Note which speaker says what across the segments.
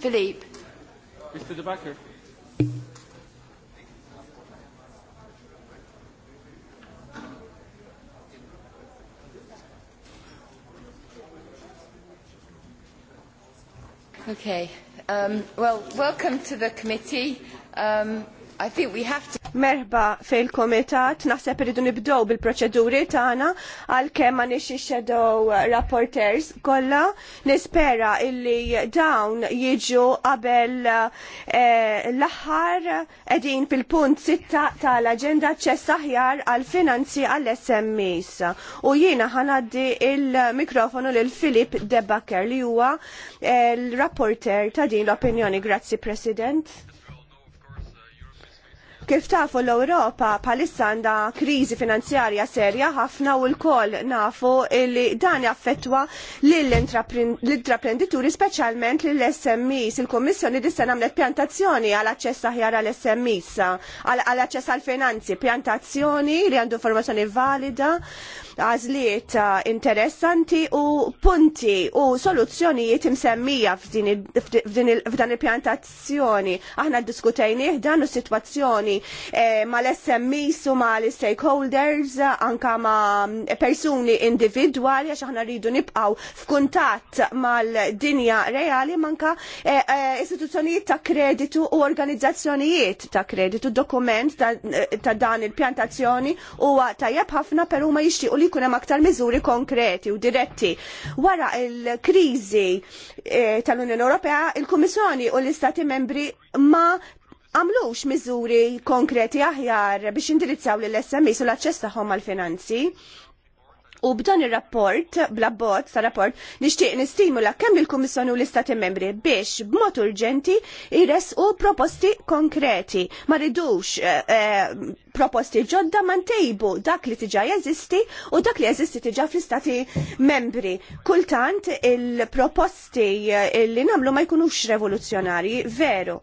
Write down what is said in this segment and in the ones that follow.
Speaker 1: Philippe. Mr. De Backer.
Speaker 2: Okay. Um,
Speaker 3: well, welcome to the committee. Um, I think we have to... Merba fejn komitat naħseb irridu nibdow bil-proċeduri tagħna għalkemm ma nixi shadow rapporters kollha. Nispera illi dawn jiġu qabel eh, l-aħħar qegħdin fil-punt sitta tal-aġenda ċess aħjar għal finanzi għall smis U jiena ħanaddi il-mikrofonu lil Filip Debaker li huwa eh, l-rapporter ta' din l-opinjoni. Grazzi President. Kif tafu l-Europa palissa għanda krizi finanzjarja serja ħafna u l-koll nafu li dan jaffetwa l-intraprendituri specialment l-SMIs. Il-Kommissjoni dissa namlet pjantazzjoni għal aċċess aħjar għal-SMIs, għal aċċess għal-finanzi, pjantazzjoni li għandu informazzjoni valida, għazliet eh, interessanti u punti u soluzzjonijiet imsemmija f'dan il-pjantazzjoni. Aħna diskutejnieh dan u situazzjoni Eh, mal-SMEs u mal-stakeholders, anka ma' persuni individwali, għax aħna rridu nibqaw f'kuntatt mal-dinja reali, manka eh, eh, istituzzjonijiet ta' kreditu u organizzazzjonijiet ta' kreditu, dokument ta' dan il-pjantazzjoni huwa tajjeb ħafna per huma jixtiequ li jkun hemm aktar miżuri konkreti u diretti. Wara il-kriżi tal-Unjoni Ewropea, il-Kummissjoni u l-Istati membri ma għamlux miżuri konkreti aħjar biex indirizzaw l smi u l-aċċess tagħhom għal-finanzi. U b'dan ir-rapport, bl-abbozz sa' rapport, nixtieq nistimula kemm il-Kummissjoni u l-Istati Membri biex b'mod urġenti jresqu proposti konkreti. Ma ridux eh, eh, proposti ġodda ma ntejbu dak li tiġa jeżisti u dak li jeżisti tiġa fl-Istati Membri. Kultant il-proposti eh, li nagħmlu ma jkunux revoluzzjonarji, veru.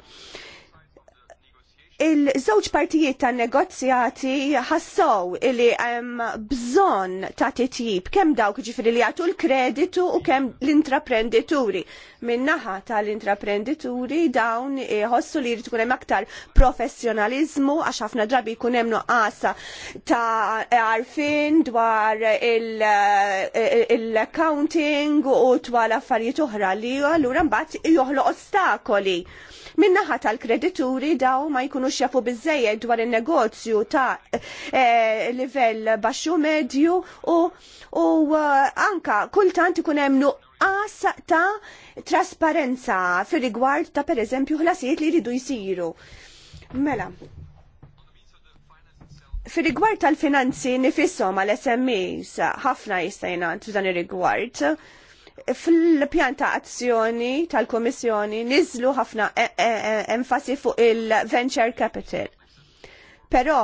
Speaker 3: Il-żewġ partijiet ta' negozjati ħassow li hemm bżonn ta' titjib kemm dawk ġifri li jagħtu l-kreditu u kemm l-intraprendituri. Min-naħa tal-intraprendituri dawn iħossu li jrid ikun hemm aktar professjonaliżmu għax ħafna drabi jkun hemm noqqasa ta' għarfin dwar il-accounting u twal affarijiet oħra li allura mbagħad joħloq ostakoli. Minnaħa tal-kredituri daw ma jkunux jafu bizzejed dwar il-negozju ta' eh, livell baxxu medju u, u eh, anka kultant ikun hemm nuqqas ta' trasparenza fir-rigward ta' pereżempju ħlasijiet li jridu jsiru. Mela, Fi rigward tal-finanzi nifissom għal SMEs, ħafna jistajna f'dan ir-rigward fil-pjan ta' azzjoni tal-Komissjoni niżlu ħafna e, e, e, enfasi fuq il-venture capital. Però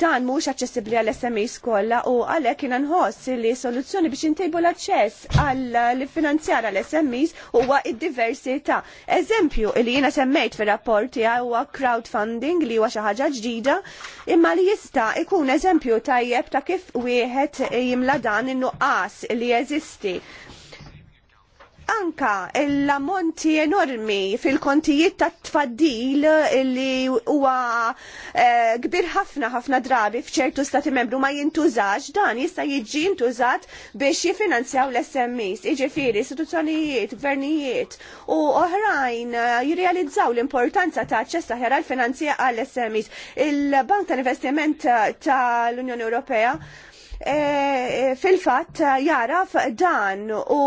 Speaker 3: dan mhux aċċessibbli għal SMEs kollha u għalhekk kien nħoss li soluzzjoni biex intejbu l-aċċess għal finanzjar għal SMEs huwa id-diversità. Eżempju li jiena semmejt fir-rapport huwa crowdfunding li huwa xi ħaġa ġdida, imma li jista' ikun eżempju tajjeb ta' kif wieħed jimla dan in-nuqqas li jeżisti anka l-ammonti enormi fil-kontijiet ta' tfaddil li huwa eh, kbir ħafna ħafna drabi f'ċertu stati membru ma jintużax dan jista' jiġi jintużat biex jifinanzjaw l-SMEs, iġifieri istituzzjonijiet, gvernijiet u oħrajn eh, jirrealizzaw l-importanza ta' aċċess ħjara għall-finanzja għall-SMEs. Il-Bank tal-Investiment eh, tal-Unjoni Ewropea fil-fatt jaraf dan u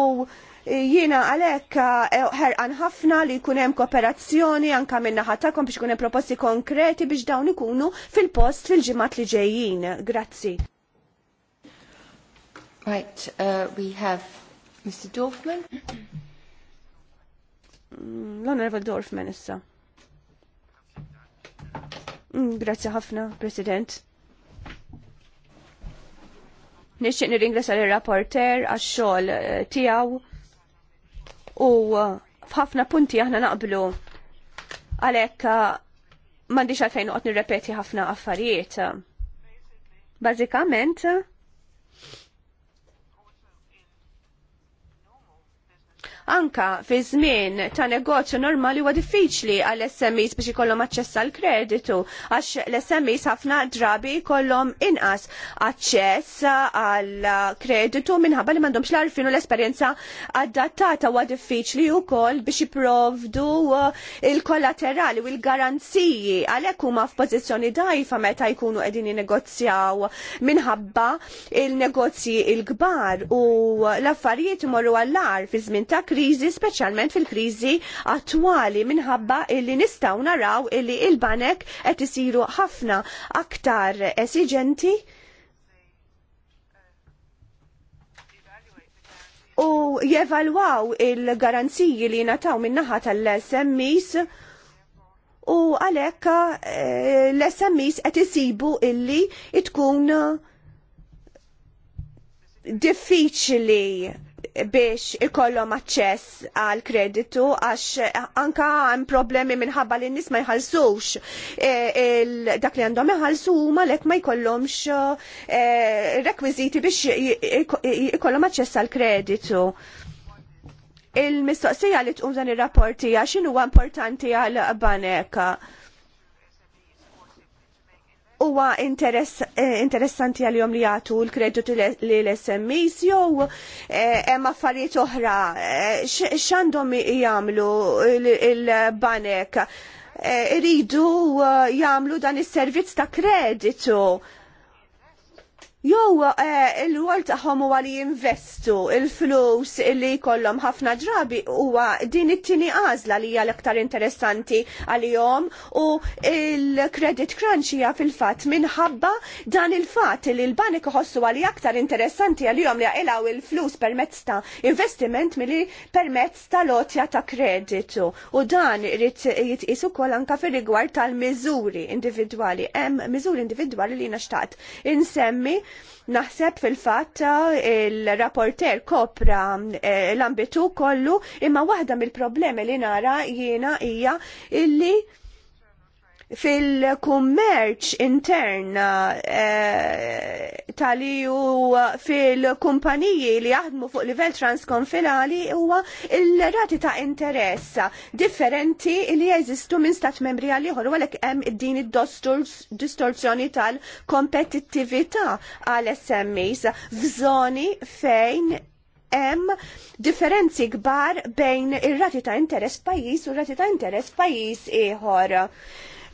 Speaker 3: Jiena għalek eh, ħerqan ħafna li jkun hemm kooperazzjoni anka minna ħatakom biex kunem proposti konkreti biex dawn ikunu fil-post fil-ġimat li ġejjin. Grazzi. Right, uh, we have Mr. Dorfman. Mm, L-Honorable Dorfman issa. Mm, grazzi ħafna, President. Nixtieq nirringressa l-rapporter għax-xogħol eh, tiegħu u uh, f'ħafna punti aħna naqblu għalhekk uh, m'għandix għalfejn qed nirrepeti ħafna affarijiet. Bażikament anka fi żmien ta' negozju normali huwa diffiċli għall smis biex ikollhom aċċess għal kreditu għax l smis ħafna drabi jkollhom inqas aċċess għal kreditu minħabba li m'għandhomx l-arfin u l-esperjenza adattata huwa diffiċli wkoll biex jipprovdu uh, il-kollaterali u l-garanziji għalhekk huma f'pożizzjoni dajfa meta jkunu qegħdin jinnegozjaw minħabba il-negozji il-kbar u l-affarijiet imorru għall-ar fi żmien ta' fil-kriżi, speċjalment fil-kriżi attwali minħabba illi nistgħu naraw illi il-banek qed isiru ħafna aktar esiġenti u jevalwaw il-garanziji li nataw minnaħa tal smis u għalhekk eh, l smis qed isibu illi tkun diffiċli biex ikollhom aċċess għal kreditu għax anka hemm problemi minħabba li n-nies ma jħallsux e, dak li għandhom iħallsu huma lek ma jkollhomx e, rekwiżiti biex ikollhom aċċess għal kreditu. Il-mistoqsija li tqum dan ir-rapporti għax huwa importanti għal banek huwa eh, interessanti għal-jom li jagħtu l-kreditu li l-SMEs jew eh, hemm affarijiet oħra eh, x'għandhom jagħmlu il-banek iridu jagħmlu dan is-servizz ta' kreditu Jow eh, il-wol taħħom huwa li jinvestu il-flus li kollom ħafna ġrabi huwa din it-tieni għażla li hija l-aktar interessanti għalihom u il-credit crunch hija fil-fatt minħabba dan il-fatt li l-banik iħossu għali aktar interessanti għal-jom li għilaw il-flus permezz ta' investiment milli permezz ta' lotja ta' kreditu. U dan irid jitqisu kollan anke fir-rigward tal-miżuri individwali. Hemm miżuri individwali li naxtaqt insemmi Naħseb fil-fatt il-rapporter kopra eh, l-ambitu kollu imma waħda mill-problemi li nara jiena hija illi fil-kummerċ intern eh, tal-EU fil-kumpaniji li jaħdmu fuq livell transkonfinali huwa il-rati ta' interess differenti li jeżistu minn stat membri għal ieħor għalhekk hemm din id-distorzjoni tal-kompetittività għal SMEs f'żoni fejn hemm differenzi kbar bejn ir-rati ta' interess pajjiż u r-rati ta' interess pajjiż ieħor.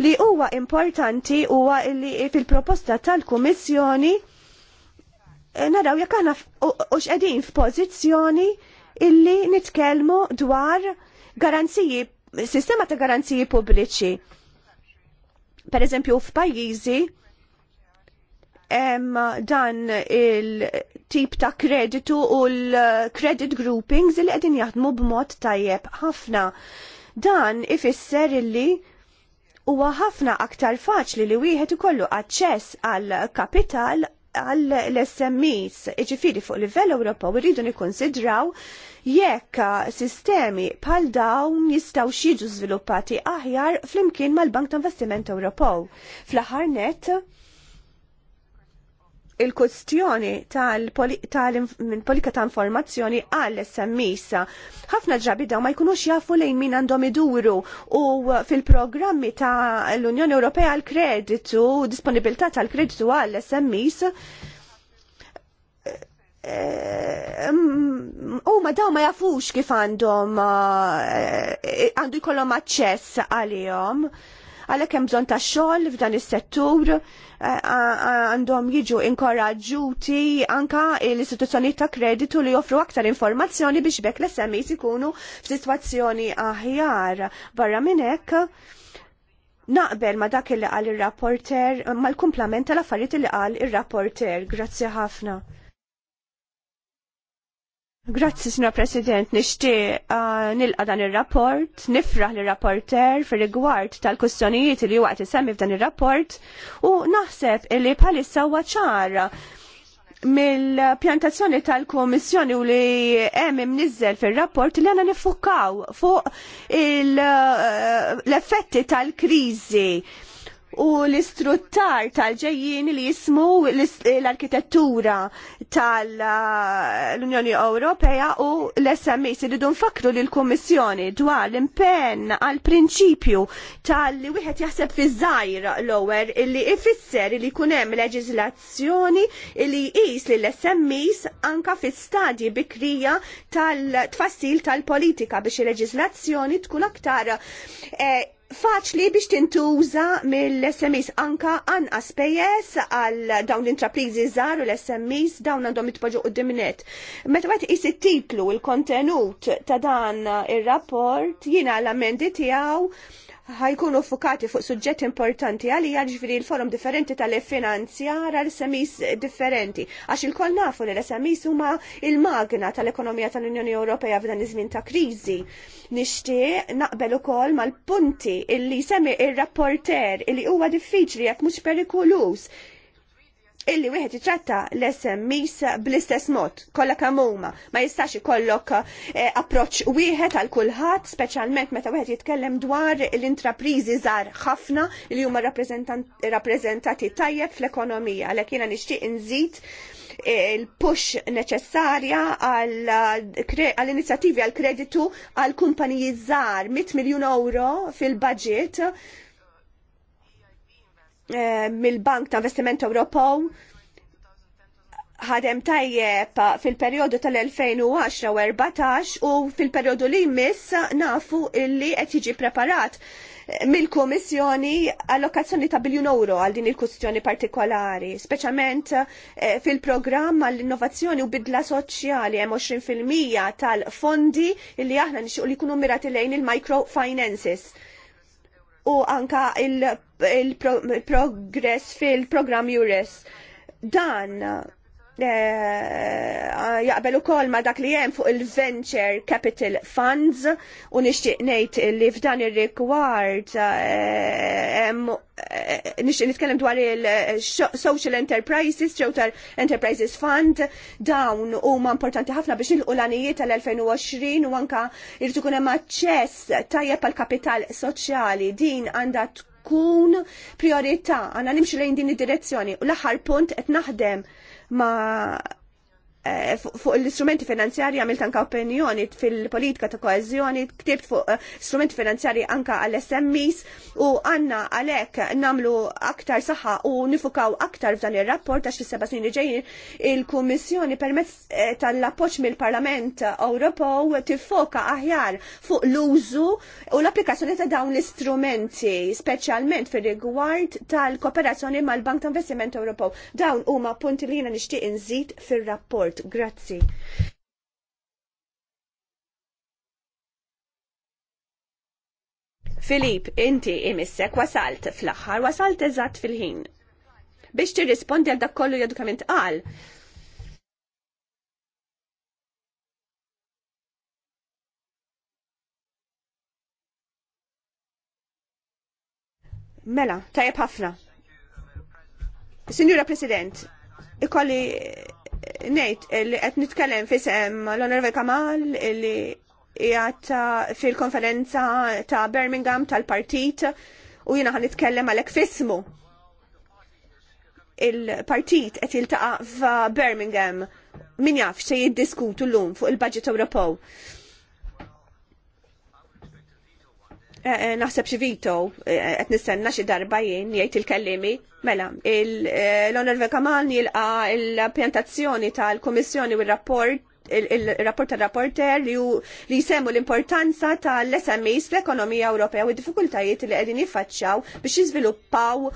Speaker 3: Li huwa importanti huwa li fil-proposta tal-Kummissjoni eh, naraw jekk aħna ux qegħdin f'pożizzjoni illi nitkellmu dwar garanziji, sistema ta' garanziji pubbliċi. Per eżempju, f'pajjiżi hemm dan il-tip ta' kreditu u l-credit groupings li qegħdin jaħdmu b'mod tajjeb ħafna. Dan ifisser illi huwa ħafna aktar faċli li wieħed ikollu aċċess għal kapital għal l-SMEs, iġifiri fuq livell Ewropa u rridu nikkonsidraw jekk sistemi pal dawn jistaw jiġu żviluppati aħjar flimkien mal-Bank ta' Investiment Ewropew. Fl-aħħar net, il-kustjoni tal-polika ta' informazzjoni għall sms ħafna ġrabi daw ma jkunux jafu lejn min għandhom iduru u fil-programmi ta' l-Unjoni Ewropea għal-kreditu, disponibilità tal-kreditu għall sms u ma daw ma jafux kif għandhom eh, eh, għandu jkollhom aċċess għalihom għalhekk hemm bżonn ta' xogħol f'dan is-settur eh, għandhom jiġu inkoraġġuti anka l-istituzzjonijiet ta' kreditu li joffru aktar informazzjoni biex bekk l-SMEs ikunu f'sitwazzjoni aħjar. Barra minn hekk naqbel ma dak li qal ir-rapporter eh, mal-kumplament tal-affarijiet li qal ir-rapporter. Grazzi ħafna. Grazzi, Sina President, nishti uh, nilqa dan il-rapport, nifraħ l-rapporter fil rigward tal-kustjonijiet li waqt semmi f'dan il-rapport u naħseb li palissa huwa ċara mill-pjantazzjoni tal-Komissjoni u li hemm imniżel fir-rapport li għana nifukaw fuq uh, l-effetti tal-kriżi u l-istruttar tal-ġejjin li jismu l-arkitettura tal-Unjoni uh, Ewropea u l-SMIs irridu nfakru li l-Kommissjoni dwar l-impenn għal prinċipju tal-li wieħed jaħseb fi żgħir l-ower illi ifisser li jkun hemm leġiżlazzjoni li jqis li l-SMIs anka fi stadji bikrija tal-tfassil tal-politika biex il leġizlazzjoni tkun aktar eh, faċli biex tintuża mill-SMEs anka anqas pejjeż għal dawn l-intrapriżi żgħar u l-SMEs dawn għandhom jitpoġġu qudiem net. Meta wieħed is titlu il-kontenut ta' dan ir-rapport jiena l-amendi tiegħu ħajkun fukati fuq suġġett importanti għalija ġifiri l-forum differenti tal-finanzjar għal semis differenti. Għax il-koll nafu li l semis huma il-magna tal-ekonomija tal-Unjoni Ewropea f'dan iż-żmien ta' kriżi. Nixtieq naqbel ukoll mal-punti illi semi il rapporter illi huwa diffiċli jekk mhux perikulus illi wieħed jitratta l-SMEs bl-istess mod, kollha kemm huma. Ma jistax ikollok eh, approċċ wieħed għal kulħadd, speċjalment meta wieħed jitkellem dwar l-intrapriżi żgħar ħafna li huma rappreżentati tajjeb fl-ekonomija, għalhekk jiena nixtieq inżid eh, il-push neċessarja għall-inizjattivi għall kreditu għall kumpaniji żgħar 100 miljun euro fil-budget Eh, mill-Bank ta' Investiment Ewropew ħadem tajjeb fil-periodu tal-2010 u 14 u fil-periodu li jmiss nafu illi qed jiġi preparat mill-Komissjoni allokazzjoni ta' biljun euro għal din il-kustjoni partikolari, speċjalment eh, fil-programm għall-innovazzjoni u bidla soċjali hemm 20% tal-fondi illi aħna nixtiequ li jkunu mirati lejn il-microfinances u anka il-progress il fil programm Juris. Dan Eh, jaqbel ukoll ma dak li hemm fuq il-venture capital funds u nixtieq ngħid li f'dan ir-rigward nishtiq eh, eh, nixtieq nitkellem dwar il-social enterprises ġew enterprises fund dawn huma importanti ħafna biex nilqu l tal-2020 u anka irid ikun hemm aċċess tajjeb għal kapital soċjali din għandha tkun priorità għandna nimxu lejn din id-direzzjoni u l-aħħar punt qed naħdem ma Eh, fuq l-istrumenti finanzjari għamilt anka opinjoni fil-politika ta' koezjoni, ktibt fuq eh, strumenti finanzjari anka għall-SMEs u għanna għalek namlu aktar saħħa u nifukaw aktar f'dan il-rapport għax fis-seba' snin ġejjin il-Kummissjoni permezz eh, tal-appoġġ mill-Parlament Ewropew tiffoka aħjar fuq l-użu u l-applikazzjoni ta' dawn l-istrumenti, speċjalment fir-rigward tal-kooperazzjoni mal-Bank ta' Investiment Ewropew. Dawn huma punti li jiena nixtieq inżid fir-rapport support. Grazzi. Filip, inti imissek wasalt fl-axħar, wasalt eżatt fil-ħin. Biex tirrispondi għal dak kollu jadu qal. Mela, tajab ħafna. Signora President, ikolli nejt li qed nitkellem fisem l onorve Kamal li jgħat fil-konferenza ta' Birmingham tal-partit u jina għan nitkellem għalek fismu. Il-partit qed jiltaqa' f'Birmingham min jaf xe jiddiskutu l-lum fuq il-budget Ewropew. Eh, eh, naħseb xi vito eh, qed nistenna xi darba jien jgħid il-kellimi. Mela, l-Onorve Kamal jilqa l-pjantazzjoni tal-Kummissjoni u r-rapport il-rapport tal-rapporter li, li jsemmu l-importanza tal-SMEs fl-ekonomija Ewropea u d-diffikultajiet li qegħdin jiffaċċjaw biex jiżviluppaw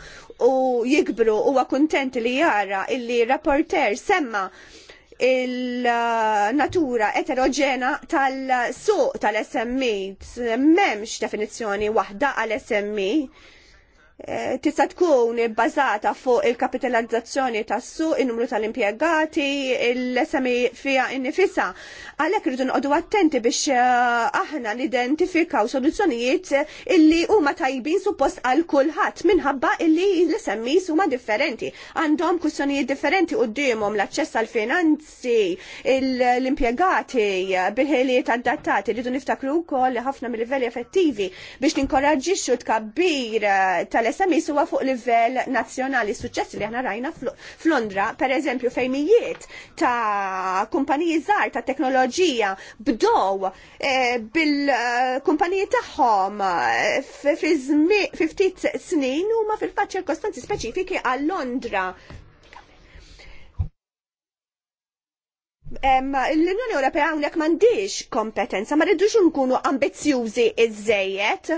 Speaker 3: u jikbru huwa kuntenti li jara li rapporter semma il-natura eterogena tal-suq tal-SMI. Memx definizjoni wahda għal-SMI. E. E, tista' tkun bbażata fuq il-kapitalizzazzjoni tas-suq, in-numru tal-impjegati, l-SMI e fija innifisa. Għalhekk rridu nqodu attenti biex eh, aħna nidentifikaw soluzzjonijiet eh, illi huma tajbin suppost għal kulħadd minħabba illi l-semmis huma differenti. Għandhom kwistjonijiet differenti qudiemhom l-aċċess għal finanzi, l-impjegati, biħeliet adattati, rridu niftakru wkoll ħafna mill-livelli effettivi biex ninkoraġġixxu tkabbir eh, tal-SMIs huwa fuq livell nazzjonali. Suċċessi li aħna rajna fl-Londra, pereżempju, fejmijiet ta' kumpaniji żgħar ta' teknoloġija teknoloġija bdow eh, bil-kumpaniji tagħhom eh, fi ftit snin huma fil-fatt ċirkostanzi speċifiki għal Londra. L-Unjoni Ewropea hawnhekk m'għandix kompetenza, ma rridux nkunu ambizzjużi iżejjed.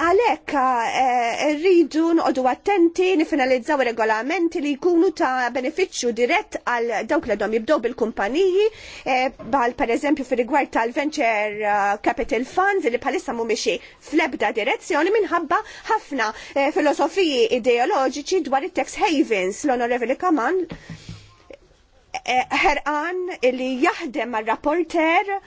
Speaker 3: Għalek, eh, rridu nqodu attenti, nifinalizzaw regolamenti li jkunu ta' beneficju dirett għal dawk li għadhom jibdow bil-kumpaniji, eh, bħal per eżempju fi rigward tal-Venture eh, Capital Funds li bħalissa fl flebda direzzjoni minħabba ħafna filosofiji ideoloġiċi dwar it-tax havens, l-onorevoli Kaman Herqan li jaħdem għal rapporter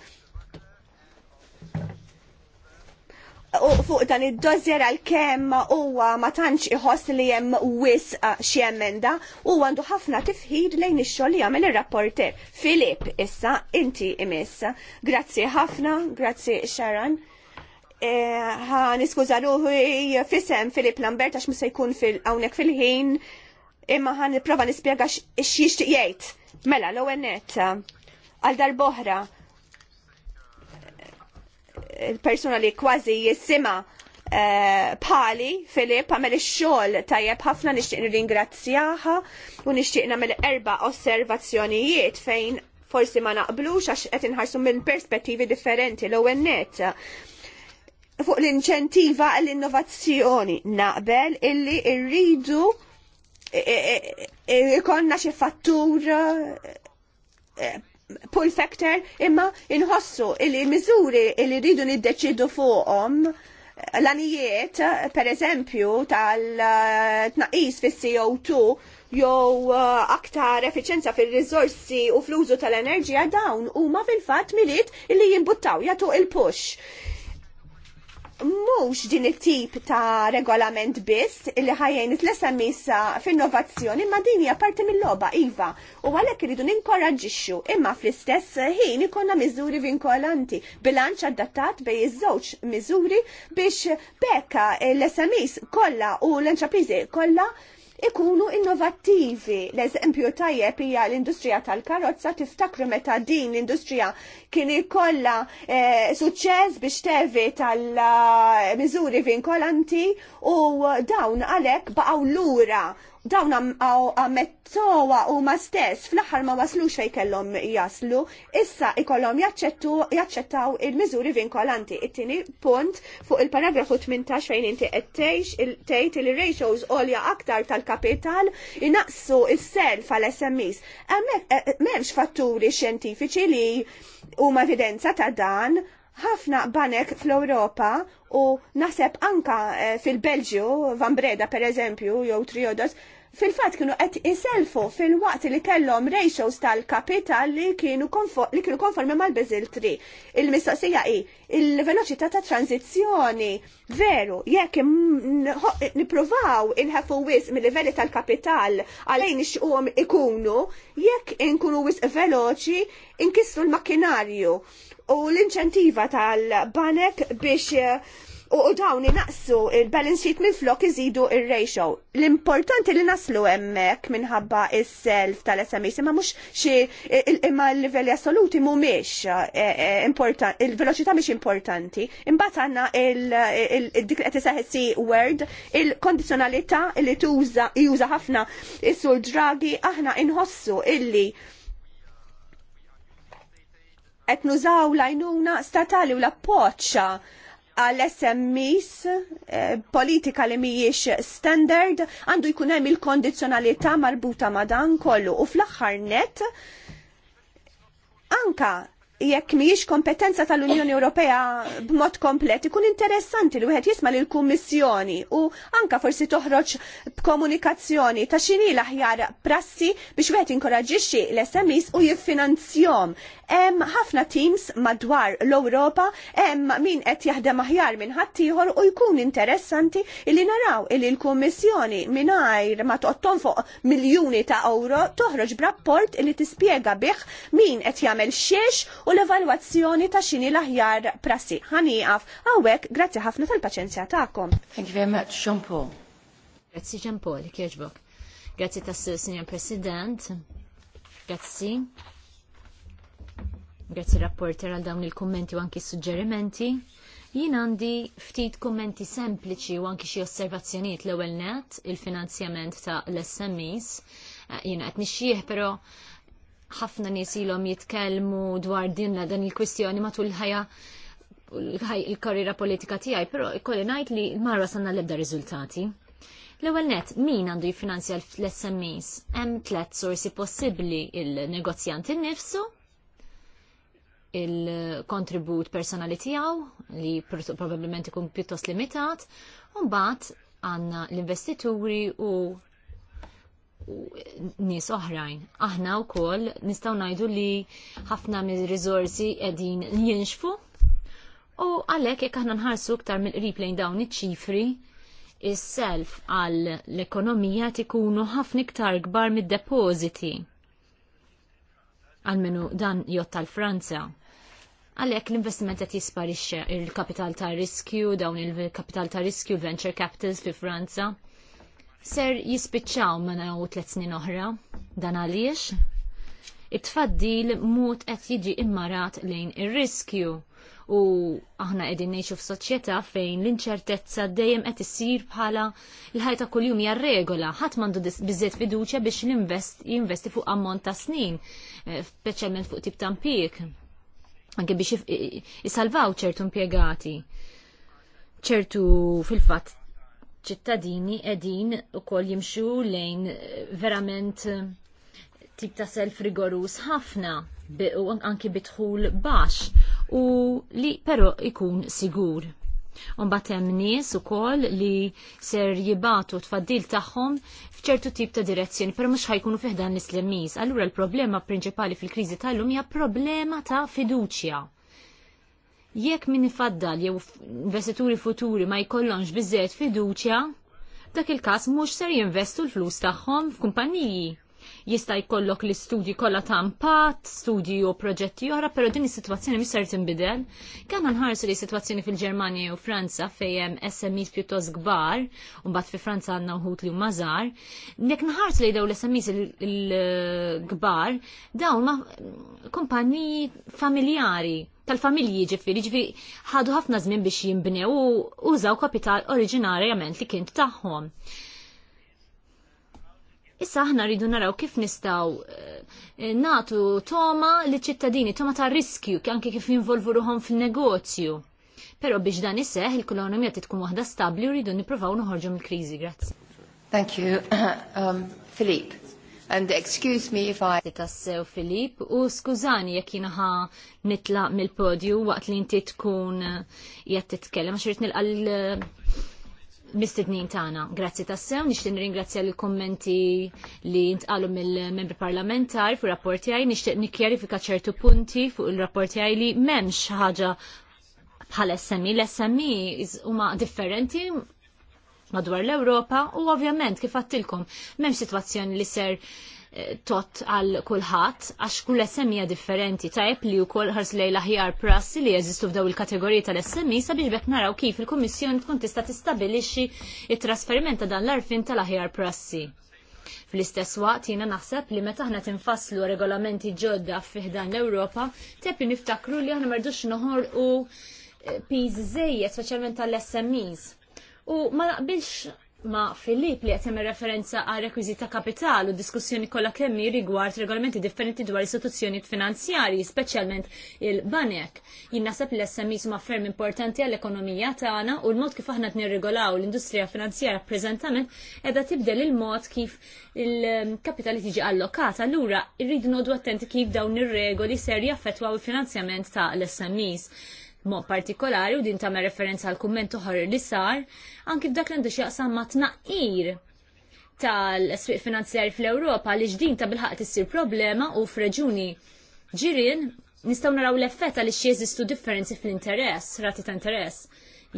Speaker 3: fuq dan id-dozzjer għal kemm huwa ma tantx iħoss li hemm wis uh, xi emenda u għandu ħafna tifħid lejn ix-xogħol li jagħmel ir-rapporter. Filip, issa inti imiss. Grazzi ħafna, grazzi Sharon. E, ħa niskuża ruħi fisem Filip Lambert għax se jkun hawnhekk fil-ħin imma ħan nipprova nispjega x'jixtieq jgħid. Mela, l-ewwel nett għal darboħra persona persuna li kważi jissima eh, pali Filip għamel ix-xogħol tajjeb ħafna nixtieq nirringrazzjaha u nixtieq nagħmel erba' osservazzjonijiet fejn forsi ma naqblux għax qed inħarsu minn perspettivi differenti l-ewwel nett fuq l-inċentiva għall-innovazzjoni naqbel illi rridu eh, eh, ikonna xi fattur pull factor imma inħossu il-miżuri li rridu niddeċidu fuqhom l-anijiet, per eżempju, tal-tnaqis fis co2 jew uh, aktar efficienza fil-rizorsi u fl-użu tal-enerġija dawn huma fil-fatt miliet li jimbuttaw jagħtu il-push mux din it-tip ta' regolament biss li ħajjen it-lesa missa f'innovazzjoni ma' din hija parti mill-logħba iva u għalhekk iridu ninkoraġixxu imma fl-istess ħin ikonna miżuri vinkolanti bilanċ adattat bej iż-żewġ miżuri biex bekka l-SMEs kollha u l-entrapriżi kollha ikunu innovattivi. L-eżempju tajjeb hija l-industrija tal-karozza tiftakru meta din l-industrija kien ikolla eh, suċċess biex tevi tal-miżuri eh, vinkolanti u dawn għalhekk baqgħu lura dawn għammettowa u ma stess fl-axar ma waslux fej kellom jaslu, issa ikollom jaċċettaw il-mizuri vinkolanti. It-tini punt fuq il-paragrafu 18 fejn inti għettejx il-tejt il-ratios olja aktar tal-kapital inaqsu il-self fal-SMIs. Memx e- e- fatturi xjentifiċi li u ma evidenza ta' dan ħafna banek fl-Europa u naħseb anka eh, fil-Belġju, Van Breda per eżempju, jew Triodos, fil-fat kienu qed iselfu fil-waqt li kellhom ratios tal-kapital li kienu li kienu konformi mal-Basil 3. Il-mistoqsija hi il-veloċità ta' tranzizjoni, veru jekk nippruvaw inħafu wis mill-livelli tal-kapital għalejn ixquhom ikunu jekk inkunu wis veloċi inkissru l-makkinarju u l-inċentiva tal-banek biex eh, u dawn naqsu il-balance sheet minn flok iżidu il-ratio. L-importanti li naslu emmek minħabba il-self tal-SMS e, imma mux xie imma l-livelli assoluti mumiex eh, eh, importanti, il-veloċità miex importanti. Imbat għanna il-dik li għetisaħessi word, il-kondizjonalità li tuża juża ħafna is-sur dragi aħna inħossu illi qed nużaw lajnuna statali u l-appoċċa għal SMEs, eh, politika li mhijiex standard, għandu jkun hemm il-kondizzjonalità marbuta ma' dan kollu u fl-aħħar net anka jekk mhijiex kompetenza tal-Unjoni Ewropea b'mod komplet, ikun interessanti li wieħed jisma' lill kummissjoni u anka forsi toħroġ b'komunikazzjoni ta' xini l-aħjar prassi biex wieħed inkoraġixxi l-SMEs u jiffinanzjom. Hemm ħafna teams madwar l-Ewropa, hemm min qed jaħdem aħjar minn ħaddieħor u jkun interessanti li naraw li l-Kummissjoni mingħajr ma toqgħod fuq miljuni ta' euro toħroġ b'rapport li tispjega bih min qed jagħmel xiex u l-evalwazzjoni ta' xini l-aħjar prassi. Ħanieqaf hawnhekk grazzi ħafna tal-paċenzja tagħkom. Thank
Speaker 1: you very much, Jean Paul. Grazzi Jean Paul, kieġbok. Grazzi tas-Sinjor President. Grazzi. Grazzi rapporter għal dawn il-kommenti u anki suġġerimenti. Jien għandi ftit kommenti sempliċi u anki xi osservazzjonijiet l-ewwel net il-finanzjament ta' l-SMEs. Eh, Jiena qed nixxieħ pero ħafna nies ilhom jitkellmu dwar din dan il-kwistjoni matul il-ħajja il-karriera politika tiegħi, però ikolli ngħid li marra sanna l-ebda riżultati. L-ewwel net, min għandu jiffinanzja l-SMEs? Hemm tliet sorsi possibbli il-negozjant innifsu, il-kontribut personali tiegħu li probabbilment ikun pjuttost limitat, u mbagħad għandna l-investituri u nies oħrajn. Aħna wkoll nistgħu ngħidu li ħafna mir-riżorsi qegħdin jinxfu u għalhekk jekk aħna nħarsu aktar mill-qrib lejn dawn iċ-ċifri, is-self għal l-ekonomija tikunu ħafna iktar kbar mid għal menu dan jotta l franza għalhekk l-investiment qed jisparixxi il-kapital ta' riskju, dawn il-kapital ta' riskju venture capitals fi Franza. Ser jispiċċaw minn u tliet snin oħra, dan għaliex? It-tfaddil mod qed jiġi immarat lejn ir-riskju u aħna qegħdin ngħixu f'soċjetà fejn l-inċertezza dejjem qed issir bħala l-ħajta kuljum hija regola. Ħadd m'għandu bizzet fiduċja biex l-invest jinvesti fuq ammont ta' snin, eh, speċjalment fuq tip ta' anke biex jisalvaw ċertu impjegati, ċertu fil-fatt ċittadini edin u koll jimxu lejn eh, verament eh, tip ta' self rigorus ħafna anki bitħul baxx u li però ikun sigur batem hemm nies ukoll li ser jibatu tfaddil tagħhom f'ċertu tip ta' direzzjoni, per mhux ħajkunu fih dan l-Islammiż. Allura l-problema prinċipali fil-kriżi tal-lum hija problema ta' fiduċja. Jekk min ifaddal jew investituri futuri ma jkollhomx biżżejjed fiduċja, dak il-każ mhux ser jinvestu l-flus tagħhom f'kumpaniji jista' jkollok l-istudji kollha ta' impatt, studji u proġetti oħra, però din is-sitwazzjoni mhix ser tinbidel. Kemm nħarsu li sitwazzjoni fil-Ġermanja u Franza fejn hemm SMEs pjuttost kbar, u mbagħad fi Franza għandna wħud li huma żgħar, nek nħarsu li dawn l-SMEs il-kbar dawn ma' kumpaniji familjari tal-familji ġifiri, ġifiri ħadu ħafna żmien biex jimbnew u użaw kapital oriġinarjament li kien tagħhom. Issa aħna rridu naraw kif nistgħu eh, natu toma li ċittadini, toma ta' riskju, anke kif involvu ruħom fil-negozju. Pero biex dan isseħ, il kolonomija titkun waħda stabli u rridu niprofaw noħorġu mill-kriżi. Grazzi. Thank you, um, Filip. And excuse me if I... Tassew Filip, u skużani jekk jinaħa nitlaq mill-podju waqt li inti tkun eh, jgħat titkellem, mistednin tagħna. Grazzi tassew, nixtieq nirringrazzja li kummenti li ntqalu mill-membri parlamentari fuq rapporti għaj, nixtieq nikkjarifika ċertu punti fuq il-rapporti għaj li m'hemmx ħaġa bħal SMI. L-SMI huma differenti madwar l-Ewropa u ovvjament kif għattilkom m'hemmx sitwazzjoni li ser tot għal kulħadd għax kull SMija differenti tajb li wkoll ħars lej l-aħjar prassi li jeżistu f'daw il-kategoriji tal-SMI sabiex bekk naraw kif il-Kummissjoni tkun tista' tistabilixxi it-trasferiment ta' dan l-arfin tal-aħjar prassi. Fl-istess waqt jiena naħseb li meta aħna tinfasslu regolamenti ġodda fiħdan l-Ewropa, li niftakru li aħna merdux noħor u eh, żejjed speċjalment tal-SMEs. U ma naqbilx ma' Filip li qed referenza għal rekwiżit ta' kapital u diskussjoni kollha kemm rigward regolamenti differenti dwar istituzzjoni finanzjarji, speċjalment il-banek. Jien naħseb li l smi huma ferm importanti għall ekonomija tagħna u l-mod kif aħna nirregolaw l-industrija finanzjarja preżentament qiegħda tibdel il-mod kif il-kapitali tiġi allokata. Allura rridu nodu attenti kif dawn ir-regoli ser jaffettwaw il-finanzjament ta' l-SMEs mod partikolari u din tagħmel referenza għal kumment oħra li sar anki f'dak li għandu x'jaqsam ma' tnaqir tal-sfiq finanzjari fl-Ewropa li ġdin ta' bilħaq tissir problema u f'reġuni ġirien nistgħu naraw l-effetta li xieżistu differenzi fl-interess, rati ta' interess.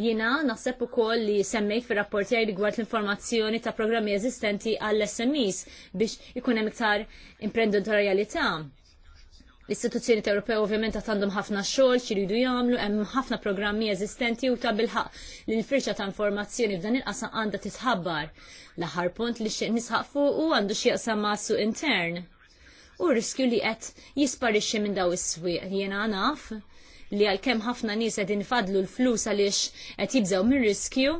Speaker 1: Jina naħseb ukoll li semmejt fir-rapporti għaj rigward l-informazzjoni ta' programmi eżistenti għall-SMEs biex ikun hemm iktar imprenditorjalità L-istituzzjoni Ewropew ovvjament għandhom ħafna xogħol xi jridu jagħmlu, hemm ħafna programmi eżistenti u ta' bilħaq li l-firxa ta' informazzjoni f'dan il-qasam għandha titħabbar. L-aħħar punt li xieq nisħaq fuq u għandu xi jaqsam ma' suq intern. U riskju li qed jisparixxi minn daw is-swieq jiena naf li għalkemm ħafna nies qed fadlu l-flus għaliex qed jibżgħu minn riskju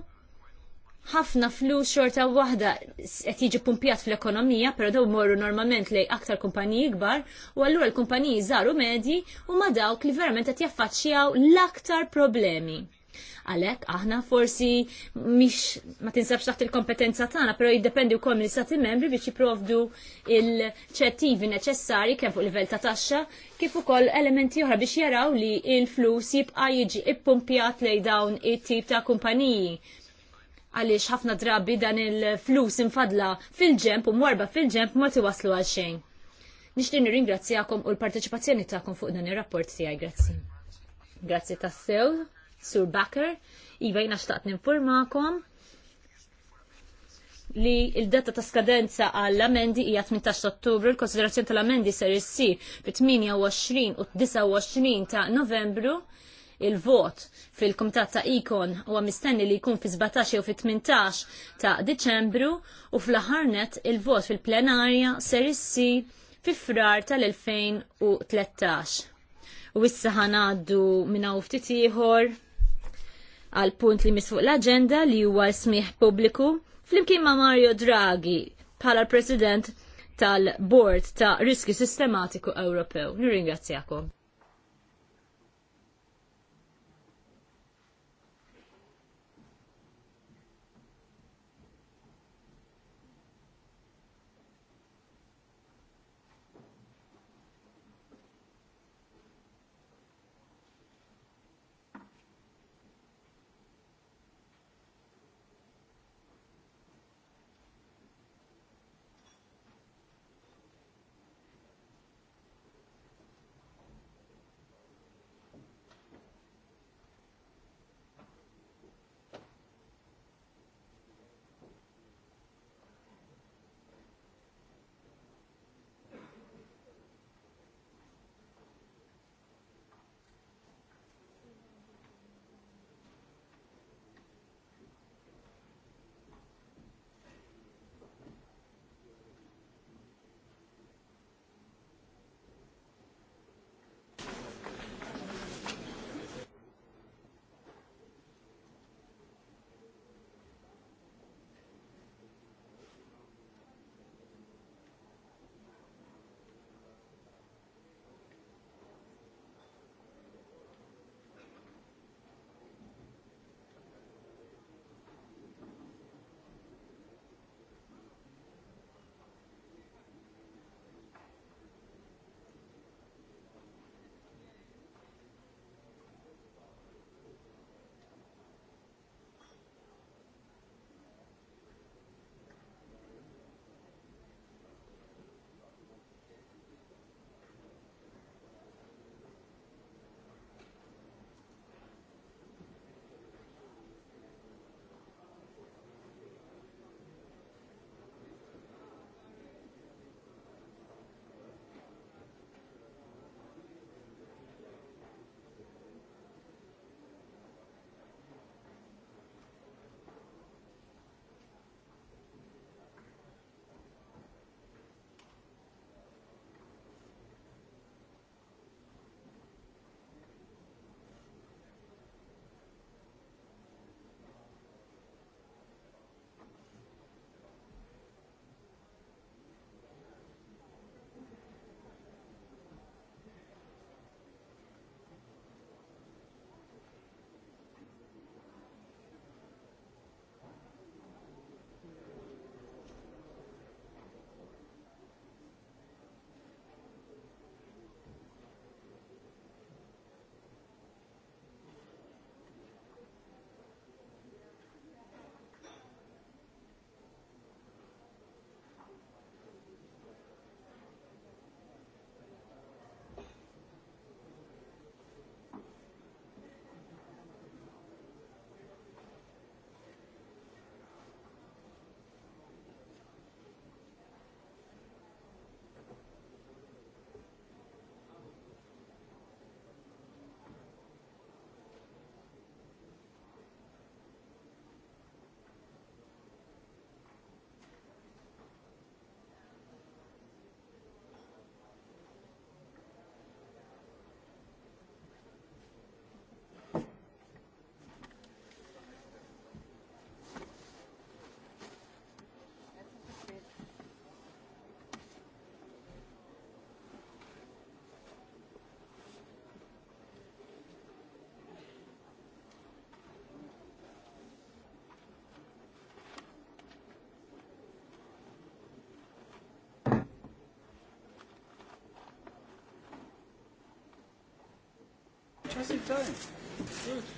Speaker 1: ħafna flus xorta waħda qed jiġi pumpjat fl-ekonomija, però daw morru normalment lej aktar kumpaniji kbar, u allura l-kumpaniji żaru medji u ma dawk li verament qed jaffaċċjaw l-aktar problemi. Għalek, aħna forsi mish, ma tinsabx taħt il-kompetenza tagħna, però jiddependi wkoll mill sati membri biex jipprovdu il-ċettivi neċessari kemm fuq livell ta' taxxa, kif ukoll elementi oħra biex jaraw li il-flus jibqa' jiġi ippumpjat lejn dawn it-tip ta' kumpaniji għaliex ħafna drabi dan il-flus infadla fil-ġemp u morba fil-ġemp ma tiwaslu għal xejn. Nixtieq nirringrazzjakom u l-parteċipazzjoni tagħkom fuq dan ir-rapport tiegħi grazzi. Grazzi tassew, Sur Bakker, iva jina xtaqt ninformakom li il-data ta' skadenza għall-amendi hija 18 ottubru, il-konsiderazzjoni tal-amendi ser issir fit-28 u 29 ta' novembru il-vot fil-Kumitat ta' Ikon huwa mistenni li jkun fi 17 jew fi 18 ta' Diċembru u fl ħarnet il-vot fil-plenarja ser issi fi frar tal-2013. U issa ħanaddu minna ftit ieħor għal punt li misfuq l-agenda li huwa smieħ pubbliku flimkien ma' Mario Draghi bħala l-President tal-Bord ta' Riski Sistematiku Ewropew. Nirringrazzjakom.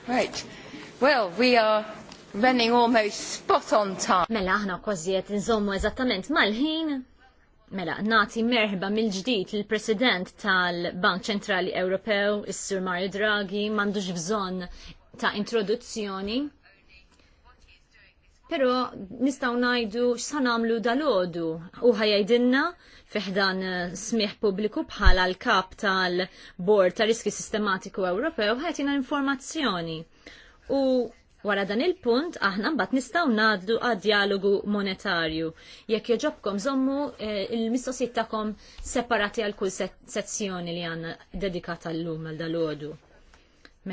Speaker 2: Right. Well, we are running almost spot
Speaker 1: on time. Mela aħna kważiet inżommu eżattament mal-ħin. Mela, nati merħba mill-ġdid il-President tal-Bank Ċentrali Ewropew, is-Sur Mario Draghi, m'għandux bżonn ta' introduzzjoni Pero nistaw najdu x'san għamlu dal-ħodu u ħajajdinna fiħdan eh, smieħ publiku bħala l-kap tal-Bord ta' Riski Sistematiku Ewropew ħajtina informazzjoni. U wara dan il-punt aħna mbagħad nistgħu ngħaddu għad dialogu monetarju. Jekk joġobkom żommu eh, il-mistoqsijiet tagħkom separati għal kull sezzjoni li għandna dedikata llum għal dal-ħodu.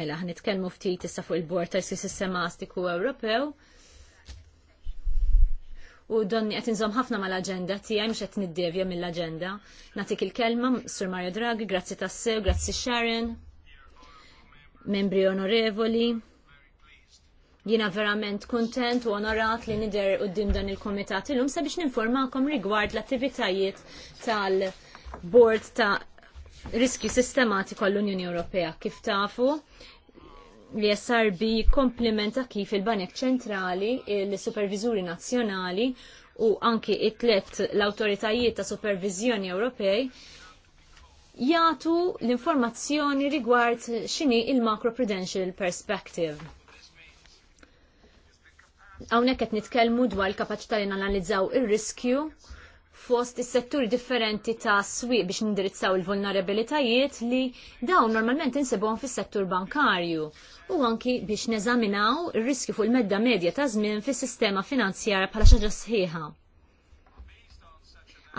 Speaker 1: Mela, ħnitkellmu ftit issa fuq il-Bord ta' Riski Sistematiku Ewropew u donni qed inżomm ħafna mal-aġenda tiegħi mhux qed niddevja mill-aġenda. Natik il-kelma Sur Mario Draghi, grazzi tassew, grazzi Sharon, membri onorevoli. Jiena verament kuntent u onorat li nider qudiem dan il-komitat illum sabiex ninformakom rigward l-attivitajiet tal-Bord ta' riskju sistematiku għall-Unjoni Ewropea. Kif tafu, li bi komplementa kif il-Banek Ċentrali, il-Supervizuri Nazzjonali u anki it-tlet l-autoritajiet ta' supervizjoni Ewropej jagħtu l-informazzjoni rigward x'inhi il-macroprudential perspective. Hawnhekk qed nitkellmu dwar il-kapaċità li nanalizzaw ir-riskju fost is-setturi differenti ta' swieq biex nindirizzaw il-vulnerabilitajiet li dawn normalment insibhom fis-settur bankarju u anki biex neżaminaw ir-riski fuq il-medda medja ta' żmien fis-sistema finanzjar bħala xaġa sħiħa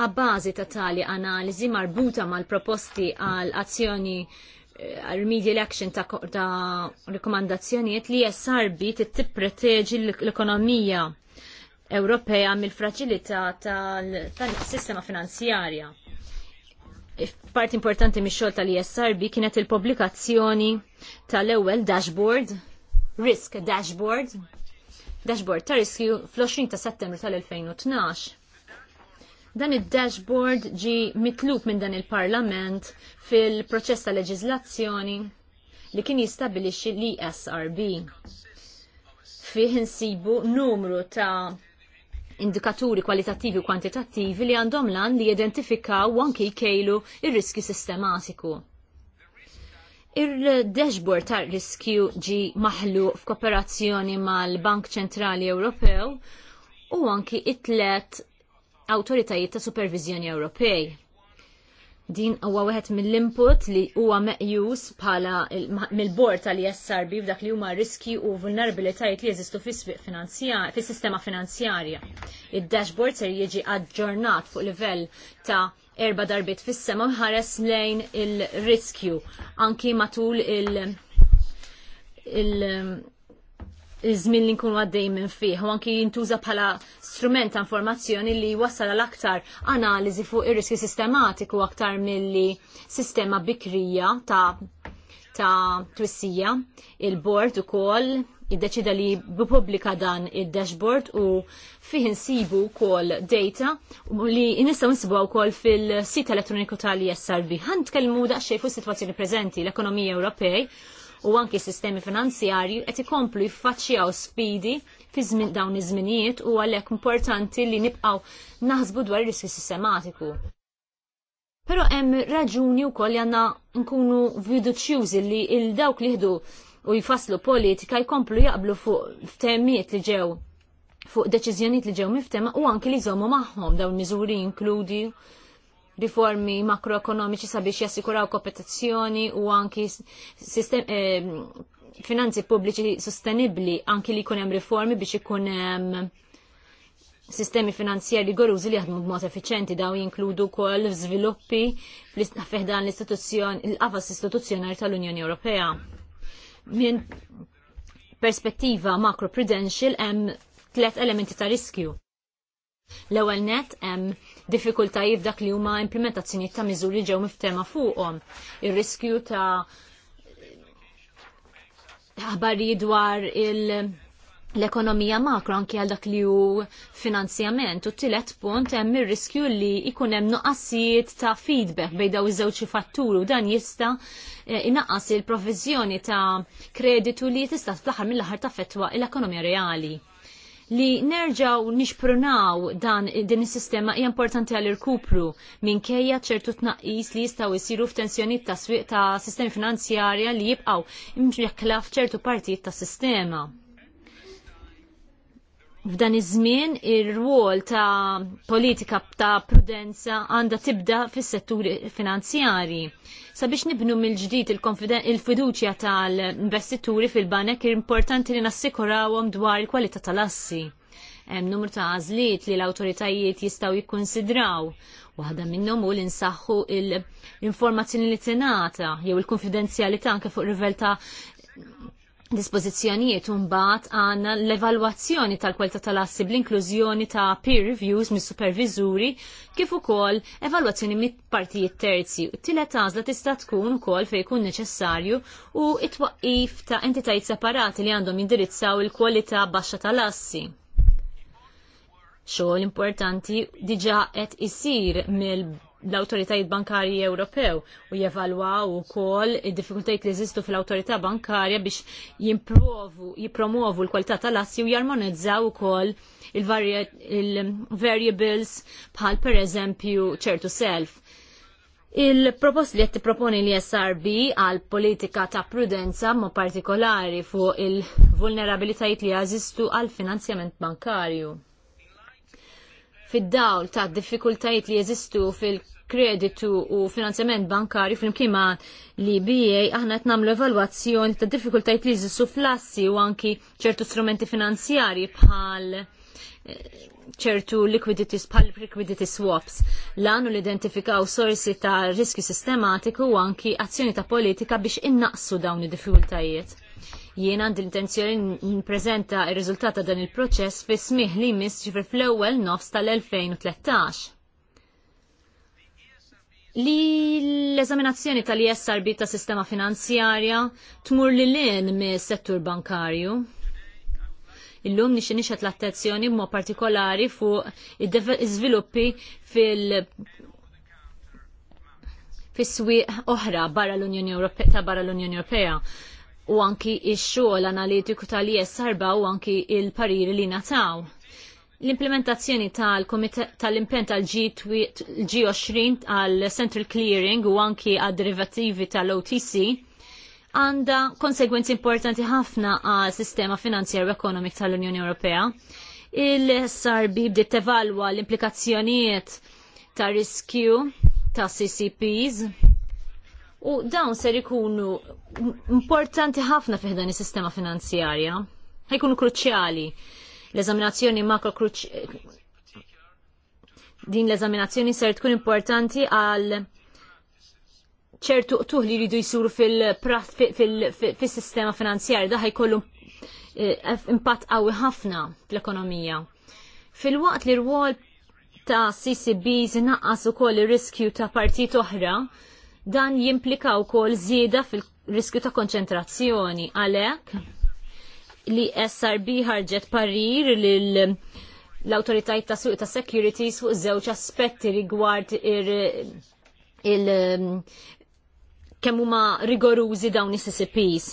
Speaker 1: A' bażi ta' tali analizi marbuta mal-proposti għal azzjoni eh, remedial action ta', ta rekomandazzjoniet li jessarbi tittipreteġi l-ekonomija Ewropea mill fraċilità tal-sistema finanzjarja. Parti importanti mix-xogħol tal-ISRB kienet il-pubblikazzjoni tal-ewwel dashboard, risk dashboard, dashboard ta' riskju fl-20 ta' settembru tal-2012. Dan id-dashboard ġi mitlub minn dan il-Parlament fil-proċess ta' leġiżlazzjoni li kien jistabilixxi l isrb fih insibu numru ta' indikaturi kwalitattivi u kwantitattivi li għandhom lan li jidentifikaw u anki jkejlu ir-riski sistematiku. Il-dashboard ta' riskju ġi maħlu f'kooperazzjoni mal-Bank Ċentrali Ewropew u anki it-tlet autoritajiet ta' supervizjoni Ewropej din huwa wieħed mill-input li huwa meqjus bħala mill-bord tal-ISRB f'dak li huma riski u vulnerabilitajiet li jeżistu fis-sistema finanzjarja. Id-dashboard ser jiġi aġġornat fuq livell ta' erba darbit fis-sema ħares lejn il-riskju anki matul il-, il iż-żmien li nkunu għaddej minn fih u anki jintuża bħala strument ta' informazzjoni li wassal għal aktar analiżi fuq ir-riskju sistematiku aktar milli sistema bikrija ta' ta' twissija il-bord ukoll iddeċida li bupublika dan id-dashboard u fih insibu wkoll data li nistgħu għaw wkoll fil-sit elettroniku tal-ISRB. Għan t-kelmu fuq is-sitwazzjoni preżenti l-ekonomija Ewropej u anki sistemi finanzjarji qed ikomplu jiffaċċjaw spidi fi żmien dawn iż-żminijiet u għalhekk importanti li nibqgħu naħsbu dwar ir-riskju sistematiku. Però hemm raġuni wkoll li għandna nkunu fiduċjużi li il dawk li ħdu u jfasslu politika jkomplu jaqblu fuq f'temmijiet li ġew fuq deċiżjonijiet li ġew miftema u anki li jżommu magħhom dawn miżuri inkludi riformi makroekonomiċi sabiex jassikuraw kompetizzjoni u anki sistem, eh, finanzi pubbliċi sostenibli anki li kunem riformi biex ikun hemm sistemi finanzjari gorużi li jaħdmu b'mod effiċenti daw jinkludu wkoll żviluppi fiħdan l istituzzjoni l qafas istituzzjonali tal-Unjoni Ewropea. Min perspettiva makroprudential hemm tliet elementi ta' riskju. L-ewwel net hemm diffikultajiet f'dak li huma implementazzjoni ta' miżuri ġew miftema fuqhom. Ir-riskju ta' ħabari dwar il- l-ekonomija makro anki għal dak li hu finanzjament u t-tielet punt hemm ir-riskju li jkun hemm nuqqasijiet ta' feedback bejn daw iż-żewġ fatturi u dan jista' eh, inaqqas il proviżjoni ta' kreditu li tista' tlaħħal mill-aħħar taffettwa l-ekonomija reali li nerġaw nixprunaw dan din is-sistema hija importanti għal irkupru minkejja ċertu tnaqqis li jistgħu jsiru f'tensjonijiet ta' sistemi finanzjarja li jibqgħu imġekla f'ċertu partijiet tas sistema f'dan iż-żmien ir-rwol ta' politika ta' prudenza għandha tibda fis-setturi finanzjarji. Sabiex nibnu mill-ġdid il-fiduċja il fiduċja tal fil-banek importanti li nassikurawhom dwar il-kwalità tal-assi. Hemm numru ta' għażliet li l-awtoritajiet jistgħu jikkonsidraw. Waħda minnhom hu l-insaħħu l-informazzjoni li tingħata jew il-konfidenzjalità anke fuq rivell ta' dispożizzjonijiet mbagħad għandna l-evalwazzjoni tal-kwalità tal-assi bl-inklużjoni ta' peer reviews mis superviżuri kif ukoll evalwazzjoni mit partijiet terzi. Tielet għażla tista' tkun ukoll fejn kun neċessarju u t twaqqif ta' entitajiet separati li għandhom jindirizzaw il-kwalità baxxa tal-assi. Xogħol importanti diġa qed isir mill l-autoritajiet bankarji Ewropew u jevalwaw ukoll id-diffikultajiet li jeżistu fil-autorità bankarja biex jimprovu, jipromovu l-kwalità tal-assi u jarmonizzaw ukoll il-variables bħal per eżempju ċertu self. Il-propost li jett proponi li SRB għal politika ta' prudenza mo partikolari fuq il-vulnerabilitajiet li jazistu għal finanzjament bankarju fid-dawl ta' diffikultajiet li jeżistu fil- kreditu u finanzjament bankari fl-imkien ma' li BA aħna qed nagħmlu evalwazzjoni ta' diffikultajiet li jeżistu fl-assi u anki ċertu strumenti finanzjarji bħal eh, ċertu liquidity bħal liquidity swaps lan u l-identifikaw sorsi ta' riskju sistematiku u anki azzjoni ta' politika biex innaqsu dawn id-diffikultajiet. Jien għandi l-intenzjoni nippreżenta r-riżultat ta' dan il-proċess fi smih li jmiss ġifir fl-ewwel nofs tal-2013. Li l-eżaminazzjoni tal-ISRB ta' sistema finanzjarja tmur li l-in mis-settur bankarju. Illum nixi nixet l-attenzjoni b'mod partikolari fuq id żviluppi fil- fis-swieq oħra barra l-Unjoni Ewropea ta' barra l-Unjoni Ewropea u anki il xogħol analitiku tal-ISRBA u anki il-pariri li nataw. L-implementazzjoni tal-impen tal-G20 għal Central Clearing u anki għad derivativi tal-OTC għanda konsegwenzi importanti ħafna għal sistema finanzjarju ekonomik tal-Unjoni Ewropea. Il-SRB bdiet tevalwa l-implikazzjonijiet ta' riskju ta' CCPs u dawn ser ikunu importanti ħafna fih dan is-sistema finanzjarja. Ħajkunu kruċjali l-eżaminazzjoni makro din l-eżaminazzjoni ser tkun importanti għal ċertu tuħ li jridu jisuru fil-sistema finanzjarja daħi kollu eh, impatt qawwi ħafna fl-ekonomija. Fil-waqt li rwol ta' CCB zinaqqas ukoll ir riskju ta' partit oħra, Dan jimplika wkoll żieda fil-riskju ta' konċentrazzjoni għalhekk li SRB ħarġet parir lil l-autoritajt ta' suq ta' securities fuq żewġ aspetti rigward il um, kemm huma rigorużi dawn is-CCPs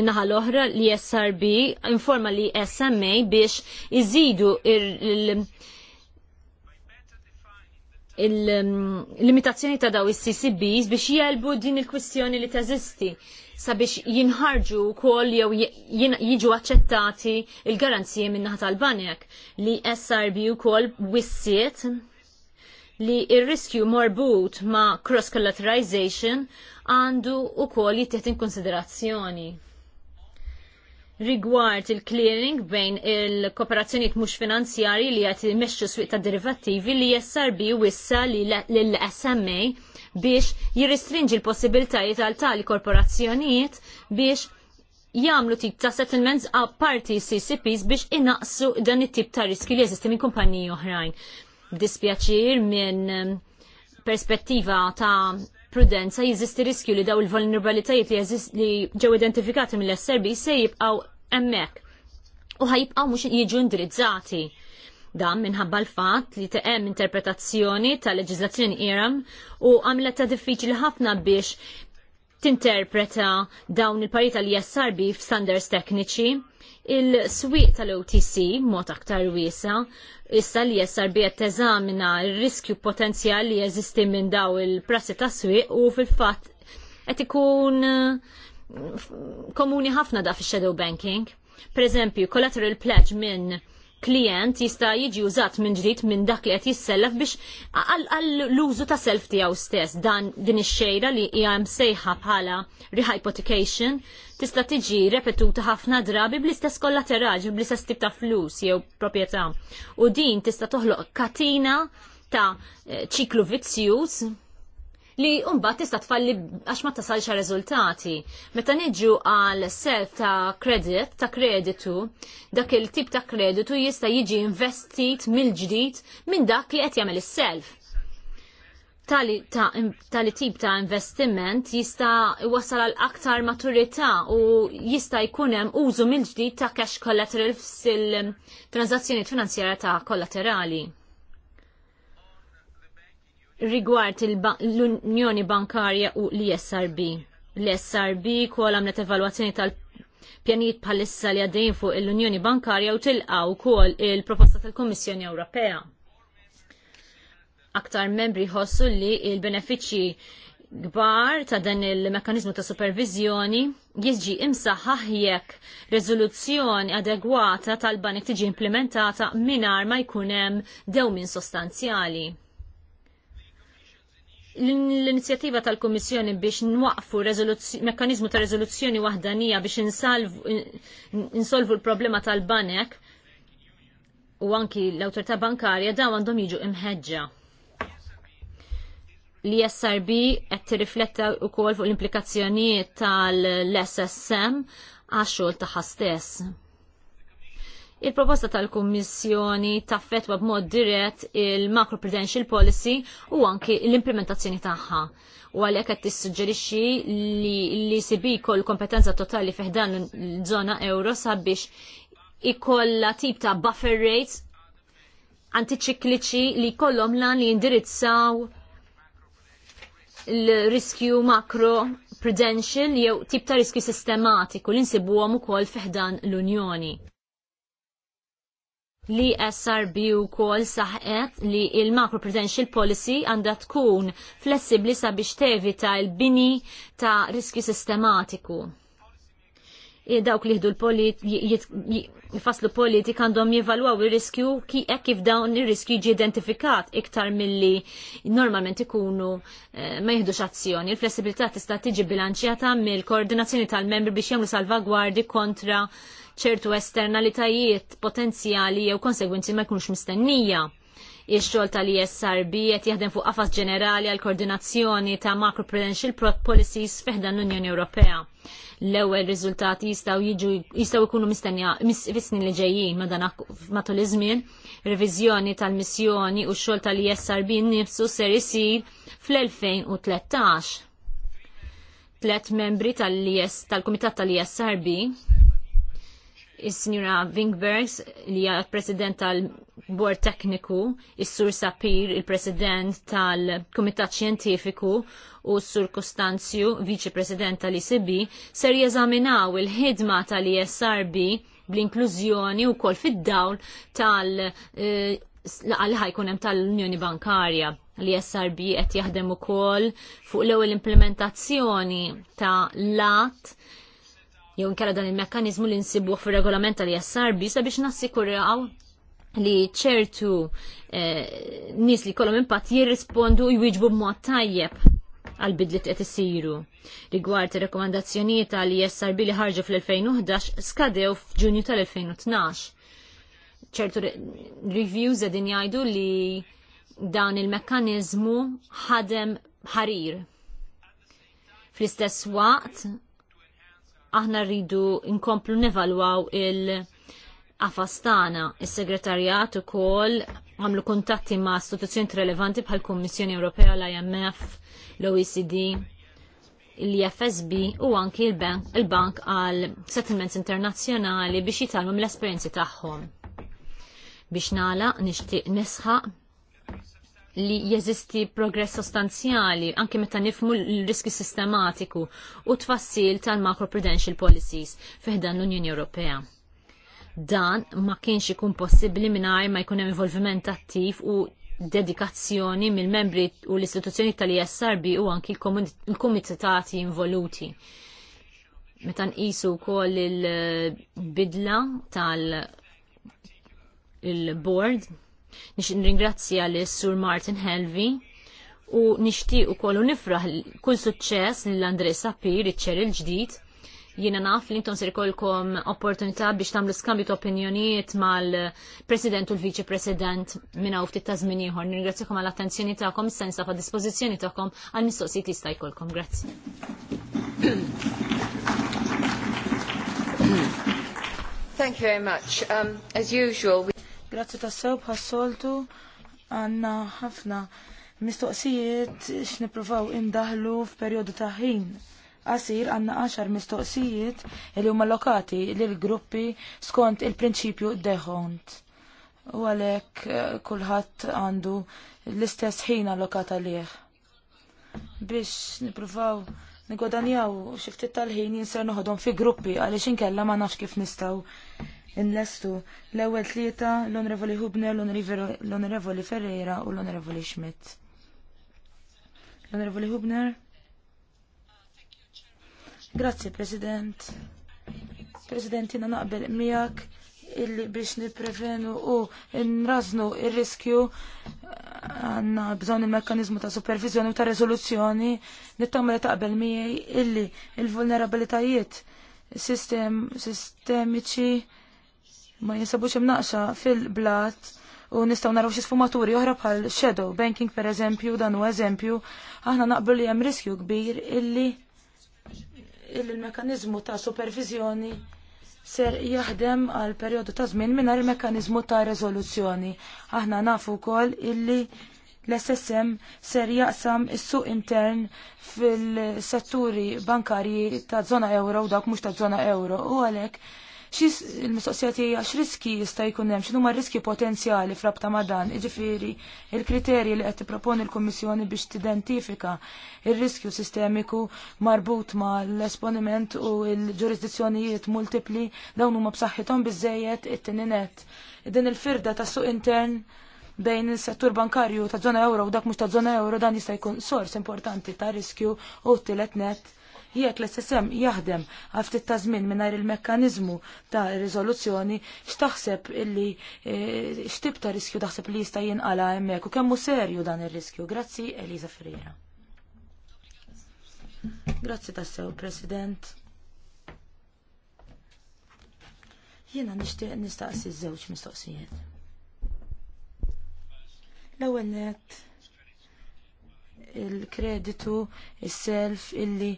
Speaker 1: minnaħa l-oħra li SRB informa li SMA biex iżidu il-, il, il il-limitazzjoni ta' daw is-CCBs biex jelbu din il-kwistjoni li teżisti sabiex jinħarġu kol jew jiġu aċċettati il-garanzije minnaħ tal-banek li SRB u kol wissiet li il-riskju morbut ma cross-collateralization għandu u kol jittet in konsiderazzjoni rigward il-clearing bejn il-kooperazzjoniet mhux finanzjari li qed imexxu swieq ta' derivattivi li jessarbi wissa lill SMA biex jirrestringi l-possibiltajiet għal tali korporazzjonijiet biex jagħmlu tip ta' settlements apparti parti CCPs biex inaqsu dan it-tip ta' riski li jeżisti minn kumpaniji oħrajn. Dispjaċir minn perspettiva ta' prudenza jizisti riskju li daw il-vulnerabilitajiet li ġew identifikati mill-SRB se jibqaw emmek u ħajibqaw mux jiġu indirizzati. Dan minħabba l-fat li teqem interpretazzjoni ta' leġizlazzjoni iram u għamlet ta' diffiċli ħafna biex tinterpreta dawn il-parita li jessarbi f'standards tekniċi, il-swiq tal-OTC mod aktar wiesa issa li jessar bijet teżamina il-riskju potenzjali li jeżisti minn daw il-prassi ta' swieq u fil-fat qed ikun eh, komuni ħafna da' fil-shadow banking. Per eżempju, collateral pledge minn klient jista' jiġi użat minn ġdid minn dak li qed jissellef biex għall-użu ta' self tiegħu stess dan din ix-xejra li hija msejħa bħala rehypothecation tista' tiġi repetuta ħafna drabi bl-istess kollateraġ, bl-istess tip ta' flus jew proprjetà. U din tista' toħloq katina ta' eh, ċiklu vizzjuż li umbat tista' tfalli għax ma tasalx riżultati. Meta niġu għal self ta' kredit, ta' kreditu, dak il-tip ta' kreditu jista' jiġi investit mill-ġdid minn dak li qed jagħmel is-self tali, tip ta' investiment jista' wasal għal aktar maturità u jista' jkun hemm użu mill-ġdid ta' cash collateral fil-transazzjoni mm, finanzjara ta' kollaterali. Rigward l-Unjoni Bankarja u l-ISRB. L-ISRB e kol għamlet evalwazzjoni tal- pjanijiet bħalissa li għaddejn fuq l-Unjoni Bankarja u tilqaw kol il-proposta tal-Kommissjoni Ewropea aktar membri ħossu li il-benefiċċji kbar ta' dan il-mekanizmu ta' supervizjoni jizġi imsa ħahjek rezoluzzjoni adegwata tal-banek tiġi implementata minar ma jkun hemm dewmin sostanzjali. L-inizjattiva tal-Komissjoni biex nwaqfu mekanizmu ta' rezoluzzjoni wahdanija biex insolvu l-problema tal-banek u anki l-autorità bankarja da għandhom jiġu imħeġġa li SRB qed tirrifletta wkoll fuq l-implikazzjonijiet tal-SSM għax-xogħol tagħha stess. Il-proposta tal-Kummissjoni taffetwa b'mod dirett il-Macro Prudential Policy u anki l-implementazzjoni tagħha u għalhekk qed tissuġġerixxi li l-ECB jkoll kompetenza totali fiħdan l-żona euro sabiex ikolla tip ta' buffer rates antiċikliċi li kollhom lan li jindirizzaw l-riskju makro prudential jew tip ta' riskju sistematiku li u ukoll fiħdan l-Unjoni. Li SRB wkoll saħqet li l macro prudential policy għandha tkun flessibbli sabiex tevita l-bini ta' riskju sistematiku. dawk li jihdu l-polit jifaslu politi għandhom jivalwaw il-riskju kif e kif dawn il-riskju ġi identifikat iktar milli normalment ikunu eh, ma jihdux azzjoni. Il-flessibilità tista' tiġi bilanċjata mill-koordinazzjoni tal-membri biex jagħmlu salvagwardi kontra ċertu esternalitajiet potenzjali jew konsegwenzi ma jkunux mistennija ix-xogħol tal-ISRB qed jaħdem fuq qafas ġenerali għal koordinazzjoni ta' Macro Prudential policies fiħdan l-Unjoni Ewropea. L-ewwel riżultati jistgħu jiġu jistgħu jkunu mistennija fis-snin li ġejjin matul iż-żmien, reviżjoni tal-missjoni u x-xogħol tal-ISRB nnifsu ser isir fl-2013. Tlet membri tal-Kumitat tal-ISRB is-Sinjura Vingbergs, li hija president tal-Bord Tekniku, is-Sur Sapir, il-President tal-Kumitat Xjentifiku u s-Sur Kostanzju, Viċi-President tal-ICB, ser jeżaminaw il-ħidma tal-ISRB bl-inklużjoni u kol fid-dawl tal- eh, għal ħajkunem tal-Unjoni Bankarja li SRB qed jaħdem ukoll fuq l-ewwel implementazzjoni ta' lat jew inkella dan il-mekkaniżmu li nsibuh fir-regolament jassar isrb sabiex nassikuraw li ċertu eh, nis li kolom impatt jirrispondu jwiġbu b'mod tajjeb għal bidlit qed isiru. Rigward ir-rekomandazzjonijiet tal ISRB li ħarġu fl-2011 skadew f'Ġunju tal-2012. ċertu reviews qegħdin jgħidu li dawn il-mekkaniżmu ħadem ħarir. Fl-istess waqt aħna rridu nkomplu nevalwaw il- Afastana, il-segretarjat u kol għamlu kontatti ma' istituzzjoni relevanti bħal Kommissjoni Ewropea, l-IMF, l-OECD, l-IFSB u anki il-Bank għal Settlements Internazzjonali biex jitalmu mill-esperienzi tagħhom. Biex nala nixtieq nisħaq li jeżisti progress sostanzjali anke meta nifmu l-riski sistematiku u tfassil tal-macroprudential policies fiħdan l-Unjoni Ewropea. Dan ma kienx ikun possibbli mingħajr ma jkun hemm involviment attiv u dedikazzjoni mill-membri u l-istituzzjoni tal-ISRB u anki l-komitati involuti. Meta nqisu wkoll il-bidla tal-board il board nix ringrazzja li sur Martin Helvi u nixtieq ukoll u nifraħ kull suċċess lill Andrej Sapir iċ il-ġdid. Jiena naf li intom ser kolkom opportunità biex tagħmlu skambju ta' opinjonijiet mal-President u l-Viċi President minna hawn ftit ta' zminiħor. ieħor. Nirringrazzjakom għall attenzjoni tagħkom, sensa ta' kom tagħkom għal mistoqsijiet jista' kolkom. Grazzi.
Speaker 2: Thank you very much. Um, as usual, we... Grazzi tas-sew bħassoltu għanna ħafna mistoqsijiet x'nippruvaw indaħlu f'perjodu ta' ħin. Asir għanna 10 mistoqsijiet li huma lokati lil gruppi skont il-prinċipju deħont. U għalhekk eh, kulħadd għandu l-istess ħin allokat għalih. Biex nippruvaw Nigodanjaw, xiftit tal-ħin jinser noħodhom fi gruppi, għaliex inkella ma nafx kif nistaw Innestu l-ewwel tlieta l-Onorevoli Hubner, l-Onorevoli Ferreira u l-Onorevoli Schmidt. L-Onorevoli Hubner. Grazzi, President. President, jina naqbel miegħek illi biex niprevenu u nraznu il-riskju għanna bżon il-mekkanizmu ta' supervizjoni u ta' rezoluzzjoni nittamma li taqbel miegħi illi il-vulnerabilitajiet sistem, sistemiċi ma jinsabux imnaqxa fil-blat u nistaw naraw xi sfumaturi oħra bħal shadow banking per eżempju dan u eżempju aħna naqblu li hemm riskju kbir illi illi l-mekanizmu ta' supervizjoni ser jaħdem għal perjodu ta' żmien mingħajr il-mekanizmu ta' rezoluzzjoni. Aħna nafu wkoll illi l-SSM ser jaqsam is-suq intern fil-setturi bankarji ta' zona euro u dak mhux ta' zona euro u għalhekk il-mistoqsija tiegħi x'riski jista' jkun hemm, x'inhuma riski potenzjali frabta ma' dan, jiġifieri il-kriterji li qed tipproponi l-Kummissjoni biex tidentifika r riskju sistemiku marbut ma' l-esponiment u l-ġurisdizzjonijiet multipli dawn huma b'saħħithom biżejjed it-tininet. Din il-firda tas suq intern bejn is-settur bankarju ta' żona euro u dak mhux ta' żona euro dan jista' jkun sors importanti ta' riskju u t-tielet net jekk l-SSM jaħdem għaftit ta' żmien mingħajr il-mekkaniżmu ta' riżoluzzjoni x'taħseb illi e, x'tib ta' riskju taħseb li jista' jinqala hemmhekk u kemm hu serju dan ir-riskju. Grazzi Eliza Ferreira. Grazzi tassew, President. Jiena nixtieq nistaqsi żewġ mistoqsijiet. L-ewwel net il-kreditu, il-self illi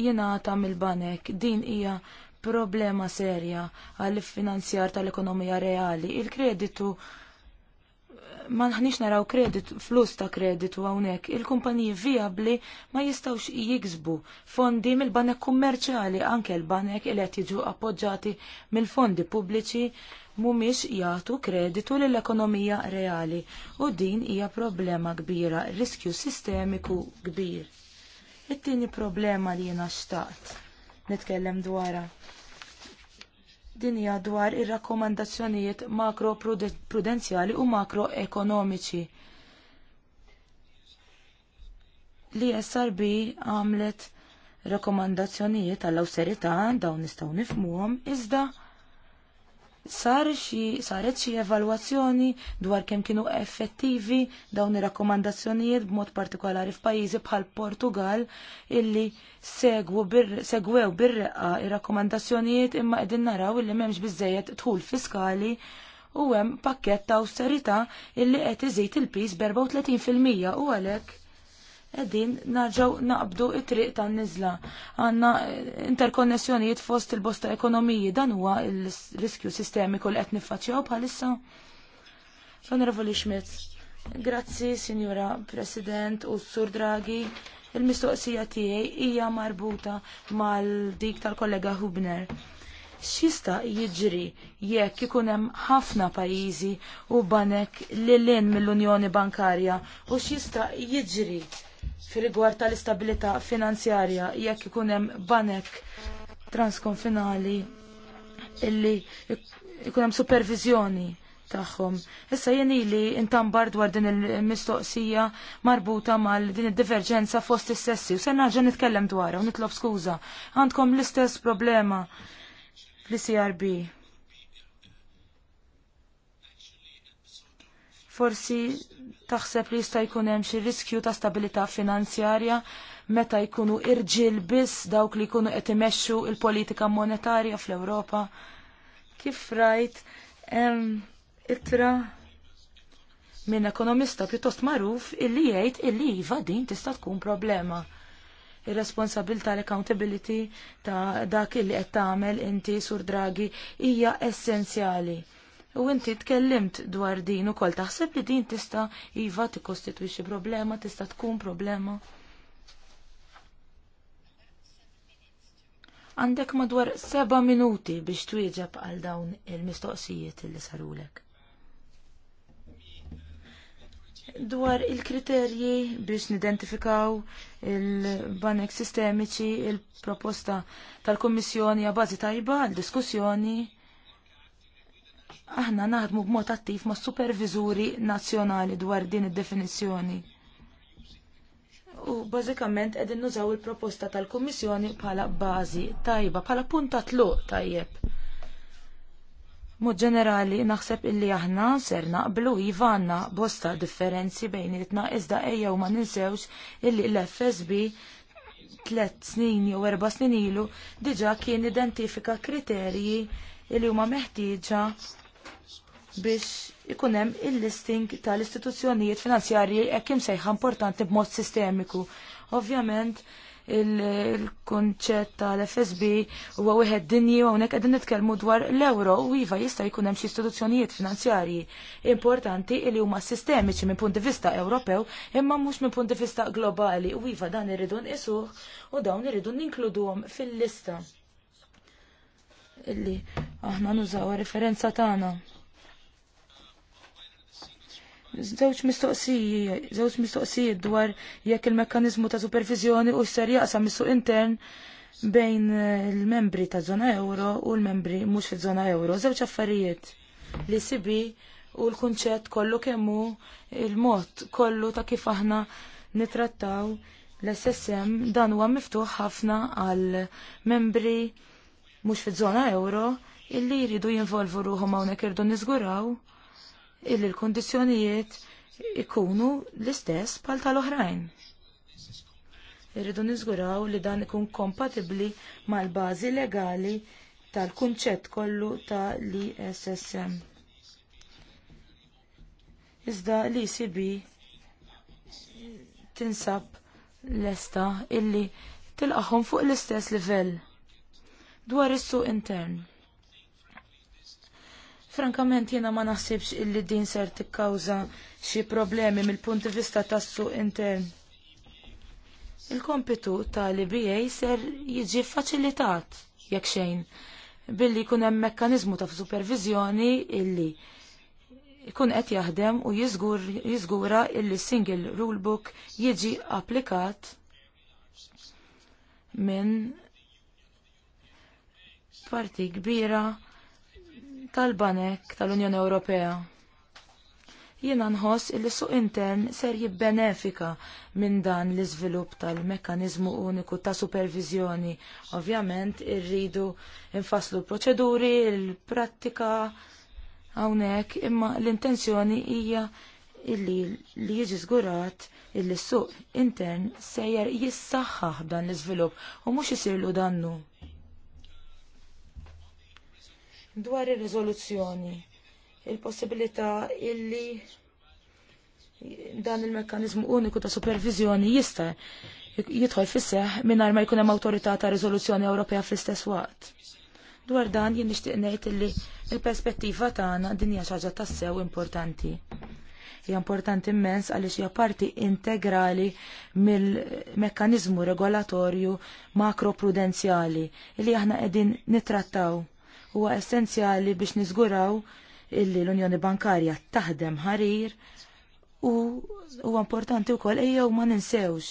Speaker 2: jingħata mill-banek. Din hija problema serja għall finanzjar tal-ekonomija reali. Il-kreditu ma nħniex naraw kredit, flus ta' kreditu għawnek, il-kumpaniji viabli ma jistawx jiksbu fondi mill-banek kummerċali, anke l-banek il jiġu appoġġati mill-fondi pubbliċi mumiex jagħtu kreditu lill-ekonomija reali u din hija problema kbira, riskju sistemiku kbir. It-tieni problema li jiena xtaqt nitkellem dwarha. Din hija dwar ir-rakkomandazzjonijiet makro prudenzjali u makroekonomiċi. Li SRB għamlet rakkomandazzjonijiet għall awsterità dawn nistgħu nifhmuhom iżda sar xi saret xi evalwazzjoni dwar kemm kienu effettivi dawn ir-rakkomandazzjonijiet b'mod partikolari f'pajjiżi bħal Portugal illi segwu bir, segwew bir-reqqa ir-rakkomandazzjonijiet imma qegħdin naraw illi m'hemmx biżejjed tħul fiskali u hemm pakkett ta' awsterità illi qed iżid il-piż b'34 fil-mija u għalhekk edin naġaw naqbdu it-triq tan nizla Għanna interkonnessjoni fost il-bosta ekonomiji dan huwa il-riskju sistemiku li qed niffaċċjaw bħalissa. Onorevoli Schmidt, grazzi Signora President u Sur Draghi. Il-mistoqsija tiegħi hija marbuta mal-dik tal-kollega Hubner xista jiġri jekk ikun hemm ħafna pajjiżi u banek lil lin mill-Unjoni Bankarja u xista jiġri fil-rigward tal-istabilità finanzjarja jekk ikun hemm banek transkonfinali illi ikun hemm supervizjoni tagħhom. Issa jien ili intambar dwar din il-mistoqsija marbuta mal din id-diverġenza fost is-sessi u se nerġa' nitkellem dwarha u nitlob skuża. Għandkom l-istess problema fl-CRB. Forsi taħseb li jista' jkun hemm xi riskju ta' stabilità finanzjarja meta jkunu irġiel biss dawk li jkunu qed imexxu l politika monetarja fl-Ewropa. Kif rajt hemm ittra minn ekonomista pjuttost magħruf illi jgħid illi iva din tista' tkun problema ir responsabilità l-accountability ta' dak illi qed tagħmel inti sur Draghi hija essenzjali U inti tkellimt dwar din u kol taħseb li din tista iva tikkostitwixxi problema, tista tkun problema. Għandek madwar seba minuti biex twieġeb għal dawn il-mistoqsijiet li sarulek. Dwar il-kriterji biex nidentifikaw il-banek sistemiċi, il-proposta tal-Kommissjoni għabazi tajba għal-diskussjoni aħna naħdmu b'mod attiv ma' superviżuri nazzjonali dwar din id-definizzjoni. U bażikament qegħdin nużaw il-proposta tal-Kummissjoni bħala bażi tajba, bħala punta tluq tajjeb. Mod ġenerali naħseb illi aħna ser naqblu jivanna bosta differenzi bejn bejnietna iżda ejjew ma ninsewx illi l-FSB tlet snin jew erba snin ilu diġa kien identifika kriterji illi huma meħtieġa biex ikun hemm il-listing tal-istituzzjonijiet finanzjarji hekk imsejħa importanti b'mod sistemiku. Ovvjament, il-konċett tal-FSB huwa wieħed dinji u hawnhekk qegħdin nitkellmu dwar l-euro u iva jista' jkun hemm xi istituzzjonijiet finanzjarji importanti li huma sistemiċi minn punt di vista Ewropew imma mhux minn punt di vista globali u iva dan irridu nqisuh u dawn irridu ninkluduhom fil-lista illi aħna nużaw referenza tagħna. Żewġ mistoqsiji, żewġ mistoqsijiet dwar jekk il-mekkaniżmu ta' supervizjoni u ser jaqsam is-suq intern bejn il-membri ta' zona euro u l-membri mhux fiż-żona euro. Żewġ affarijiet li sibi u l-kunċett kollu kemm hu il-mod kollu ta' kif aħna nitrattaw l-SSM dan huwa miftuħ ħafna għal membri mhux fiż-żona euro illi jridu jinvolvu ruħhom hawnhekk irdu niżguraw illi l-kondizjonijiet ikunu l-istess bħal tal-oħrajn. Irridu niżguraw li dan ikun kompatibbli mal-bażi legali tal-kunċett kollu tal issm Iżda l icb tinsab lesta illi tilqaħom fuq l-istess livell dwar is-suq intern. Frankament jiena ma naħsibx illi din ser tikkawża xi problemi mill punti vista tas-suq intern. Il-kompitu tal-IBA ser jiġi faċilitat jekk xejn billi jkun hemm mekkaniżmu ta' supervizjoni illi jkun qed jaħdem u jiżgura illi single rulebook jiġi applikat minn parti kbira tal-banek tal-Unjoni Ewropea. Jiena nħoss il suq intern ser jibbenefika minn dan l-iżvilupp tal-mekkaniżmu uniku ta' supervizjoni. Ovvjament irridu infaslu l-proċeduri, il-prattika hawnhekk, imma l-intenzjoni hija illi li jiġi żgurat il suq intern sejjer jissaħħaħ dan l-iżvilupp u mhux isirlu dannu dwar ir-riżoluzzjoni il-possibilità illi dan il-mekkanizmu uniku ta' supervizjoni jista' jidħol fis-seħ mingħajr ma jkun hemm awtorità ta' riżoluzzjoni Ewropea fl-istess waqt. Dwar dan jien nixtieq ngħid illi l perspettiva tagħna din hija xi ħaġa tassew importanti. Hija importanti immens għaliex hija parti integrali mill-mekkaniżmu regolatorju makroprudenzjali li aħna qegħdin nittrattaw huwa essenzjali biex niżguraw illi l-Unjoni Bankarja taħdem ħarir u huwa importanti wkoll ejjew ma ninsewx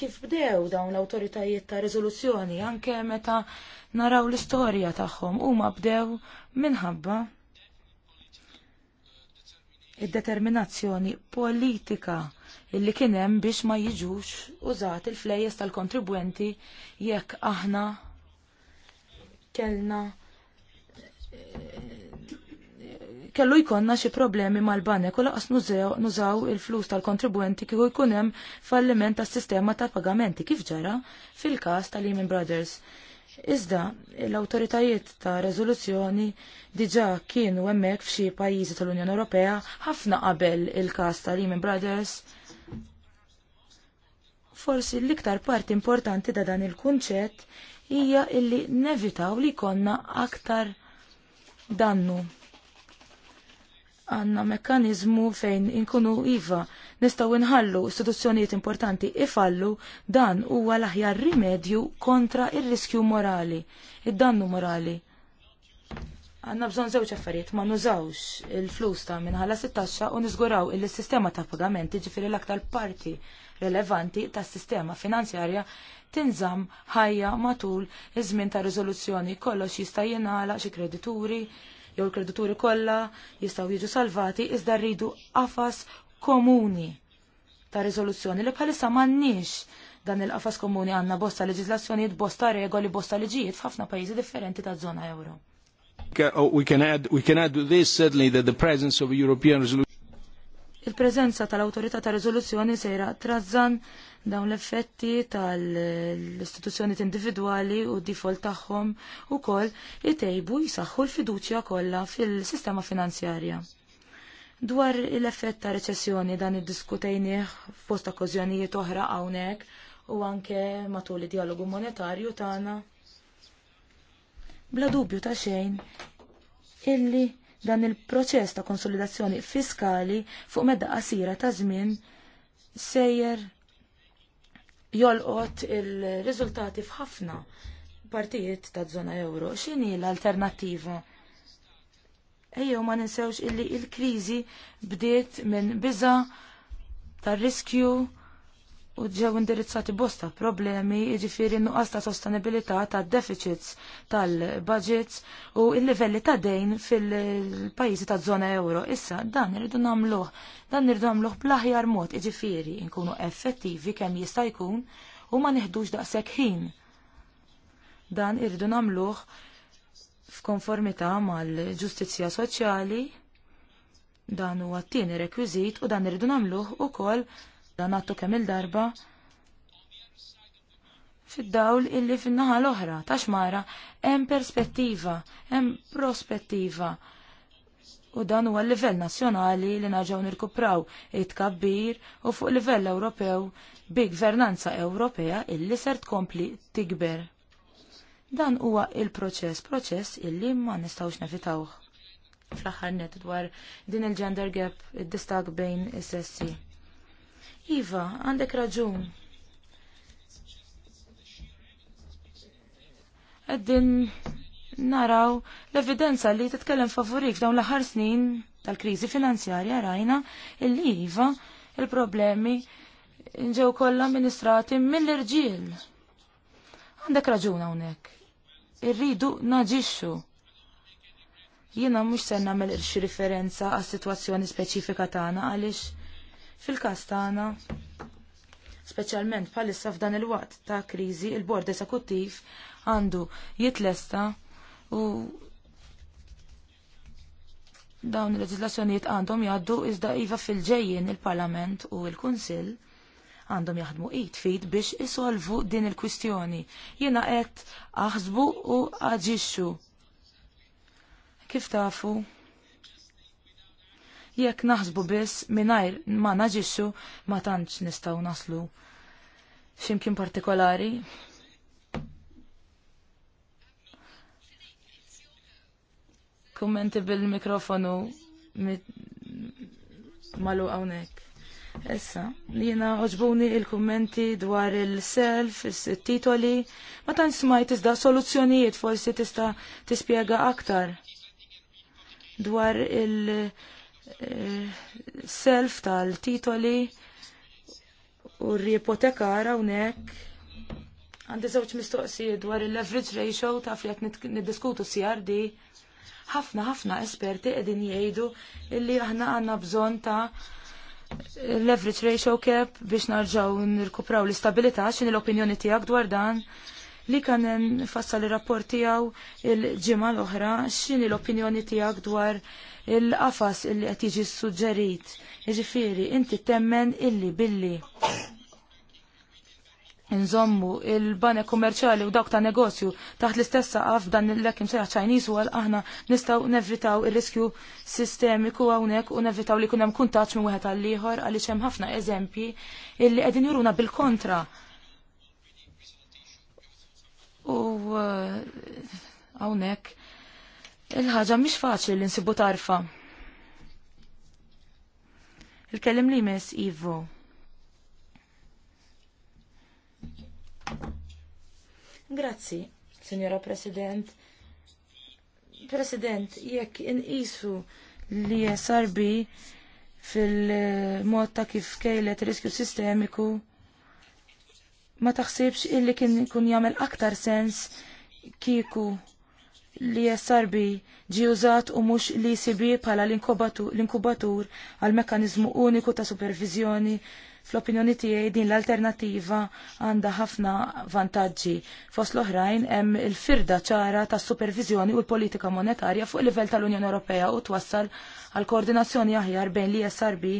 Speaker 2: kif bdew dawn l-awtoritajiet ta' riżoluzzjoni anke meta naraw l-istorja tagħhom huma bdew minħabba id-determinazzjoni politika illi kien hemm biex ma jiġux użat il-flejjes tal-kontribwenti jekk aħna kellna kellu jkonna xi problemi mal-banek u laqas nużaw il-flus tal-kontribwenti kieku jkun hemm falliment tas-sistema tal-pagamenti kif ġara fil-każ ta' Lehman Brothers. Iżda l-awtoritajiet ta' reżoluzzjoni diġa' kienu hemmhekk f'xi pajjiżi tal-Unjoni Ewropea ħafna qabel il-każ ta' Lehman Brothers. Forsi l-iktar parti importanti da' dan il-kunċett hija illi nevitaw li konna aktar dannu. Għanna mekkanizmu fejn inkunu iva nistaw inħallu istituzzjonijiet importanti ifallu dan huwa l-aħjar rimedju kontra ir-riskju morali, id-dannu morali. Għanna bżon zewċ affarijiet ma nużawx il-flus ta' minħalla sit-taxxa u nizguraw il-sistema ta' pagamenti ġifiri l-aktar parti rilevanti tas-sistema finanzjarja tinżam ħajja matul iż-żmien ta' riżoluzzjoni kollox jista' jingħala xi kredituri jew l kredituri kollha jistgħu jiġu salvati iżda rridu qafas komuni ta' riżoluzzjoni li bħalissa m'għandniex dan il-qafas komuni għandna bosta leġislazzjonijiet, bosta regoli, bosta liġijiet f'ħafna pajjiżi differenti ta' żona euro. We can add we can add this certainly that the presence of a European resolution Il-preżenza tal-autorità ta' riżoluzzjoni sejra trazzan dawn l-effetti tal-istituzzjoni individwali u d-default tagħhom ukoll jitejbu jisaxħu l-fiduċja kollha fil-sistema finanzjarja. Dwar l-effett ta' recessjoni dan iddiskutejnieh f'post okkożjonijiet oħra hawnhekk u anke matul id-dialogu monetarju tagħna. Bla dubju ta' xejn illi Dan il-proċess ta' konsolidazzjoni fiskali fuq medda qasira ta' żmien sejjer jolqot il-riżultati f'ħafna partijiet ta' zona euro. X'inhi l-alternattiva? Ejjew ma ninsewx illi il-kriżi bdiet minn biża' tar-riskju u ġew indirizzati bosta problemi jiġifieri nuqqas ta' sostenibilità tad deficits tal-budgets u l-livelli ta' dejn fil-pajjiżi ta' żona euro. Issa dan irridu nagħmluh, dan irridu nagħmluh bl-aħjar mod jiġifieri nkunu effettivi kemm jista' jkun u ma neħdux daqshekk ħin. Dan irridu nagħmluh f'konformità mal-ġustizzja soċjali dan huwa t-tieni rekwiżit u dan irridu nagħmluh ukoll dan għattu kemm il-darba fid-dawl illi fin-naħa l-oħra ta' xmara hemm perspettiva, hemm prospettiva. U dan huwa l-livell nazzjonali li naġgħu nirkupraw it-kabbir u fuq livell Ewropew bi gvernanza Ewropea illi ser tkompli tikber. Dan huwa il-proċess, proċess illi ma nistgħux nevitawh. Fl-aħħar net dwar din il-gender gap, id-distak bejn is-sessi. Iva, għandek raġun. Għeddin naraw l-evidenza li titkellem favorik iva dawn l-aħħar snin tal-krizi finanzjarja rajna illi iva il-problemi nġew kollha amministrati mill-irġiel. Għandek raġun hawnhekk. Irridu naġixxu. Jiena mhux se nagħmel xi riferenza għas-sitwazzjoni speċifika tagħna għaliex Fil-każ tagħna, speċjalment bħalissa f'dan il-waqt ta' kriżi, il-bord eżekuttiv għandu jitlesta u dawn il-leġislazzjonijiet għandhom jgħaddu iżda iva fil-ġejjin il-Parlament u il-Kunsill għandhom jaħdmu id fit biex isolvu din il-kwistjoni. Jiena qed aħsbu u aġixxu. Kif tafu? jekk naħsbu biss mingħajr ma naġixxu ma tantx nistgħu naslu x'imkien partikolari. Kummenti bil-mikrofonu malu hawnhekk. Issa, jiena oġbuni il-kummenti dwar il-self, il-titoli, ma tan smajt iżda soluzzjonijiet forsi tista tispjega aktar dwar il- Eh, self tal-titoli u r-ipotekar hawnhekk. Għandi żewġ mistoqsijiet dwar il-leverage ratio taf li qed niddiskutu CRD. Ħafna ħafna esperti qegħdin jgħidu illi aħna għandna bżonn ta' leverage ratio cap biex narġaw nirkupraw l istabilita x'in l-opinjoni tiegħek dwar dan li kanen fassa ir-rapport tiegħu il-ġimgħa l-oħra x'in l-opinjoni tiegħek dwar il-qafas illi qed jiġi suġġerit. Jiġifieri inti temmen illi billi nżommu il-bane kummerċali u dawk ta' negozju taħt l-istess saqaf dan l lek imsejħa ċajnis u għal aħna nistaw nevitaw il-riskju sistemiku hawnhekk u nevitaw li kunem kuntaċ minn wieħed għal ieħor għaliex hemm ħafna eżempji illi qegħdin juruna bil-kontra. U eh, hawnhekk Il-ħaġa mhix faċli li nsibu tarfa. Il-kellim li mes Ivo. Grazzi, Signora President. President, jekk inqisu li sarbi fil-mod ta' kif kejlet riskju sistemiku, ma taħsibx illi kien kun jagħmel aktar sens kieku li SRB ġi użat u mhux li ECB bħala l-inkubatur għal mekkaniżmu uniku ta' supervizjoni fl-opinjoni tiegħi din l-alternattiva għandha ħafna vantaġġi. Fost l-oħrajn hemm il-firda ċara tas supervizjoni u l-politika monetarja fuq livell tal-Unjoni Ewropea u twassal għal koordinazzjoni aħjar bejn l-ISRB